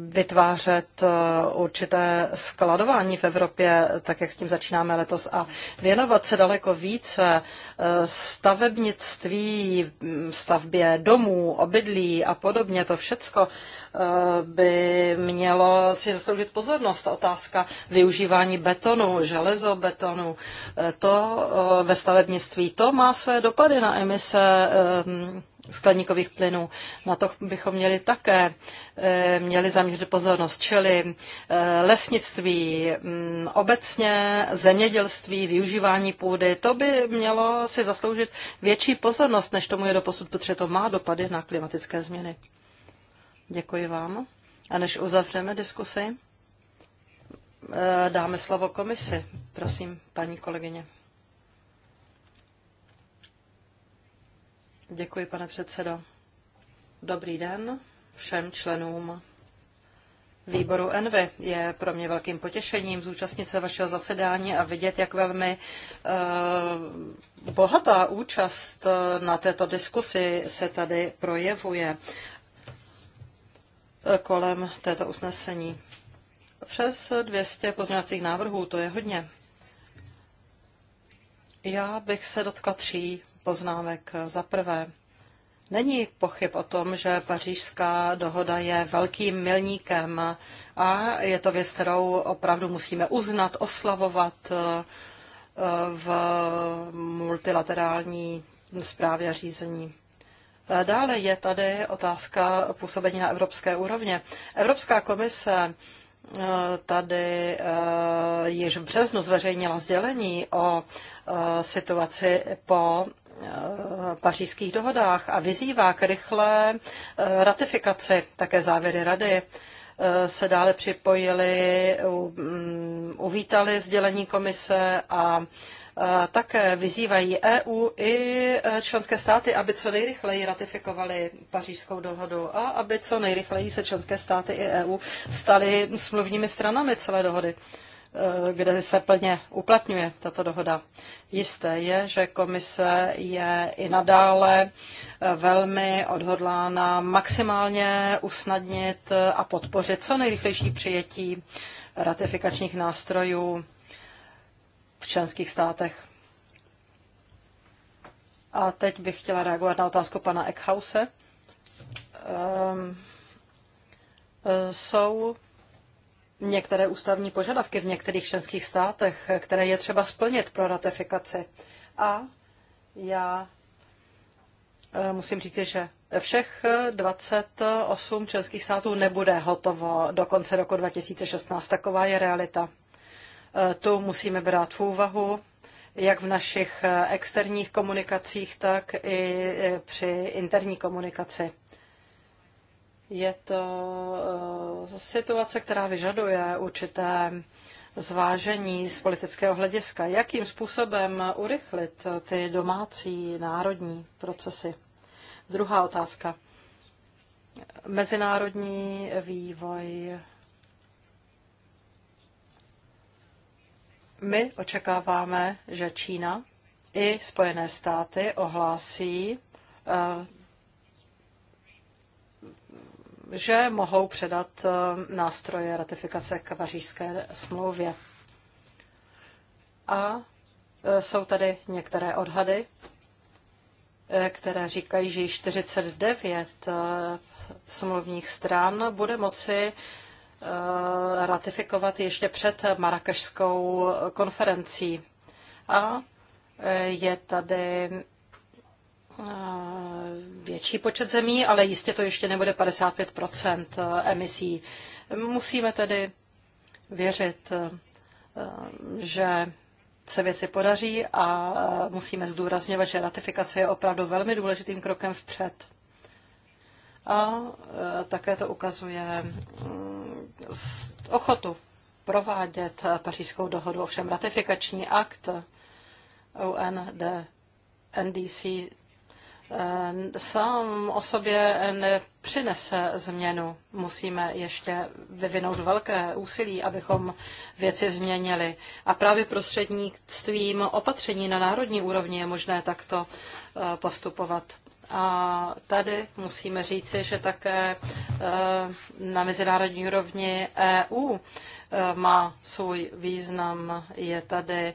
[SPEAKER 3] vytvářet eh, určité skladování v Evropě, tak jak s tím začínáme letos, a věnovat se daleko více eh, stavebnictví, stavbě domů, obydlí a podobně, to všecko by mělo si zasloužit pozornost. Otázka využívání betonu, železobetonu, to ve stavebnictví, to má své dopady na emise skleníkových plynů. Na to bychom měli také eh, měli zaměřit pozornost, čili eh, lesnictví mm, obecně, zemědělství, využívání půdy, to by mělo si zasloužit větší pozornost, než tomu je doposud, protože to má dopady na klimatické změny. Děkuji vám. A než uzavřeme diskusi, eh, dáme slovo komisi. Prosím, paní kolegyně. Děkuji, pane předsedo. Dobrý den všem členům výboru Envy. Je pro mě velkým potěšením zúčastnit se vašeho zasedání a vidět, jak velmi eh, bohatá účast eh, na této diskusi se tady projevuje eh, kolem této usnesení. Přes 200 pozměňovacích návrhů, to je hodně. Já bych se dotkla tří poznámek. Za prvé, není pochyb o tom, že pařížská dohoda je velkým milníkem a je to věc, kterou opravdu musíme uznat, oslavovat eh, v multilaterální zprávě a řízení. Eh, dále je tady otázka působení na evropské úrovně. Evropská komise eh, tady již v březnu zveřejnila sdělení o situaci po Eh, pařížských dohodách a vyzývá k rychlé eh, ratifikaci také závěry rady eh, se dále připojili, mm, uvítali sdělení komise a také vyzývají EU i členské státy, aby co nejrychleji ratifikovali pařížskou dohodu a aby co nejrychleji se členské státy i EU staly smluvními stranami celé dohody. Eh, kde se plně uplatňuje tato dohoda. Jisté je, že komise je i nadále eh, velmi odhodlána maximálně usnadnit a podpořit co nejrychlejší přijetí ratifikačních nástrojů v členských státech. A teď bych chtěla reagovat na otázku pana Eckhause. Um, ehm, eh, jsou některé ústavní požadavky v některých členských státech, které je třeba splnit pro ratifikaci. A já eh, musím říct, že všech 28 členských států nebude hotovo do konce roku 2016. Taková je realita. Eh, tu musíme brát v úvahu, jak v našich eh, externích komunikacích, tak i při interní komunikaci. Je to eh, situace, která vyžaduje určité zvážení z politického hlediska, jakým způsobem urychlit ty domácí národní procesy. Druhá otázka. Mezinárodní vývoj. My očekáváme, že Čína i Spojené státy ohlásí eh, že mohou předat eh, nástroje ratifikace k pařížské smlouvě. A eh, jsou tady některé odhady, eh, které říkají, že 49 smluvních stran bude moci ratifikovat ještě před marakešskou konferencí. A je tady Eh, větší počet zemí, ale jistě to ještě nebude 55 eh, emisí. Musíme tedy věřit, eh, že se věci podaří a musíme zdůrazněvat, že ratifikace je opravdu velmi důležitým krokem vpřed. A také to ukazuje mm, ochotu provádět pařížskou dohodu, ovšem ratifikační akt UNDC NDC Ehm, sám o sobě nepřinese změnu. Musíme ještě vyvinout velké úsilí, abychom věci změnili. A právě prostřednictvím opatření na národní úrovni je možné takto eh, postupovat. A tady musíme říci, že také eh, na mezinárodní úrovni EU eh, má svůj význam. Je tady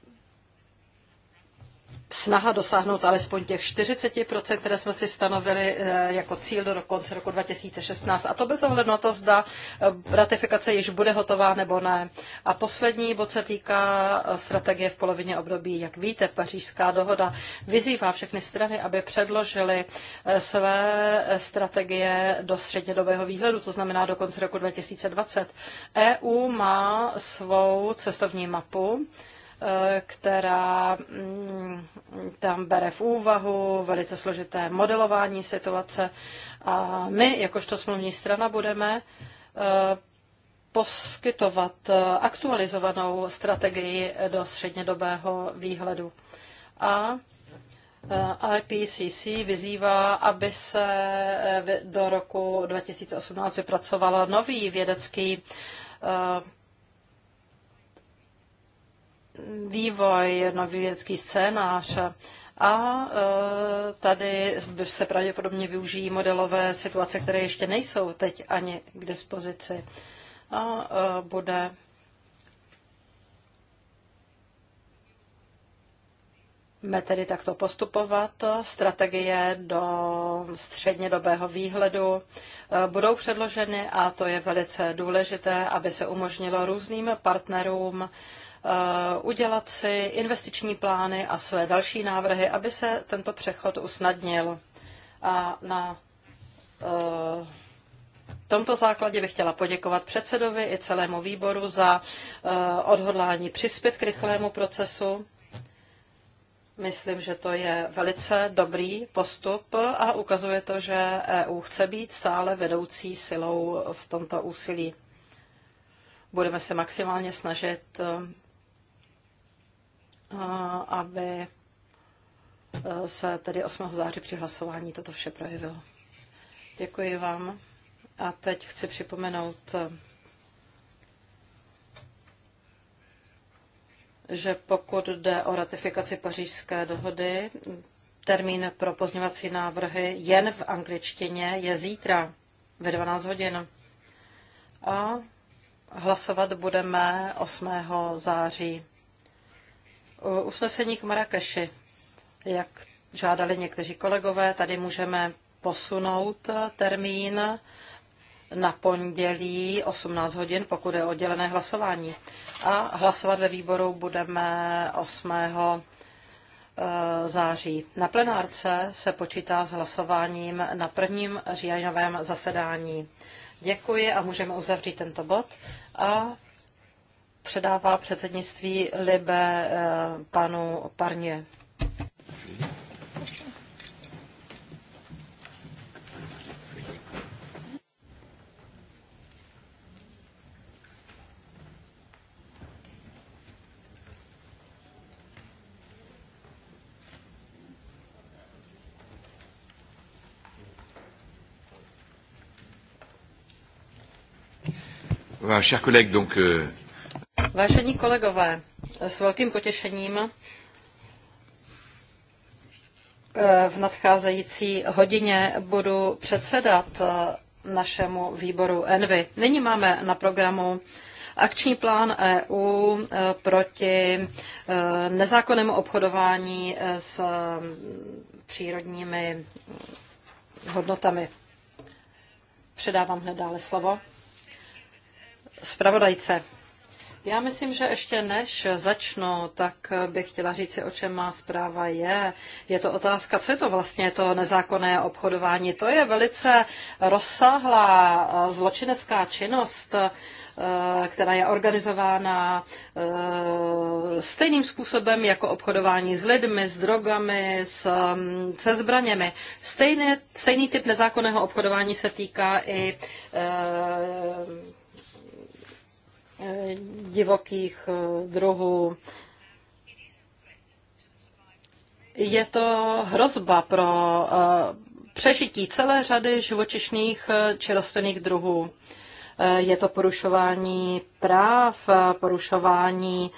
[SPEAKER 3] snaha dosáhnout alespoň těch 40%, které jsme si stanovili eh, jako cíl do konce roku 2016. A to bez ohledu na to, zda eh, ratifikace již bude hotová nebo ne. A poslední bod se týká eh, strategie v polovině období. Jak víte, pařížská dohoda vyzývá všechny strany, aby předložili své strategie do střednědobého výhledu, to znamená do konce roku 2020. EU má svou cestovní mapu, Eh, která mm, tam bere v úvahu velice složité modelování situace. A my, jakožto smluvní strana, budeme eh, poskytovat eh, aktualizovanou strategii do střednědobého výhledu. A IPCC vyzývá, aby se do roku 2018 vypracoval nový vědecký vývoj, nový vědecký scénář. A e, tady se pravděpodobně využijí modelové situace, které ještě nejsou teď ani k dispozici. A e, bude me tedy takto postupovat. Strategie do střednědobého výhledu e, budou předloženy a to je velice důležité, aby se umožnilo různým partnerům Eh, udělat si investiční plány a své další návrhy, aby se tento přechod usnadnil. A na eh, tomto základě bych chtěla poděkovat předsedovi i celému výboru za eh, odhodlání přispět k rychlému procesu. Myslím, že to je velice dobrý postup a ukazuje to, že EU chce být stále vedoucí silou v tomto úsilí. Budeme se maximálně snažit aby e, se tedy 8. září při hlasování toto vše projevilo. Děkuji vám. A teď chci připomenout, že pokud jde o ratifikaci pařížské dohody, termín pro pozňovací návrhy jen v angličtině je zítra ve 12 hodin. A hlasovat budeme 8. září. Eh, usnesení k Marrakeši, jak žádali někteří kolegové, tady můžeme posunout eh, termín na pondělí 18 hodin, pokud je oddělené hlasování. A hlasovat ve výboru budeme 8. Eh, září. Na plenárce se počítá s hlasováním na prvním říjnovém zasedání. Děkuji a můžeme uzavřít tento bod. A předává předsednictví Libe eh, panu Parně. Chers collègues, donc euh, Vážení kolegové, s velkým potěšením eh, v nadcházející hodině budu předsedat eh, našemu výboru Envy. Nyní máme na programu akční plán EU eh, proti nezákonnému obchodování s mm, přírodními mm, hodnotami. Předávám hned dále slovo. Spravodajce. Já myslím, že ještě než začnu, tak bych chtěla říct si, o čem má zpráva je. Je to otázka, co je to vlastně to nezákonné obchodování. To je velice rozsáhlá eh, zločinecká činnost, eh, která je organizována eh, stejným způsobem jako obchodování s lidmi, s drogami, s, mm, se zbraněmi. Stejný, stejný typ nezákonného obchodování se týká i Eh, divokých eh, druhů. Je to hrozba pro eh, přežití celé řady živočišných či rostlinných druhů. Je to porušování práv, porušování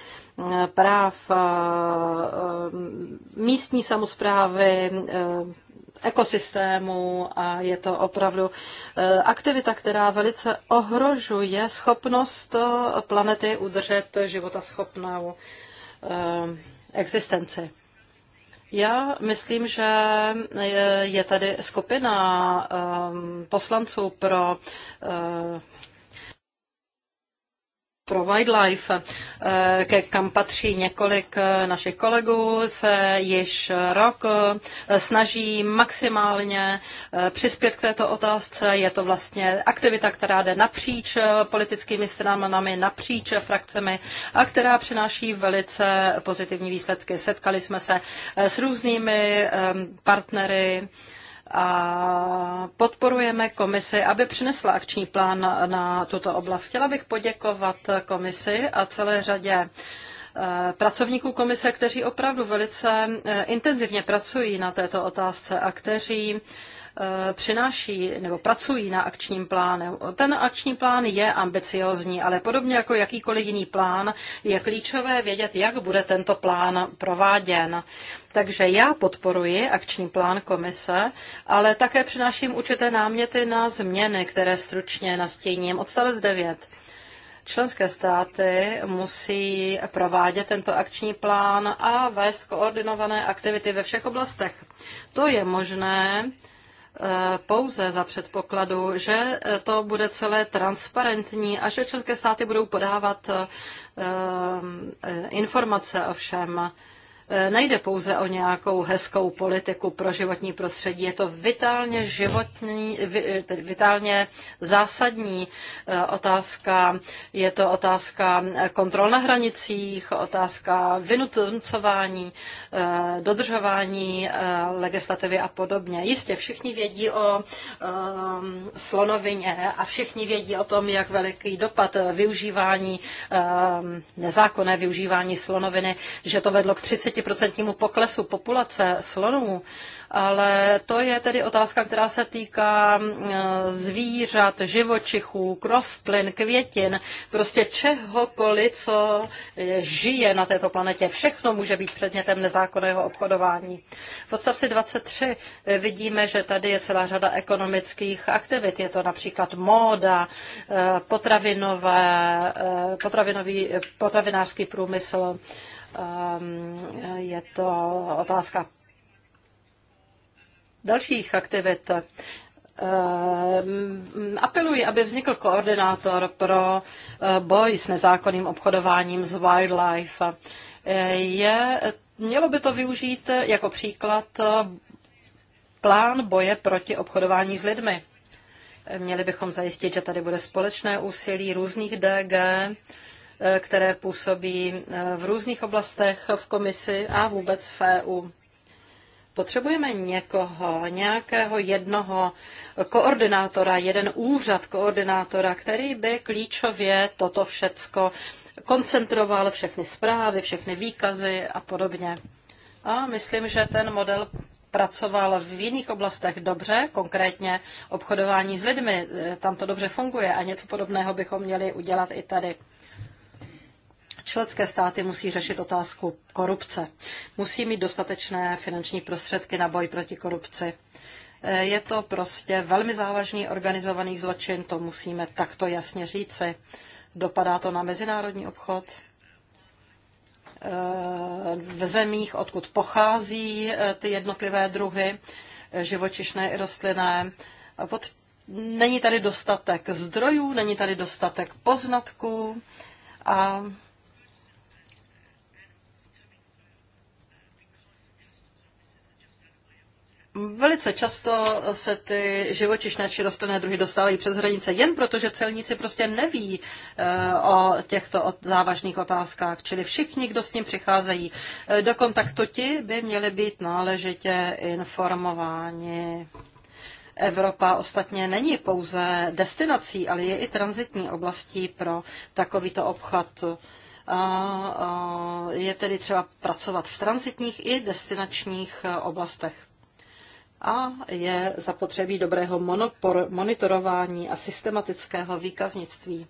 [SPEAKER 3] práv místní samozprávy, ekosystému a je to opravdu eh, aktivita, která velice ohrožuje schopnost eh, planety udržet životaschopnou eh, existenci. Já myslím, že je tady skupina poslanců pro pro Wildlife, eh, ke kam patří několik eh, našich kolegů, se již rok eh, snaží maximálně přispět k této otázce. Je to vlastně aktivita, která jde napříč politickými stranami, napříč frakcemi a která přináší velice pozitivní výsledky. Setkali jsme se s různými partnery, a podporujeme komisi, aby přinesla akční plán na, tuto oblast. Chtěla bych poděkovat komisi a celé řadě eh, pracovníků komise, kteří opravdu velice eh, intenzivně pracují na této otázce a kteří eh, přináší nebo pracují na akčním plánu. Ten akční plán je ambiciozní, ale podobně jako jakýkoliv jiný plán je klíčové vědět, jak bude tento plán prováděn. Takže já podporuji akční plán komise, ale také přináším určité náměty na změny, které stručně nastíním. Odstavec 9. Členské státy musí provádět tento akční plán a vést koordinované aktivity ve všech oblastech. To je možné eh, pouze za předpokladu, že eh, to bude celé transparentní a že členské státy budou podávat eh, informace o všem. E, nejde pouze o nějakou hezkou politiku pro životní prostředí, je to vitálně, životní, e, vitálně zásadní e, otázka. Je to otázka kontrol na hranicích, otázka vynucování, dodržování legislativy a podobně. Jistě všichni vědí o slonovině a všichni vědí o tom, jak veliký dopad využívání, nezákonné využívání slonoviny, že to vedlo k 30 30% poklesu populace slonů, ale to je tedy otázka, která se týká mm, zvířat, živočichů, rostlin, květin, prostě čehokoliv, co žije na této planetě. Všechno může být předmětem nezákonného obchodování. V odstavci 23 eh, vidíme, že tady je celá řada ekonomických aktivit. Je to například móda, eh, potravinové, eh, potravinový, potravinářský průmysl, Ehm, je to otázka dalších aktivit. Ehm, apeluji, aby vznikl koordinátor pro eh, boj s nezákonným obchodováním s wildlife. Eh, je, mělo by to využít jako příklad eh, plán boje proti obchodování s lidmi. Měli bychom zajistit, že tady bude společné úsilí různých DG, Eh, které působí eh, v různých oblastech v komisi a vůbec v EU. Potřebujeme někoho, nějakého jednoho koordinátora, jeden úřad koordinátora, který by klíčově toto všecko koncentroval, všechny zprávy, všechny výkazy a podobně. A myslím, že ten model pracoval v jiných oblastech dobře, konkrétně obchodování s lidmi, eh, tam to dobře funguje a něco podobného bychom měli udělat i tady. Členské státy musí řešit otázku korupce. Musí mít dostatečné finanční prostředky na boj proti korupci. Eh, je to prostě velmi závažný organizovaný zločin, to musíme takto jasně říci. Dopadá to na mezinárodní obchod, eh, v zemích, odkud pochází eh, ty jednotlivé druhy živočišné i rostlinné. Není tady dostatek zdrojů, není tady dostatek poznatků a Velice často se ty živočišné či rostlinné druhy dostávají přes hranice jen proto, že celníci prostě neví eh, o těchto závažných otázkách. Čili všichni, kdo s tím přicházejí eh, do kontaktu, ti by měli být náležitě informováni. Evropa ostatně není pouze destinací, ale je i transitní oblastí pro takovýto obchod. Je tedy třeba pracovat v transitních i destinačních eh, oblastech a je zapotřebí dobrého monitorování a systematického výkaznictví,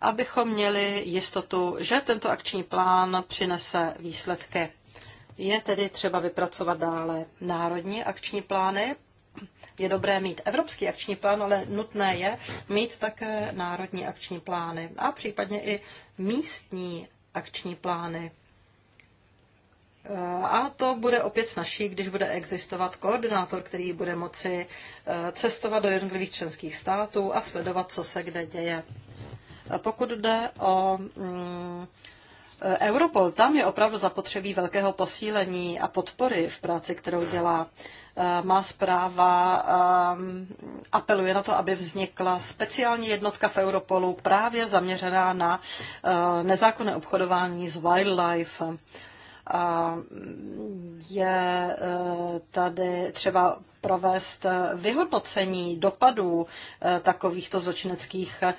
[SPEAKER 3] abychom měli jistotu, že tento akční plán přinese výsledky. Je tedy třeba vypracovat dále národní akční plány. Je dobré mít evropský akční plán, ale nutné je mít také národní akční plány a případně i místní akční plány Eh, a to bude opět snažší, když bude existovat koordinátor, který bude moci eh, cestovat do jednotlivých členských států a sledovat, co se kde děje. Eh, pokud jde o mm, Europol, tam je opravdu zapotřebí velkého posílení a podpory v práci, kterou dělá. Má zpráva ehm, apeluje na to, aby vznikla speciální jednotka v Europolu právě zaměřená na nezákonné obchodování s wildlife. A je e, tady třeba provést vyhodnocení dopadů e, takovýchto zločineckých e,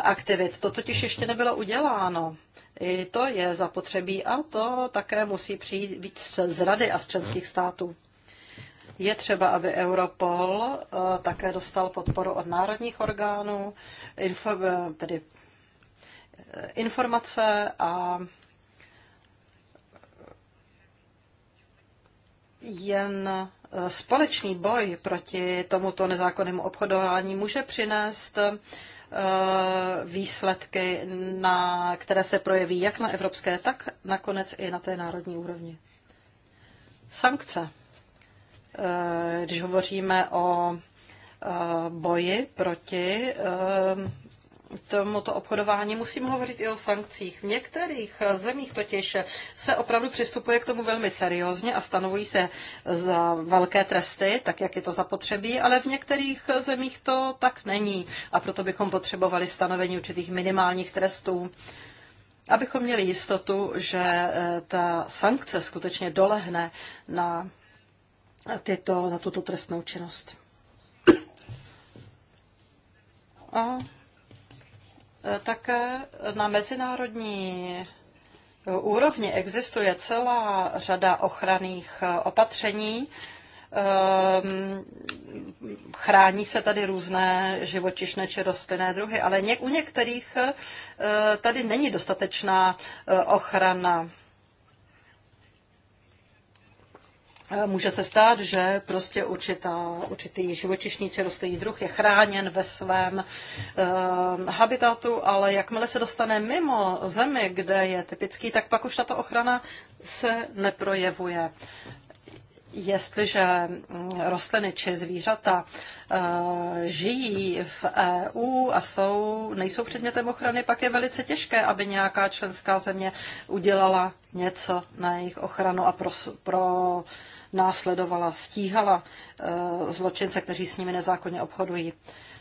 [SPEAKER 3] aktivit. To totiž ještě nebylo uděláno. I to je zapotřebí a to také musí přijít víc z rady a z členských států. Je třeba, aby Europol také dostal podporu od národních orgánů, info, tedy informace a jen e, společný boj proti tomuto nezákonnému obchodování může přinést e, výsledky, na, které se projeví jak na evropské, tak nakonec i na té národní úrovni. Sankce. E, když hovoříme o boji proti tomuto obchodování, musím hovořit i o sankcích. V některých eh, zemích totiž se opravdu přistupuje k tomu velmi seriózně a stanovují se za velké tresty, tak jak je to zapotřebí, ale v některých zemích to tak není a proto bychom potřebovali stanovení určitých minimálních trestů, abychom měli jistotu, že eh, ta sankce skutečně dolehne na, tyto, na tuto trestnou činnost. A Eh, také na mezinárodní eh, úrovni existuje celá řada ochranných eh, opatření. Ehm, chrání se tady různé živočišné či rostlinné druhy, ale u některých tady není dostatečná ochrana. Může se stát, že prostě určitá, určitý živočišný či rostlinný druh je chráněn ve svém uh, eh, habitatu, ale jakmile se dostane mimo zemi, kde je typický, tak pak už tato ochrana se neprojevuje. Jestliže mm, rostliny či zvířata uh, žijí v EU a jsou, nejsou předmětem ochrany, pak je velice těžké, aby nějaká členská země udělala něco na jejich ochranu a pro, pro uh, následovala, stíhala eh, zločince, kteří s nimi nezákonně obchodují.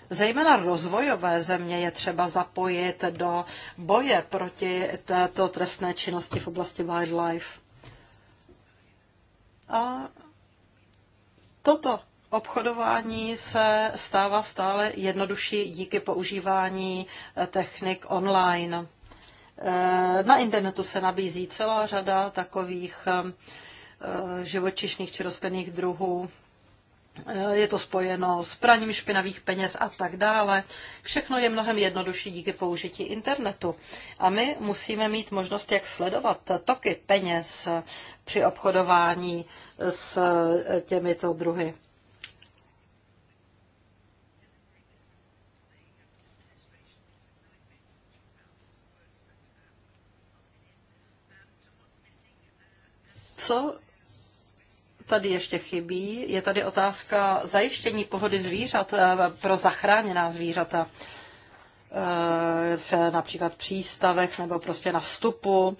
[SPEAKER 3] Zejména rozvojové země je třeba zapojit do boje proti této trestné činnosti v oblasti wildlife. A toto obchodování se stává stále jednodušší díky používání eh, technik online. Eh, na internetu se nabízí celá řada takových Eh, živočišných či rostlinných druhů. Eh, je to spojeno s praním špinavých peněz a tak dále. Všechno je mnohem jednodušší díky použití internetu. A my musíme mít možnost, jak sledovat toky peněz při obchodování s eh, těmito druhy. co tady ještě chybí. Je tady otázka zajištění pohody zvířat eh, pro zachráněná zvířata v například přístavech nebo prostě na vstupu,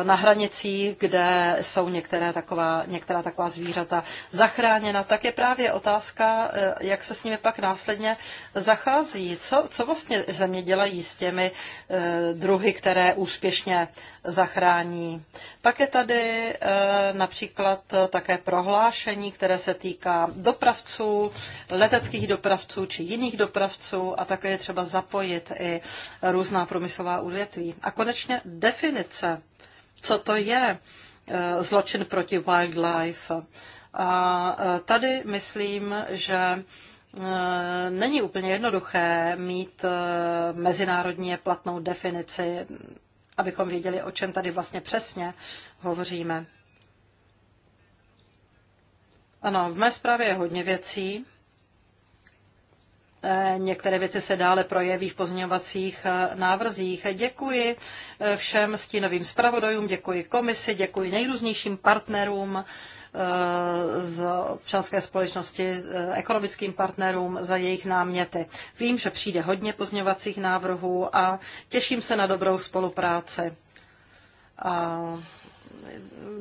[SPEAKER 3] eh, na hranicích, kde jsou některé taková, některá taková zvířata zachráněna, tak je právě otázka, eh, jak se s nimi pak následně zachází. Co, co vlastně země dělají s těmi eh, druhy, které úspěšně zachrání. Pak je tady například také prohlášení, které se týká dopravců, leteckých dopravců či jiných dopravců a také je třeba zapojit zapojit i různá průmyslová odvětví. A konečně definice, co to je e, zločin proti wildlife. A e, tady myslím, že e, není úplně jednoduché mít mezinárodně platnou definici, abychom věděli, o čem tady vlastně přesně hovoříme. Ano, v mé zprávě je hodně věcí, Eh, některé věci se dále projeví v pozměňovacích eh, návrzích. Děkuji eh, všem stínovým zpravodajům, děkuji komisi, děkuji nejrůznějším partnerům z občanské společnosti, ekonomickým partnerům za jejich náměty. Vím, že přijde hodně pozměňovacích návrhů a těším se na dobrou spolupráci. A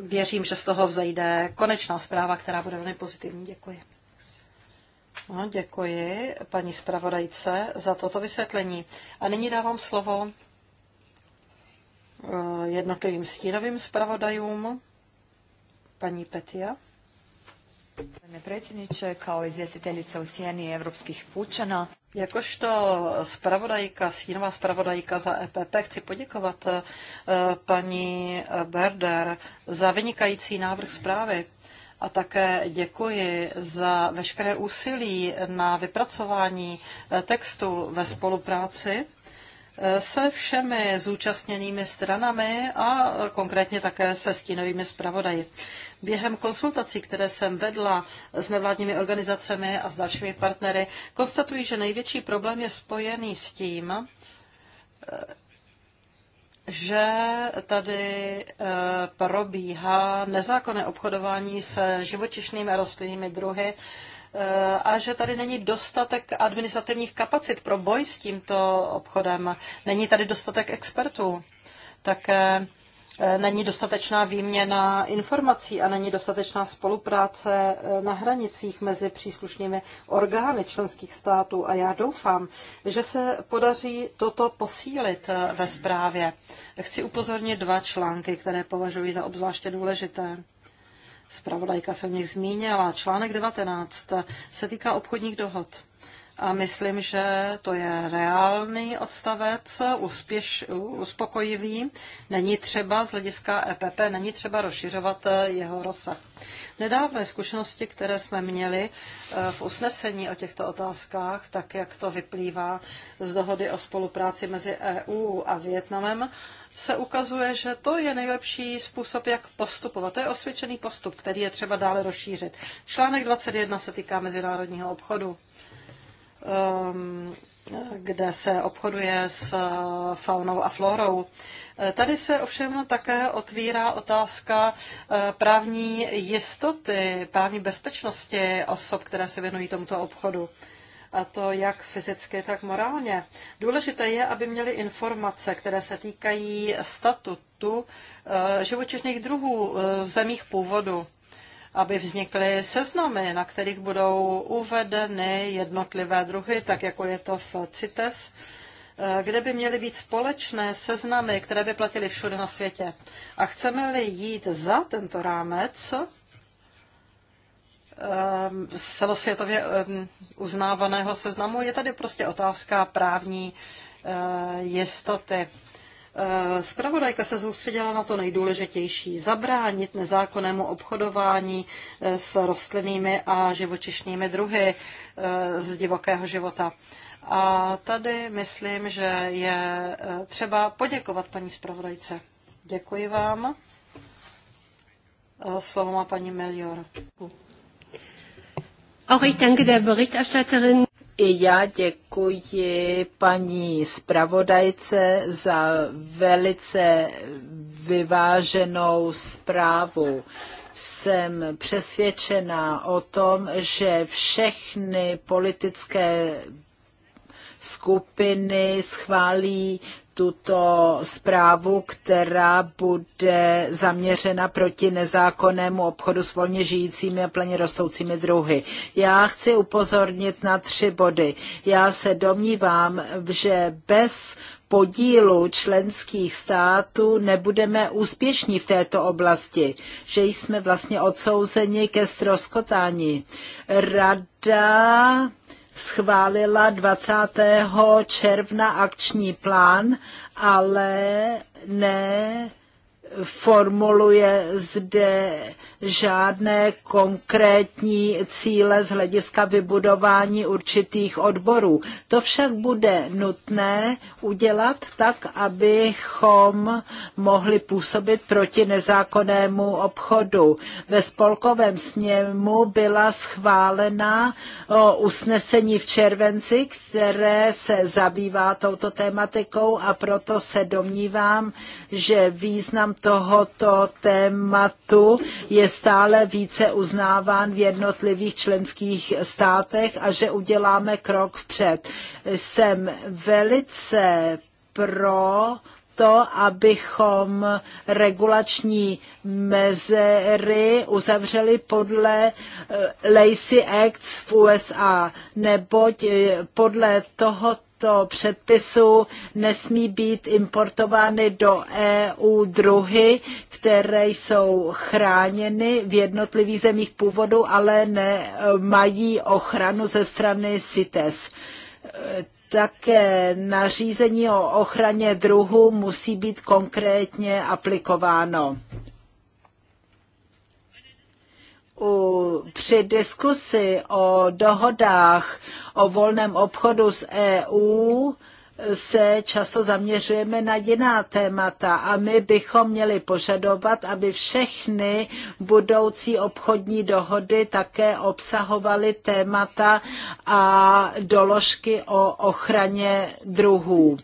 [SPEAKER 3] věřím, že z toho vzejde konečná zpráva, která bude velmi pozitivní. Děkuji. No, děkuji paní zpravodajce za toto vysvětlení. A nyní dávám slovo eh, jednotlivým stínovým zpravodajům. Paní Petia. Pane predsjedniče, kao izvjestiteljica u sjeni evropskih Jakožto spravodajka, stínová spravodajka za EPP, chci poděkovat eh, paní Berder za vynikající návrh zprávy a také děkuji za veškeré úsilí na vypracování eh, textu ve spolupráci eh, se všemi zúčastněnými stranami a konkrétně také se stínovými zpravodaji. Během konsultací, které jsem vedla s nevládními organizacemi a s dalšími partnery, konstatuji, že největší problém je spojený s tím, eh, že tady eh, probíhá nezákonné obchodování se živočišnými a rostlinnými druhy eh, a že tady není dostatek administrativních kapacit pro boj s tímto obchodem. Není tady dostatek expertů. Také Eh, není dostatečná výměna informací a není dostatečná spolupráce eh, na hranicích mezi příslušnými orgány členských států. A já doufám, že se podaří toto posílit eh, ve zprávě. Chci upozornit dva články, které považuji za obzvláště důležité. Spravodajka se o nich zmínila. Článek 19 se týká obchodních dohod. A myslím, že to je reálný odstavec, úspěš, uspokojivý. Není třeba z hlediska EPP, není třeba rozšiřovat eh, jeho rozsah. Nedávné zkušenosti, které jsme měli eh, v usnesení o těchto otázkách, tak jak to vyplývá z dohody o spolupráci mezi EU a Větnamem, se ukazuje, že to je nejlepší způsob, jak postupovat. To je osvědčený postup, který je třeba dále rozšířit. Článek 21 se týká mezinárodního obchodu. Um, kde se obchoduje s uh, faunou a florou. Eh, tady se ovšem také otvírá otázka eh, právní jistoty, právní bezpečnosti osob, které se věnují tomuto obchodu a to jak fyzicky, tak morálně. Důležité je, aby měli informace, které se týkají statutu eh, živočišných druhů v zemích původu aby vznikly seznamy, na kterých budou uvedeny jednotlivé druhy, tak jako je to v CITES, eh, kde by měly být společné seznamy, které by platily všude na světě. A chceme-li jít za tento rámec, eh, celosvětově eh, uznávaného seznamu, je tady prostě otázka právní jistoty. Eh, spravodajka se soustředila na to nejdůležitější, zabránit nezákonnému obchodování eh, s rostlinnými a živočišnými druhy eh, z divokého života. A tady myslím, že je třeba poděkovat paní zpravodajce. Děkuji vám. Slovo má paní Melior.
[SPEAKER 1] Auch ich danke der Berichterstatterin. I já děkuji paní zpravodajce za velice vyváženou zprávu. Jsem přesvědčená o tom, že všechny politické skupiny schválí tuto zprávu, která bude zaměřena proti nezákonnému obchodu s volně žijícími a plně rostoucími druhy. Já chci upozornit na tři body. Já se domnívám, že bez podílu členských států nebudeme úspěšní v této oblasti, že jsme vlastně odsouzeni ke stroskotání. Rada schválila 20. června akční plán, ale ne formuluje zde žádné konkrétní cíle z hlediska vybudování určitých odborů. To však bude nutné udělat tak, abychom mohli působit proti nezákonnému obchodu. Ve spolkovém sněmu byla schválena usnesení v červenci, které se zabývá touto tématikou a proto se domnívám, že význam tohoto tématu je stále více uznáván v jednotlivých členských státech a že uděláme krok vpřed. Jsem velice pro to, abychom regulační mezery uzavřeli podle eh, Lacey Acts v USA, neboť eh, podle tohoto tohoto předpisů nesmí být importovány do EU druhy, které jsou chráněny v jednotlivých zemích původu, ale nemají ochranu ze strany CITES také nařízení o ochraně druhu musí být konkrétně aplikováno u, při diskusi o dohodách o volném obchodu s EU se často zaměřujeme na jiná témata a my bychom měli požadovat, aby všechny budoucí obchodní dohody také obsahovaly témata a doložky o ochraně druhů.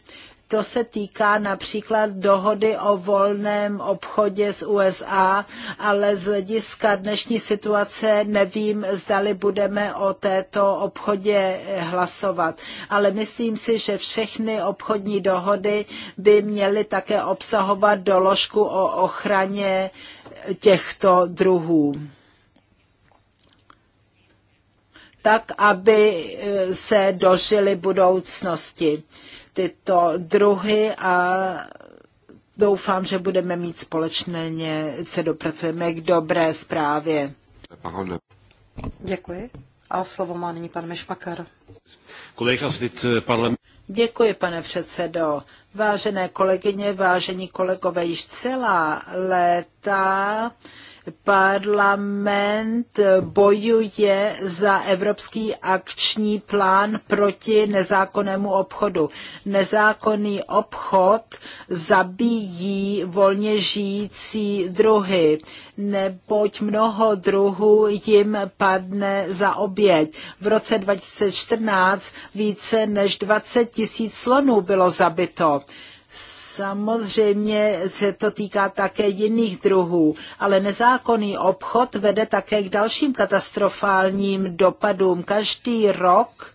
[SPEAKER 1] To se týká například dohody o volném obchodě s USA, ale z hlediska dnešní situace nevím, zdali budeme o této obchodě hlasovat. Ale myslím si, že všechny obchodní dohody by měly také obsahovat doložku o ochraně těchto druhů. tak, aby eh, se dožili budoucnosti tyto druhy a doufám, že budeme mít společně, se dopracujeme k dobré zprávě. Děkuji. A slovo má nyní pan Mešmakar.
[SPEAKER 3] Eh,
[SPEAKER 1] Děkuji, pane předsedo. Vážené kolegyně, vážení kolegové, již celá léta Parlament bojuje za Evropský akční plán proti nezákonnému obchodu. Nezákonný obchod zabíjí volně žijící druhy, neboť mnoho druhů jim padne za oběť. V roce 2014 více než 20 tisíc slonů bylo zabito. Samozřejmě se to týká také jiných druhů, ale nezákonný obchod vede také k dalším katastrofálním dopadům. Každý rok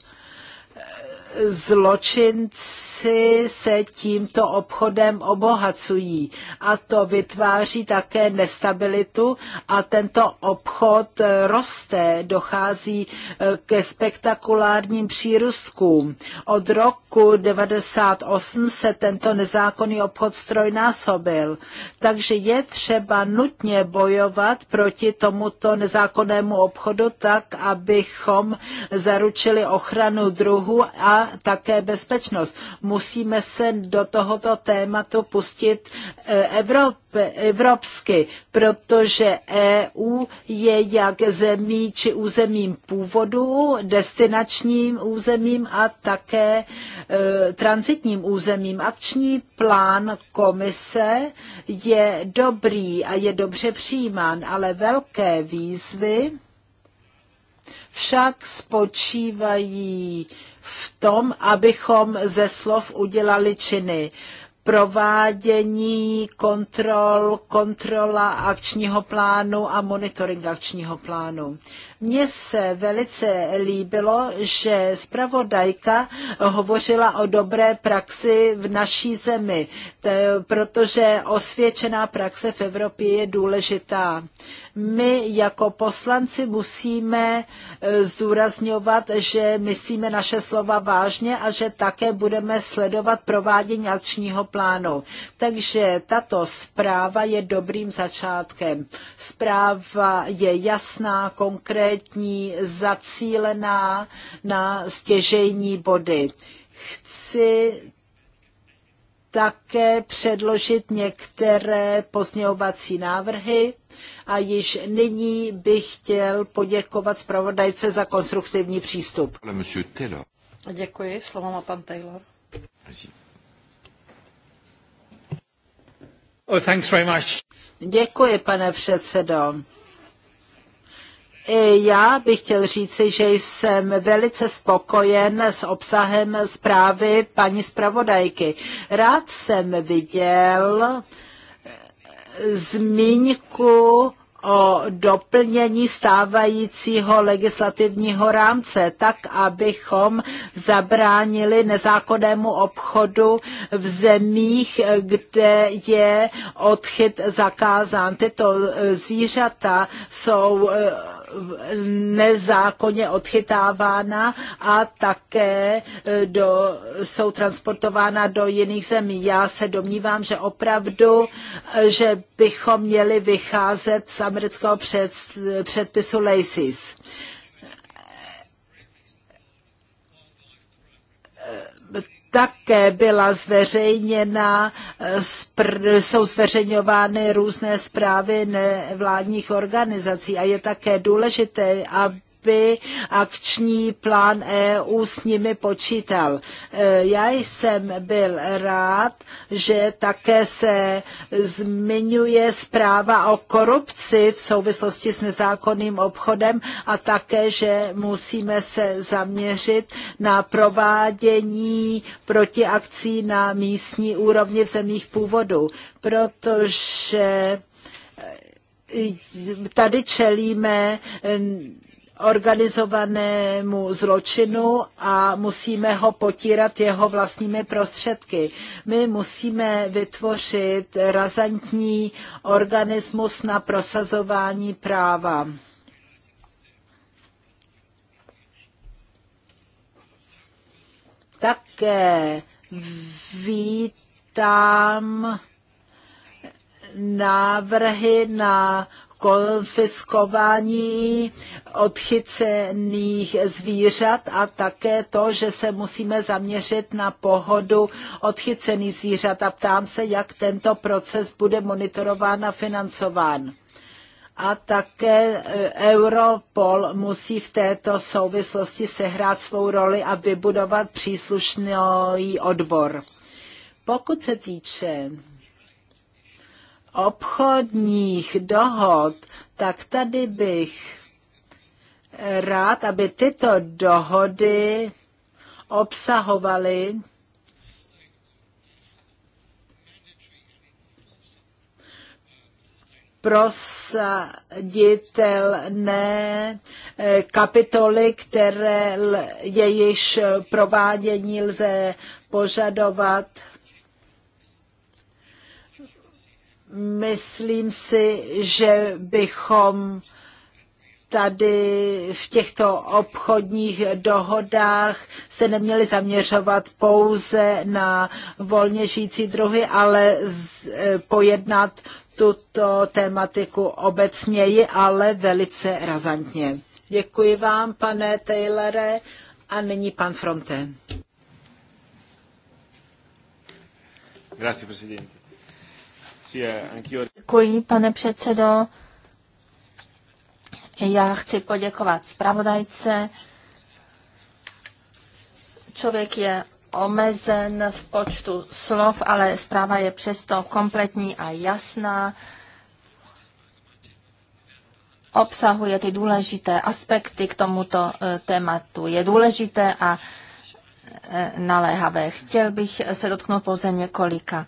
[SPEAKER 1] zločinci se tímto obchodem obohacují a to vytváří také nestabilitu a tento obchod eh, roste, dochází eh, ke spektakulárním přírůstkům. Od roku 98 se tento nezákonný obchod strojnásobil, takže je třeba nutně bojovat proti tomuto nezákonnému obchodu tak, abychom zaručili ochranu druhu a také bezpečnost. Musíme se do tohoto tématu pustit eh, Evrop, evropsky, protože EU je jak zemí či územím původu, destinačním územím a také e, transitním územím. Akční plán komise je dobrý a je dobře přijímán, ale velké výzvy však spočívají v tom, abychom ze slov udělali činy provádění kontrol, kontrola akčního plánu a monitoring akčního plánu. Mně se velice líbilo, že zpravodajka hovořila o dobré praxi v naší zemi, protože osvědčená praxe v Evropě je důležitá. My jako poslanci musíme eh, zdůrazňovat, že myslíme naše slova vážně a že také budeme sledovat provádění akčního plánu. Takže tato zpráva je dobrým začátkem. Zpráva je jasná, konkrétní, zacílená na stěžejní body. Chci také předložit některé pozměňovací návrhy a již nyní bych chtěl poděkovat zpravodajce za konstruktivní přístup.
[SPEAKER 3] Děkuji, slovo má pan Taylor.
[SPEAKER 1] Oh, thanks very much. Děkuji, pane předsedo. E, já bych chtěl říci, že jsem velice spokojen s obsahem zprávy paní zpravodajky. Rád jsem viděl e, zmínku o doplnění stávajícího legislativního rámce, tak abychom zabránili nezákonnému obchodu v zemích, kde je odchyt zakázán. Tyto zvířata jsou e, nezákonně odchytávána a také e, do, jsou transportována do jiných zemí. Já se domnívám, že opravdu, e, že bychom měli vycházet z amerického před, předpisu LACES. také byla zveřejněna, eh, jsou zveřejňovány různé zprávy nevládních organizací a je také důležité, aby aby akční plán EU s nimi počítal. E, já jsem byl rád, že také se zmiňuje zpráva o korupci v souvislosti s nezákonným obchodem a také, že musíme se zaměřit na provádění protiakcí na místní úrovni v zemích původu, protože tady čelíme organizovanému zločinu a musíme ho potírat jeho vlastními prostředky. My musíme vytvořit razantní organismus na prosazování práva. Také vítám návrhy na konfiskování odchycených zvířat a také to, že se musíme zaměřit na pohodu odchycených zvířat. A ptám se, jak tento proces bude monitorován a financován a také eh, Europol musí v této souvislosti sehrát svou roli a vybudovat příslušný odbor. Pokud se týče obchodních dohod, tak tady bych rád, aby tyto dohody obsahovaly prosaditelné eh, kapitoly, které jejíž provádění lze požadovat Myslím si, že bychom tady v těchto obchodních dohodách se neměli zaměřovat pouze na volně žijící druhy, ale e, pojednat tuto tématiku obecněji, ale velice razantně. Děkuji vám, pane Taylore, a nyní pan Fronte. Grazie, presidente. Děkuji,
[SPEAKER 2] pane předsedo. Já chci poděkovat zpravodajce. Člověk je omezen v počtu slov, ale zpráva je přesto kompletní a jasná. Obsahuje ty důležité aspekty k tomuto e, tématu. Je důležité a e, naléhavé. Chtěl bych se dotknout pouze několika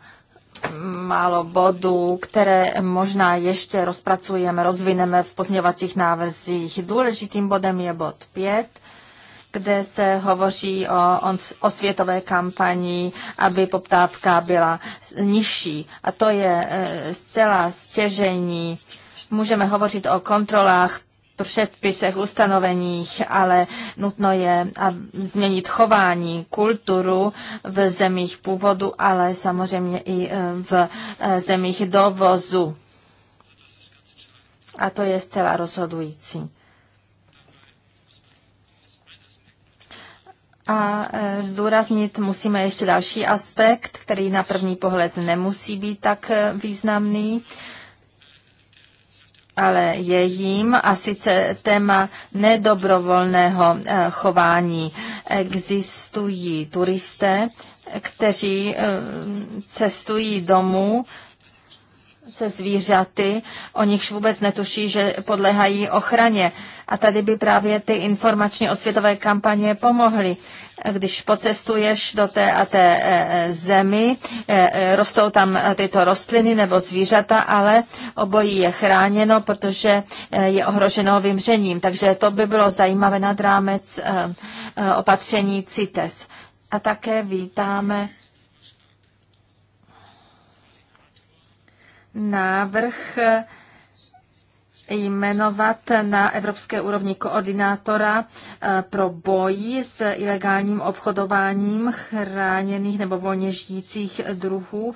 [SPEAKER 2] málo bodů, které možná ještě rozpracujeme, rozvineme v pozměňovacích návrzích. Důležitým bodem je bod 5 kde se hovoří o, o světové kampani, aby poptávka byla nižší. A to je e, zcela stěžení. Můžeme hovořit o kontrolách předpisech, ustanoveních, ale nutno je změnit chování, kulturu v zemích původu, ale samozřejmě i e, v e, zemích dovozu. A to je zcela rozhodující. A e, zdůraznit musíme ještě další aspekt, který na první pohled nemusí být tak významný ale je jím a sice téma nedobrovolného eh, chování. Existují turisté, kteří eh, cestují domů se zvířaty, o nichž vůbec netuší, že podléhají ochraně. A tady by právě ty informační osvětové kampaně pomohly když pocestuješ do té a té e, e, zemi, e, rostou tam tyto rostliny nebo zvířata, ale obojí je chráněno, protože je ohroženo vymřením. Takže to by bylo zajímavé nad rámec opatření CITES. A také vítáme návrh jmenovat na evropské úrovni koordinátora eh, pro boj s ilegálním obchodováním chráněných nebo volně žijících druhů,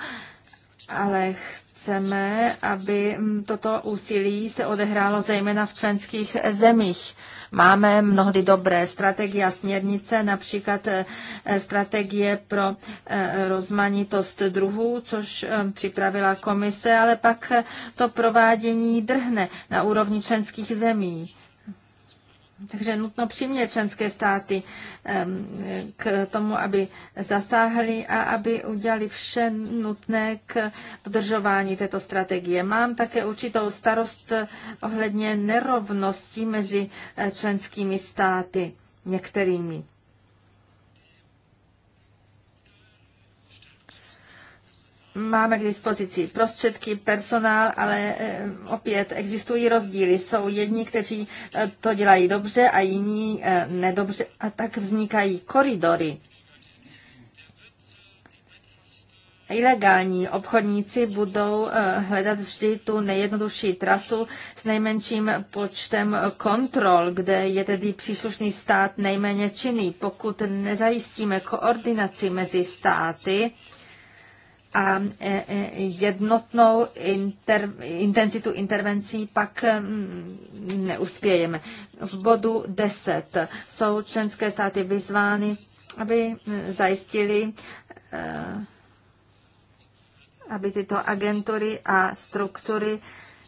[SPEAKER 2] ale chceme, aby mm, toto úsilí se odehrálo zejména v členských zemích Máme mnohdy dobré strategie a směrnice, například eh, eh, strategie pro eh, rozmanitost druhů, což připravila komise, ale pak to provádění drhne na úrovni členských zemí. Takže nutno přimět členské státy k tomu, aby zasáhli a aby udělali vše nutné k dodržování této strategie. Mám také určitou starost ohledně nerovností mezi eh, členskými státy některými. Máme k dispozici prostředky, personál, ale eh, opět existují rozdíly. Jsou jedni, kteří eh, to dělají dobře a jiní eh, nedobře a tak vznikají koridory. Ilegální obchodníci budou hledat vždy tu nejjednodušší trasu s nejmenším počtem kontrol, kde je tedy příslušný stát nejméně činný. Pokud nezajistíme koordinaci mezi státy, a e, e, jednotnou inter, intenzitu intervencí pak mm, neuspějeme. V bodu 10 jsou členské státy vyzvány, aby mm, zajistili e, aby tyto agentury a struktury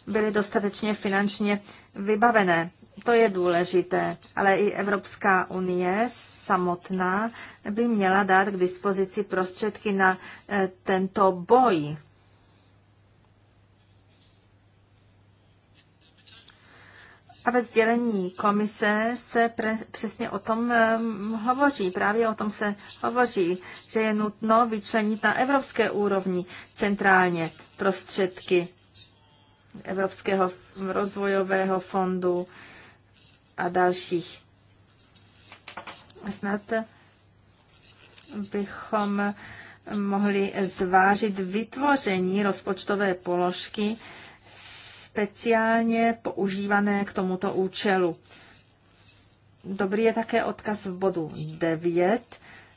[SPEAKER 2] byly dostatečně finančně vybavené to je důležité, ale i Evropská unie samotná by měla dát k dispozici prostředky na eh, tento boj. A ve sdělení komise se pre, přesně o tom um, hovoří, právě o tom se hovoří, že je nutno vyčlenit na evropské úrovni centrálně prostředky Evropského rozvojového fondu, uh, a dalších. Snad bychom mohli zvážit vytvoření rozpočtové položky speciálně používané k tomuto účelu. Dobrý je také odkaz v bodu 9.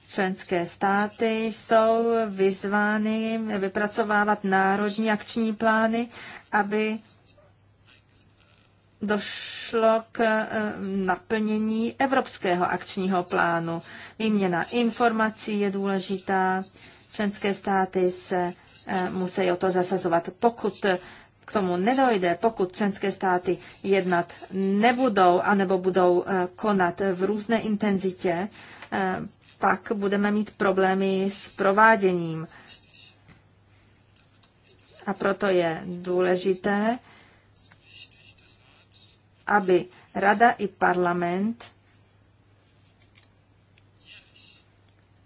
[SPEAKER 2] Členské státy jsou vyzvány vypracovávat národní akční plány, aby došlo k eh, naplnění Evropského akčního plánu. Výměna informací je důležitá. Členské státy se eh, musí o to zasazovat. Pokud k tomu nedojde, pokud členské státy jednat nebudou, anebo budou eh, konat v různé intenzitě, pak budeme mít problémy s prováděním. A proto je důležité, aby Rada i parlament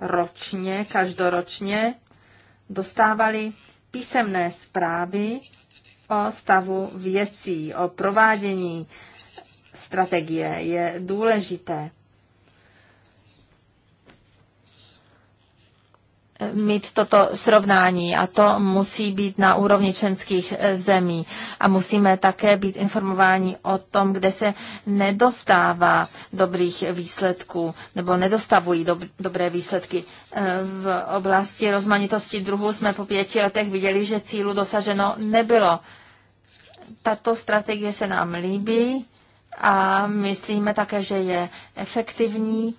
[SPEAKER 2] ročně, každoročně dostávali písemné zprávy o stavu věcí, o provádění strategie. Je důležité, mít toto srovnání a to musí být na úrovni členských eh, zemí. A musíme také být informováni o tom, kde se nedostává dobrých výsledků nebo nedostavují dob- dobré výsledky. Eh, v oblasti rozmanitosti druhů jsme po pěti letech viděli, že cílu dosaženo nebylo. Tato strategie se nám líbí a myslíme také, že je efektivní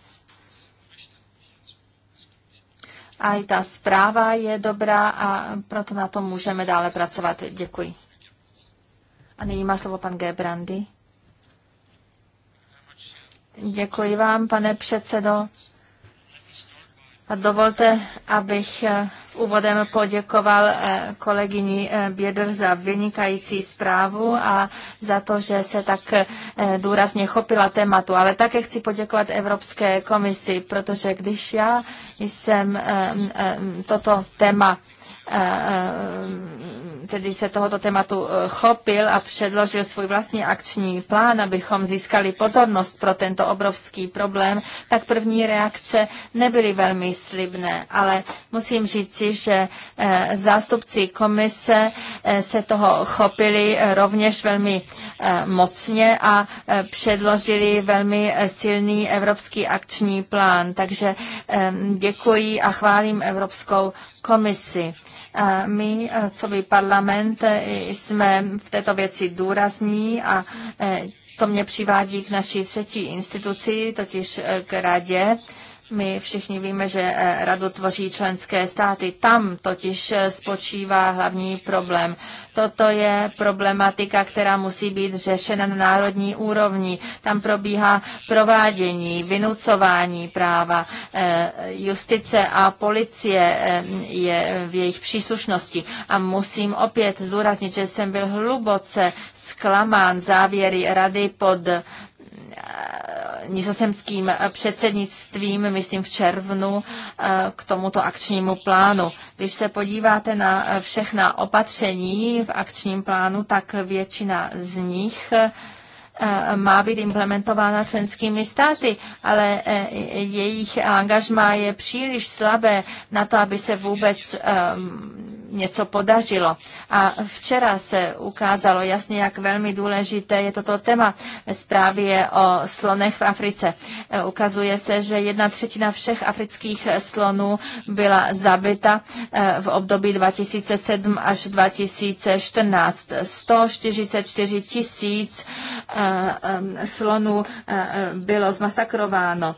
[SPEAKER 2] a i ta zpráva je dobrá a proto na tom můžeme dále pracovat. Děkuji. A nyní má slovo pan Gebrandy. Děkuji vám, pane předsedo. A Dovolte, abych eh, úvodem poděkoval eh, kolegyni eh, Bědr za vynikající zprávu a za to, že se tak důrazně chopila tématu. Ale také chci poděkovat Evropské komisi, protože když já jsem toto téma tedy se tohoto tématu e, chopil a předložil svůj vlastní akční plán, abychom získali pozornost pro tento obrovský problém, tak první reakce nebyly velmi slibné. Ale musím říci, že e, zástupci komise e, se toho chopili rovněž velmi mocně a předložili velmi silný evropský akční plán. Takže děkuji a chválím Evropskou komisi. My, eh, co by parlament, eh, jsme v této věci důrazní a eh, to mě přivádí k naší třetí instituci, totiž k radě. My všichni víme, že eh, radu tvoří členské státy. Tam totiž eh, spočívá hlavní problém. Toto je problematika, která musí být řešena na národní úrovni. Tam probíhá provádění, vynucování práva. Eh, justice a policie je v jejich příslušnosti. A musím opět zdůraznit, že jsem byl hluboce zklamán závěry rady pod nizozemským předsednictvím, myslím v červnu, eh, k tomuto akčnímu plánu. Když se podíváte na eh, všechna opatření v akčním plánu, tak většina z nich má být implementována členskými státy, ale e, jejich angažma je příliš slabé na to, aby se vůbec um, něco podařilo. A včera se ukázalo jasně, jak velmi důležité je toto téma zprávě o slonech v Africe. E, ukazuje se, že jedna třetina všech afrických slonů byla zabita e, v období 2007 až 2014. 144 tisíc Eh, eh, slonů eh, bylo zmasakrováno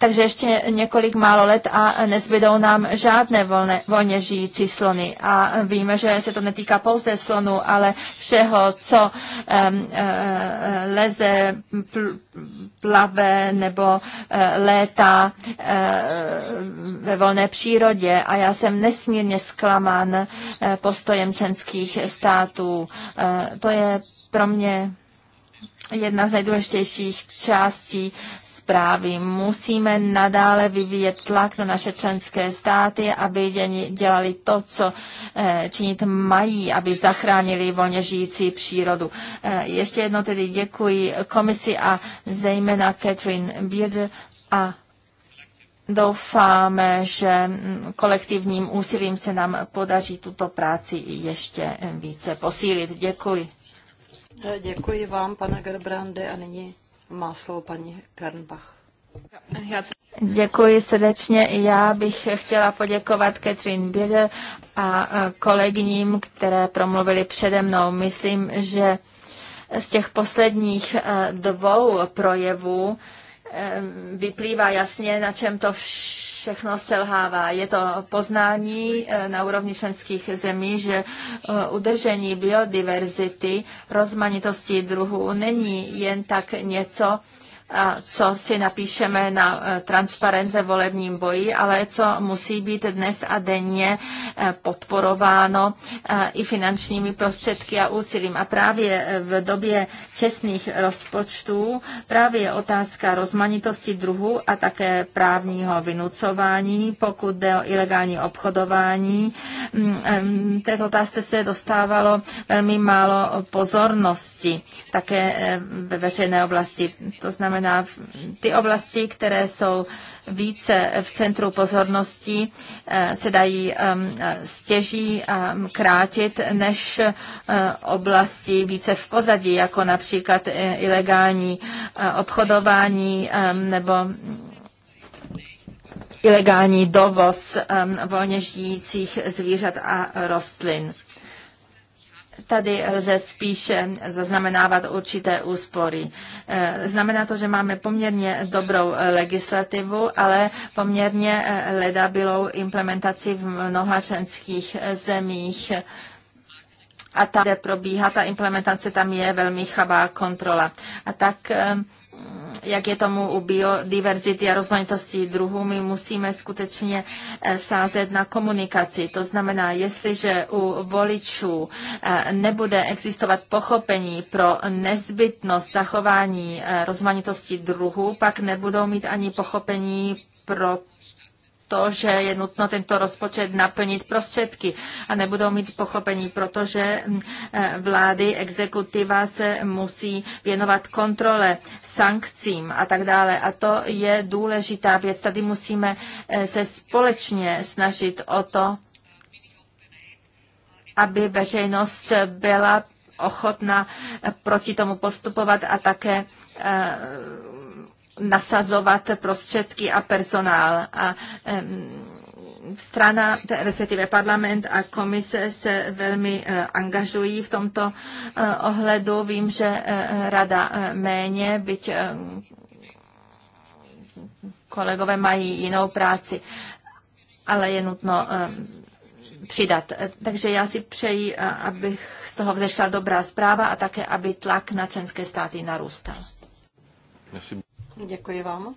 [SPEAKER 2] takže ještě několik málo let a nezbydou nám žádné volné, volně žijící slony. A víme, že se to netýká pouze slonu, ale všeho, co um, uh, leze, pl, plave nebo uh, e, léta uh, ve volné přírodě. A já jsem nesmírně zklamán uh, postojem členských států. Uh, to je pro mě jedna z nejdůležitějších částí zprávy. Musíme nadále vyvíjet tlak na naše členské státy, aby dělali to, co eh, činit mají, aby zachránili volně žijící přírodu. Eh, ještě jedno tedy děkuji komisi a zejména Catherine Bearder a doufáme, že mm, kolektivním úsilím se nám podaří tuto práci ještě eh, více posílit. Děkuji.
[SPEAKER 3] Eh, děkuji vám, pane Gerbrande, a nyní má slovo paní Kernbach.
[SPEAKER 2] Děkuji srdečně. Já bych chtěla poděkovat Catherine Bieder a eh, kolegyním, které promluvili přede mnou. Myslím, že z těch posledních eh, dvou projevů vyplývá jasně, na čem to vš- všechno selhává. Je to poznání eh, na úrovni členských zemí, že eh, udržení biodiverzity, rozmanitosti druhů není jen tak něco, co si napíšeme na eh, transparent ve volebním boji, ale co musí být dnes a denně eh, podporováno eh, i finančními prostředky a úsilím. A právě v době čestných rozpočtů právě otázka rozmanitosti druhu a také právního vynucování, pokud jde o ilegální obchodování. Mm, této otázce se dostávalo velmi málo pozornosti také ve veřejné oblasti. To znamená, znamená ty oblasti, které jsou více v centru pozornosti, eh, se dají ehm, stěží a ehm, krátit než eh, oblasti více v pozadí, jako například eh, ilegální obchodování ehm, nebo ilegální dovoz volně žijících zvířat a rostlin. Tady lze spíše zaznamenávat určité úspory. Eh, znamená to, že máme poměrně dobrou legislativu, ale poměrně eh, ledabilou implementaci v mnoha členských eh, zemích a tam, kde probíhá ta implementace, tam je velmi chabá kontrola. A tak jak je tomu u biodiverzity a rozmanitosti druhů, my musíme skutečně eh, sázet na komunikaci. To znamená, jestliže u voličů eh, nebude existovat pochopení pro nezbytnost zachování eh, rozmanitosti druhů, pak nebudou mít ani pochopení pro to, že je nutno tento rozpočet naplnit prostředky a nebudou mít pochopení, protože mm, eh, vlády, exekutiva se musí věnovat kontrole, sankcím a tak dále. A to je důležitá věc. Tady musíme eh, se společně snažit o to, aby veřejnost byla ochotna eh, proti tomu postupovat a také nasazovat prostředky a personál. A strana, respektive parlament a komise se velmi e, angažují v tomto e, ohledu. Vím, že e, rada méně, byť kolegové mají jinou práci, ale je nutno přidat. Takže já si přeji, abych z toho vzešla dobrá zpráva a
[SPEAKER 3] také, aby tlak na členské státy narůstal. Merci. Děkuji vám,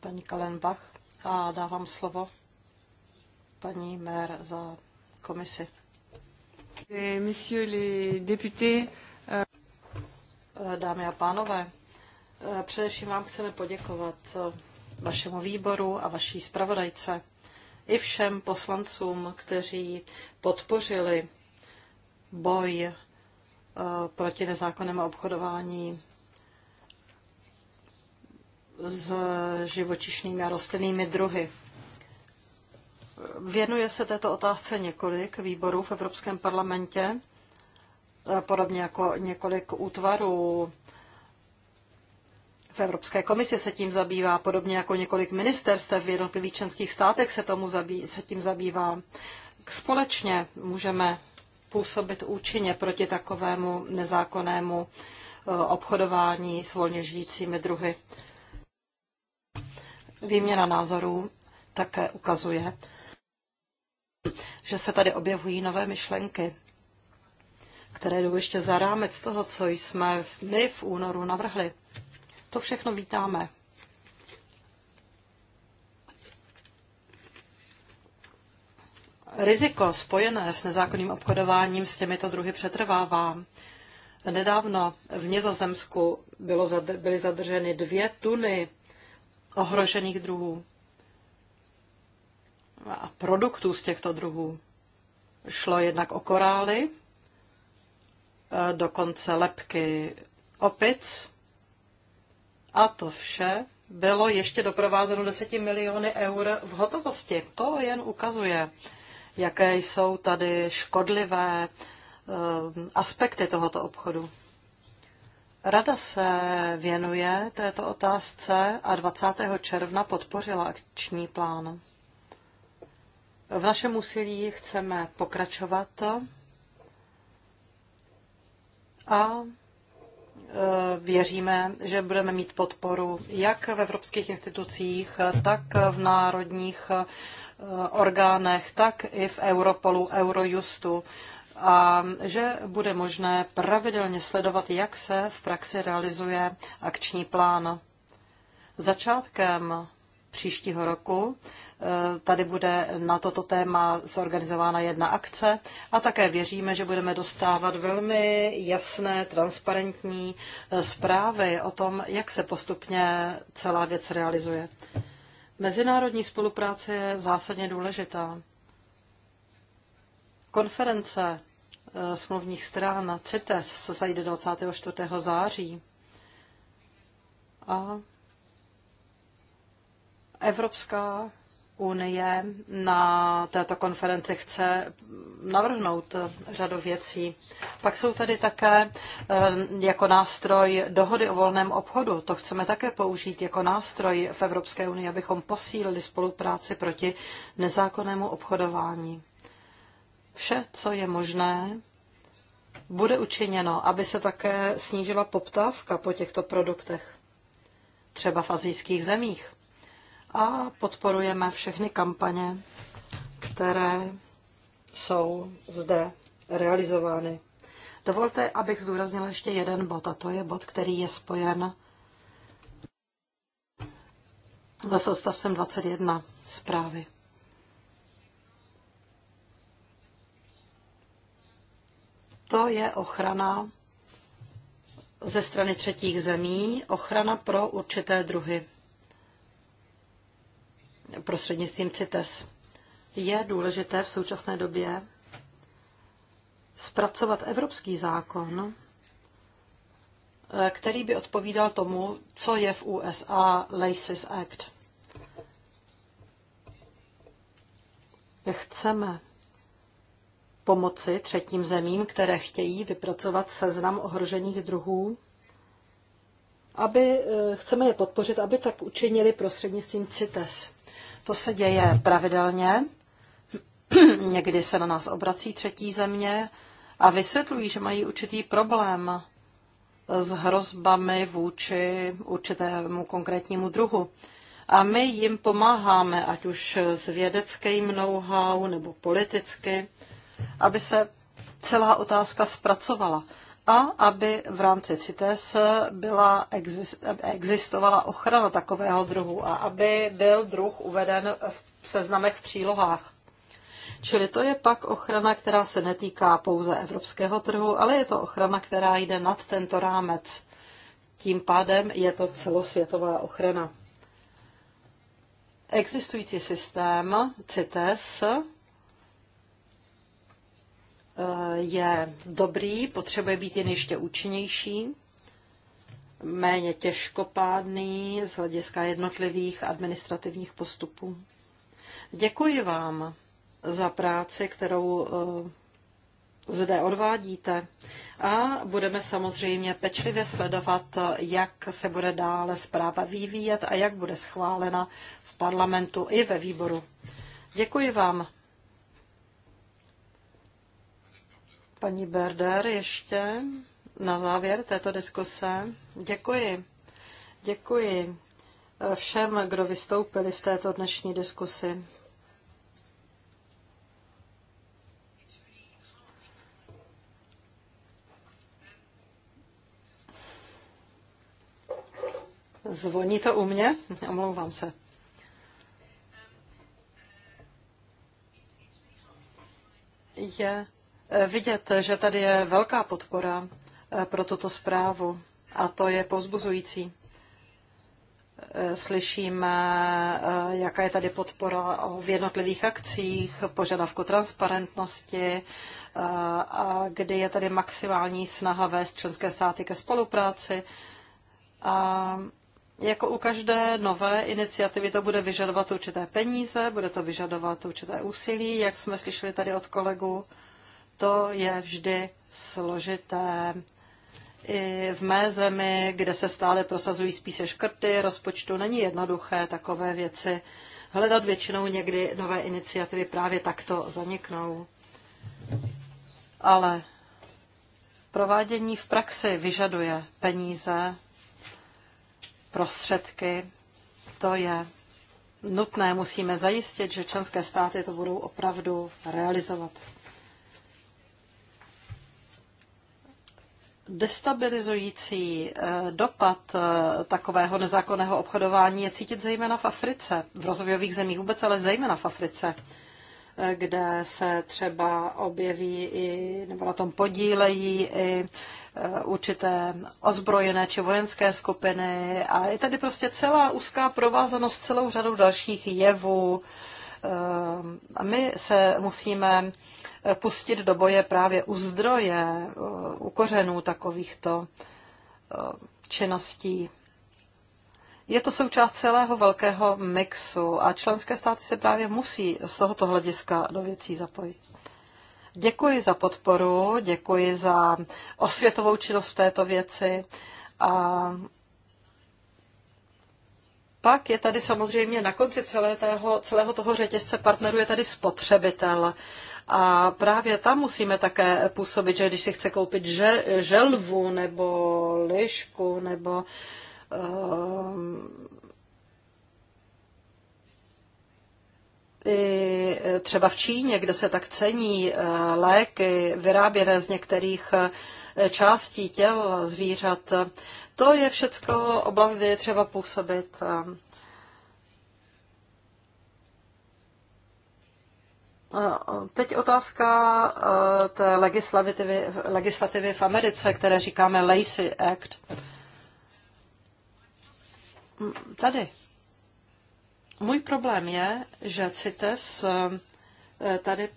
[SPEAKER 3] paní Kalenbach, a dávám slovo paní mér za komisi. les députés, eh, Dámy a pánové, eh, především vám chceme poděkovat eh, vašemu výboru a vaší zpravodajce i všem poslancům, kteří podpořili boj proti nezákonnému obchodování s živočišnými a rostlinnými druhy. Věnuje se této otázce několik výborů v Evropském parlamentě, eh, podobně jako několik útvarů v Evropské komisi se tím zabývá, podobně jako několik ministerstev v jednotlivých členských státech se, tomu zabý, se tím zabývá. Společně můžeme působit účinně proti takovému nezákonnému eh, obchodování s volně žijícími druhy. Výměna názorů také ukazuje, že se tady objevují nové myšlenky, které jdou ještě za rámec toho, co jsme my v únoru navrhli. To všechno vítáme. Riziko spojené s nezákonným obchodováním s těmito druhy přetrvává. Nedávno v Nizozemsku bylo, byly zadrženy dvě tuny ohrožených druhů a produktů z těchto druhů. Šlo jednak o korály, e, dokonce lepky opic a to vše bylo ještě doprovázeno 10 miliony eur v hotovosti. To jen ukazuje, jaké jsou tady škodlivé e, aspekty tohoto obchodu. Rada se věnuje této otázce a 20. června podpořila akční plán. V našem úsilí chceme pokračovat a e, věříme, že budeme mít podporu jak v evropských institucích, tak v národních e, orgánech, tak i v Europolu, Eurojustu a že bude možné pravidelně sledovat, jak se v praxi realizuje akční plán. Začátkem příštího roku eh, tady bude na toto téma zorganizována jedna akce a také věříme, že budeme dostávat velmi jasné, transparentní eh, zprávy o tom, jak se postupně celá věc realizuje. Mezinárodní spolupráce je zásadně důležitá. Konference Eh, smluvních stran CITES se zajde 24. září. A Evropská unie na této konferenci chce navrhnout řadu věcí. Pak jsou tady také eh, jako nástroj dohody o volném obchodu. To chceme také použít jako nástroj v Evropské unii, abychom posílili spolupráci proti nezákonnému obchodování. Vše, co je možné, bude učiněno, aby se také snížila poptávka po těchto produktech, třeba v azijských zemích. A podporujeme všechny kampaně, které jsou zde realizovány. Dovolte, abych zdůraznil ještě jeden bod, a to je bod, který je spojen s odstavcem 21 zprávy. to je ochrana ze strany třetích zemí, ochrana pro určité druhy prostřednictvím CITES. Je důležité v současné době zpracovat evropský zákon, eh, který by odpovídal tomu, co je v USA LACES Act. Chceme pomoci třetím zemím, které chtějí vypracovat seznam ohrožených druhů, aby, eh, chceme je podpořit, aby tak učinili prostřednictvím CITES. To se děje pravidelně. Někdy se na nás obrací třetí země a vysvětlují, že mají určitý problém eh, s hrozbami vůči určitému konkrétnímu druhu. A my jim pomáháme, ať už s vědeckým know-how nebo politicky, aby se celá otázka zpracovala a aby v rámci CITES byla, existovala ochrana takového druhu a aby byl druh uveden v seznamech v přílohách. Čili to je pak ochrana, která se netýká pouze evropského trhu, ale je to ochrana, která jde nad tento rámec. Tím pádem je to celosvětová ochrana. Existující systém CITES je dobrý, potřebuje být jen ještě účinnější, méně těžkopádný z hlediska jednotlivých administrativních postupů. Děkuji vám za práci, kterou eh, zde odvádíte a budeme samozřejmě pečlivě sledovat, jak se bude dále zpráva vyvíjet a jak bude schválena v parlamentu i ve výboru. Děkuji vám. Paní Berder ještě na závěr této diskuse. Děkuji. Děkuji všem, kdo vystoupili v této dnešní diskusi. Zvoní to u mě? Omlouvám se. Je Eh, vidět, že tady je velká podpora eh, pro tuto zprávu a to je povzbuzující. Eh, Slyšíme, jaká je tady podpora v jednotlivých akcích, požadavku transparentnosti, a kdy je tady maximální snaha vést členské státy ke spolupráci. A jako u každé nové iniciativy to bude vyžadovat určité peníze, bude to vyžadovat určité úsilí, jak jsme slyšeli tady od kolegu. To je vždy složité. I v mé zemi, kde se stále prosazují spíše škrty rozpočtu, není jednoduché takové věci hledat. Většinou někdy nové iniciativy právě takto zaniknou. Ale provádění v praxi vyžaduje peníze, prostředky. To je nutné. Musíme zajistit, že členské státy to budou opravdu realizovat. Destabilizující eh, dopad eh, takového nezákonného obchodování je cítit zejména v Africe, v rozvojových zemích vůbec, ale zejména v Africe, eh, kde se třeba objeví i, nebo na tom podílejí i určité ozbrojené či vojenské skupiny. A je tady prostě celá úzká provázanost celou řadou dalších jevů. A my se musíme Eh, pustit do boje právě u zdroje, eh, u kořenů takovýchto eh, činností. Je to součást celého velkého mixu a členské státy se právě musí z tohoto hlediska do věcí zapojit. Děkuji za podporu, děkuji za osvětovou činnost v této věci. A pak je tady samozřejmě na konci celého, celého toho řetězce partnerů je tady spotřebitel. A právě tam musíme také působit, že když si chce koupit že, želvu nebo lišku nebo uh, i třeba v Číně, kde se tak cení eh, léky vyráběné z některých eh, částí těl zvířat, to je všecko oblast, kde je třeba působit. Eh, teď otázka eh, té legislativy, legislativy v Americe, které říkáme Lacey Act. Tady. Můj problém je, že CITES eh, tady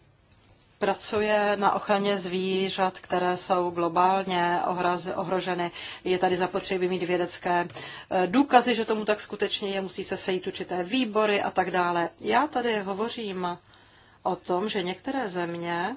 [SPEAKER 3] pracuje na ochraně zvířat, které jsou globálně ohroženy. Je tady zapotřebí mít vědecké důkazy, že tomu tak skutečně je, musí se sejít určité výbory a tak dále. Já tady hovořím o tom, že některé země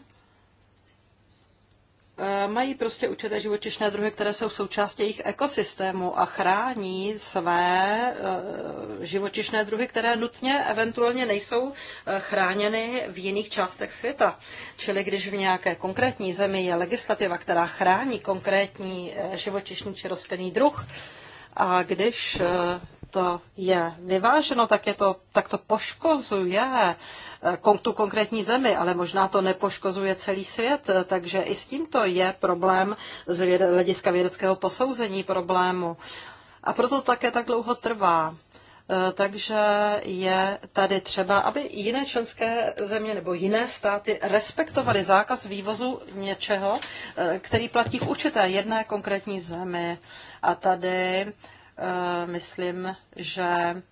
[SPEAKER 3] eh, mají prostě určité živočišné druhy, které jsou součástí jejich ekosystému a chrání své eh, živočišné druhy, které nutně eventuálně nejsou eh, chráněny v jiných částech světa. Čili když v nějaké konkrétní zemi je legislativa, která chrání konkrétní živočišný či rostlinný druh, a když to je vyváženo, tak, je to, tak to poškozuje eh, tu konkrétní zemi, ale možná to nepoškozuje celý svět. Eh, takže i s tímto je problém z věde, hlediska vědeckého posouzení problému. A proto také tak dlouho trvá. Eh, takže je tady třeba, aby jiné členské země nebo jiné státy respektovaly zákaz vývozu něčeho, který platí v určité jedné konkrétní zemi. A tady Eh, myslím, že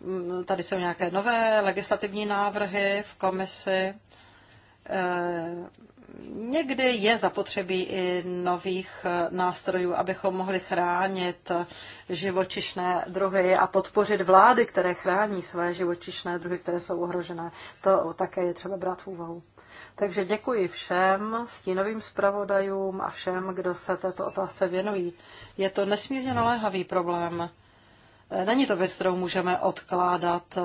[SPEAKER 3] mm, tady jsou nějaké nové legislativní návrhy v komisi. Eh, někdy je zapotřebí i nových eh, nástrojů, abychom mohli chránit živočišné druhy a podpořit vlády, které chrání své živočišné druhy, které jsou ohrožené. To také je třeba brát v úvahu. Takže děkuji všem stínovým zpravodajům a všem, kdo se této otázce věnují. Je to nesmírně naléhavý problém. E, Není to věc, kterou můžeme odkládat e,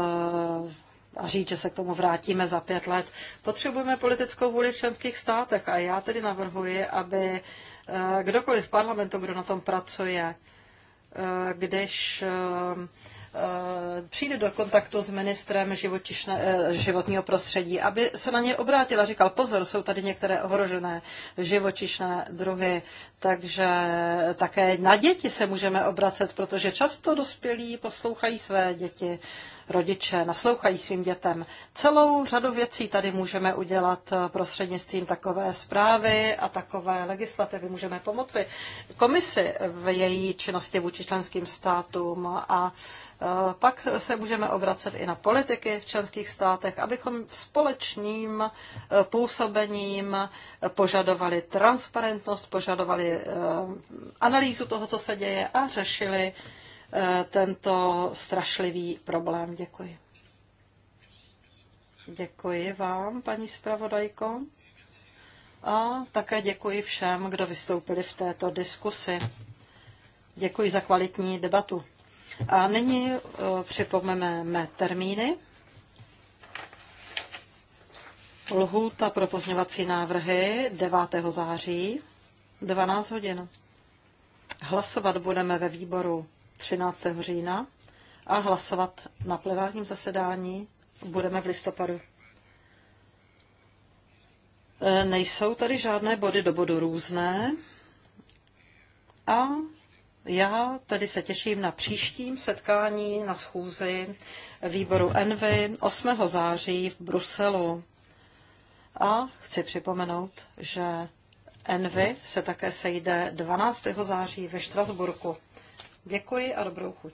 [SPEAKER 3] a říct, že se k tomu vrátíme za pět let. Potřebujeme politickou vůli v členských státech a já tedy navrhuji, aby e, kdokoliv v parlamentu, kdo na tom pracuje, když Eh, přijde do kontaktu s ministrem eh, životního prostředí, aby se na ně obrátila. Říkal, pozor, jsou tady některé ohrožené živočišné druhy. Takže také na děti se můžeme obracet, protože často dospělí poslouchají své děti, rodiče, naslouchají svým dětem. Celou řadu věcí tady můžeme udělat prostřednictvím takové zprávy a takové legislativy. Můžeme pomoci komisi v její činnosti vůči členským státům a e, pak se můžeme obracet i na politiky v členských státech, abychom společným e, působením požadovali transparentnost, požadovali Eh, analýzu toho, co se děje a řešili eh, tento strašlivý problém. Děkuji. Děkuji vám, paní zpravodajko. A také děkuji všem, kdo vystoupili v této diskusi. Děkuji za kvalitní debatu. A nyní eh, připomeneme termíny. Lhůta pro pozměňovací návrhy 9. září 12 hodin. Hlasovat budeme ve výboru 13. října a hlasovat na plenárním zasedání budeme v listopadu. E, nejsou tady žádné body do bodu různé a já tedy se těším na příštím setkání na schůzi výboru Envy 8. září v Bruselu. A chci připomenout, že Envy se také sejde 12. září ve Štrasburku. Děkuji a dobrou chuť.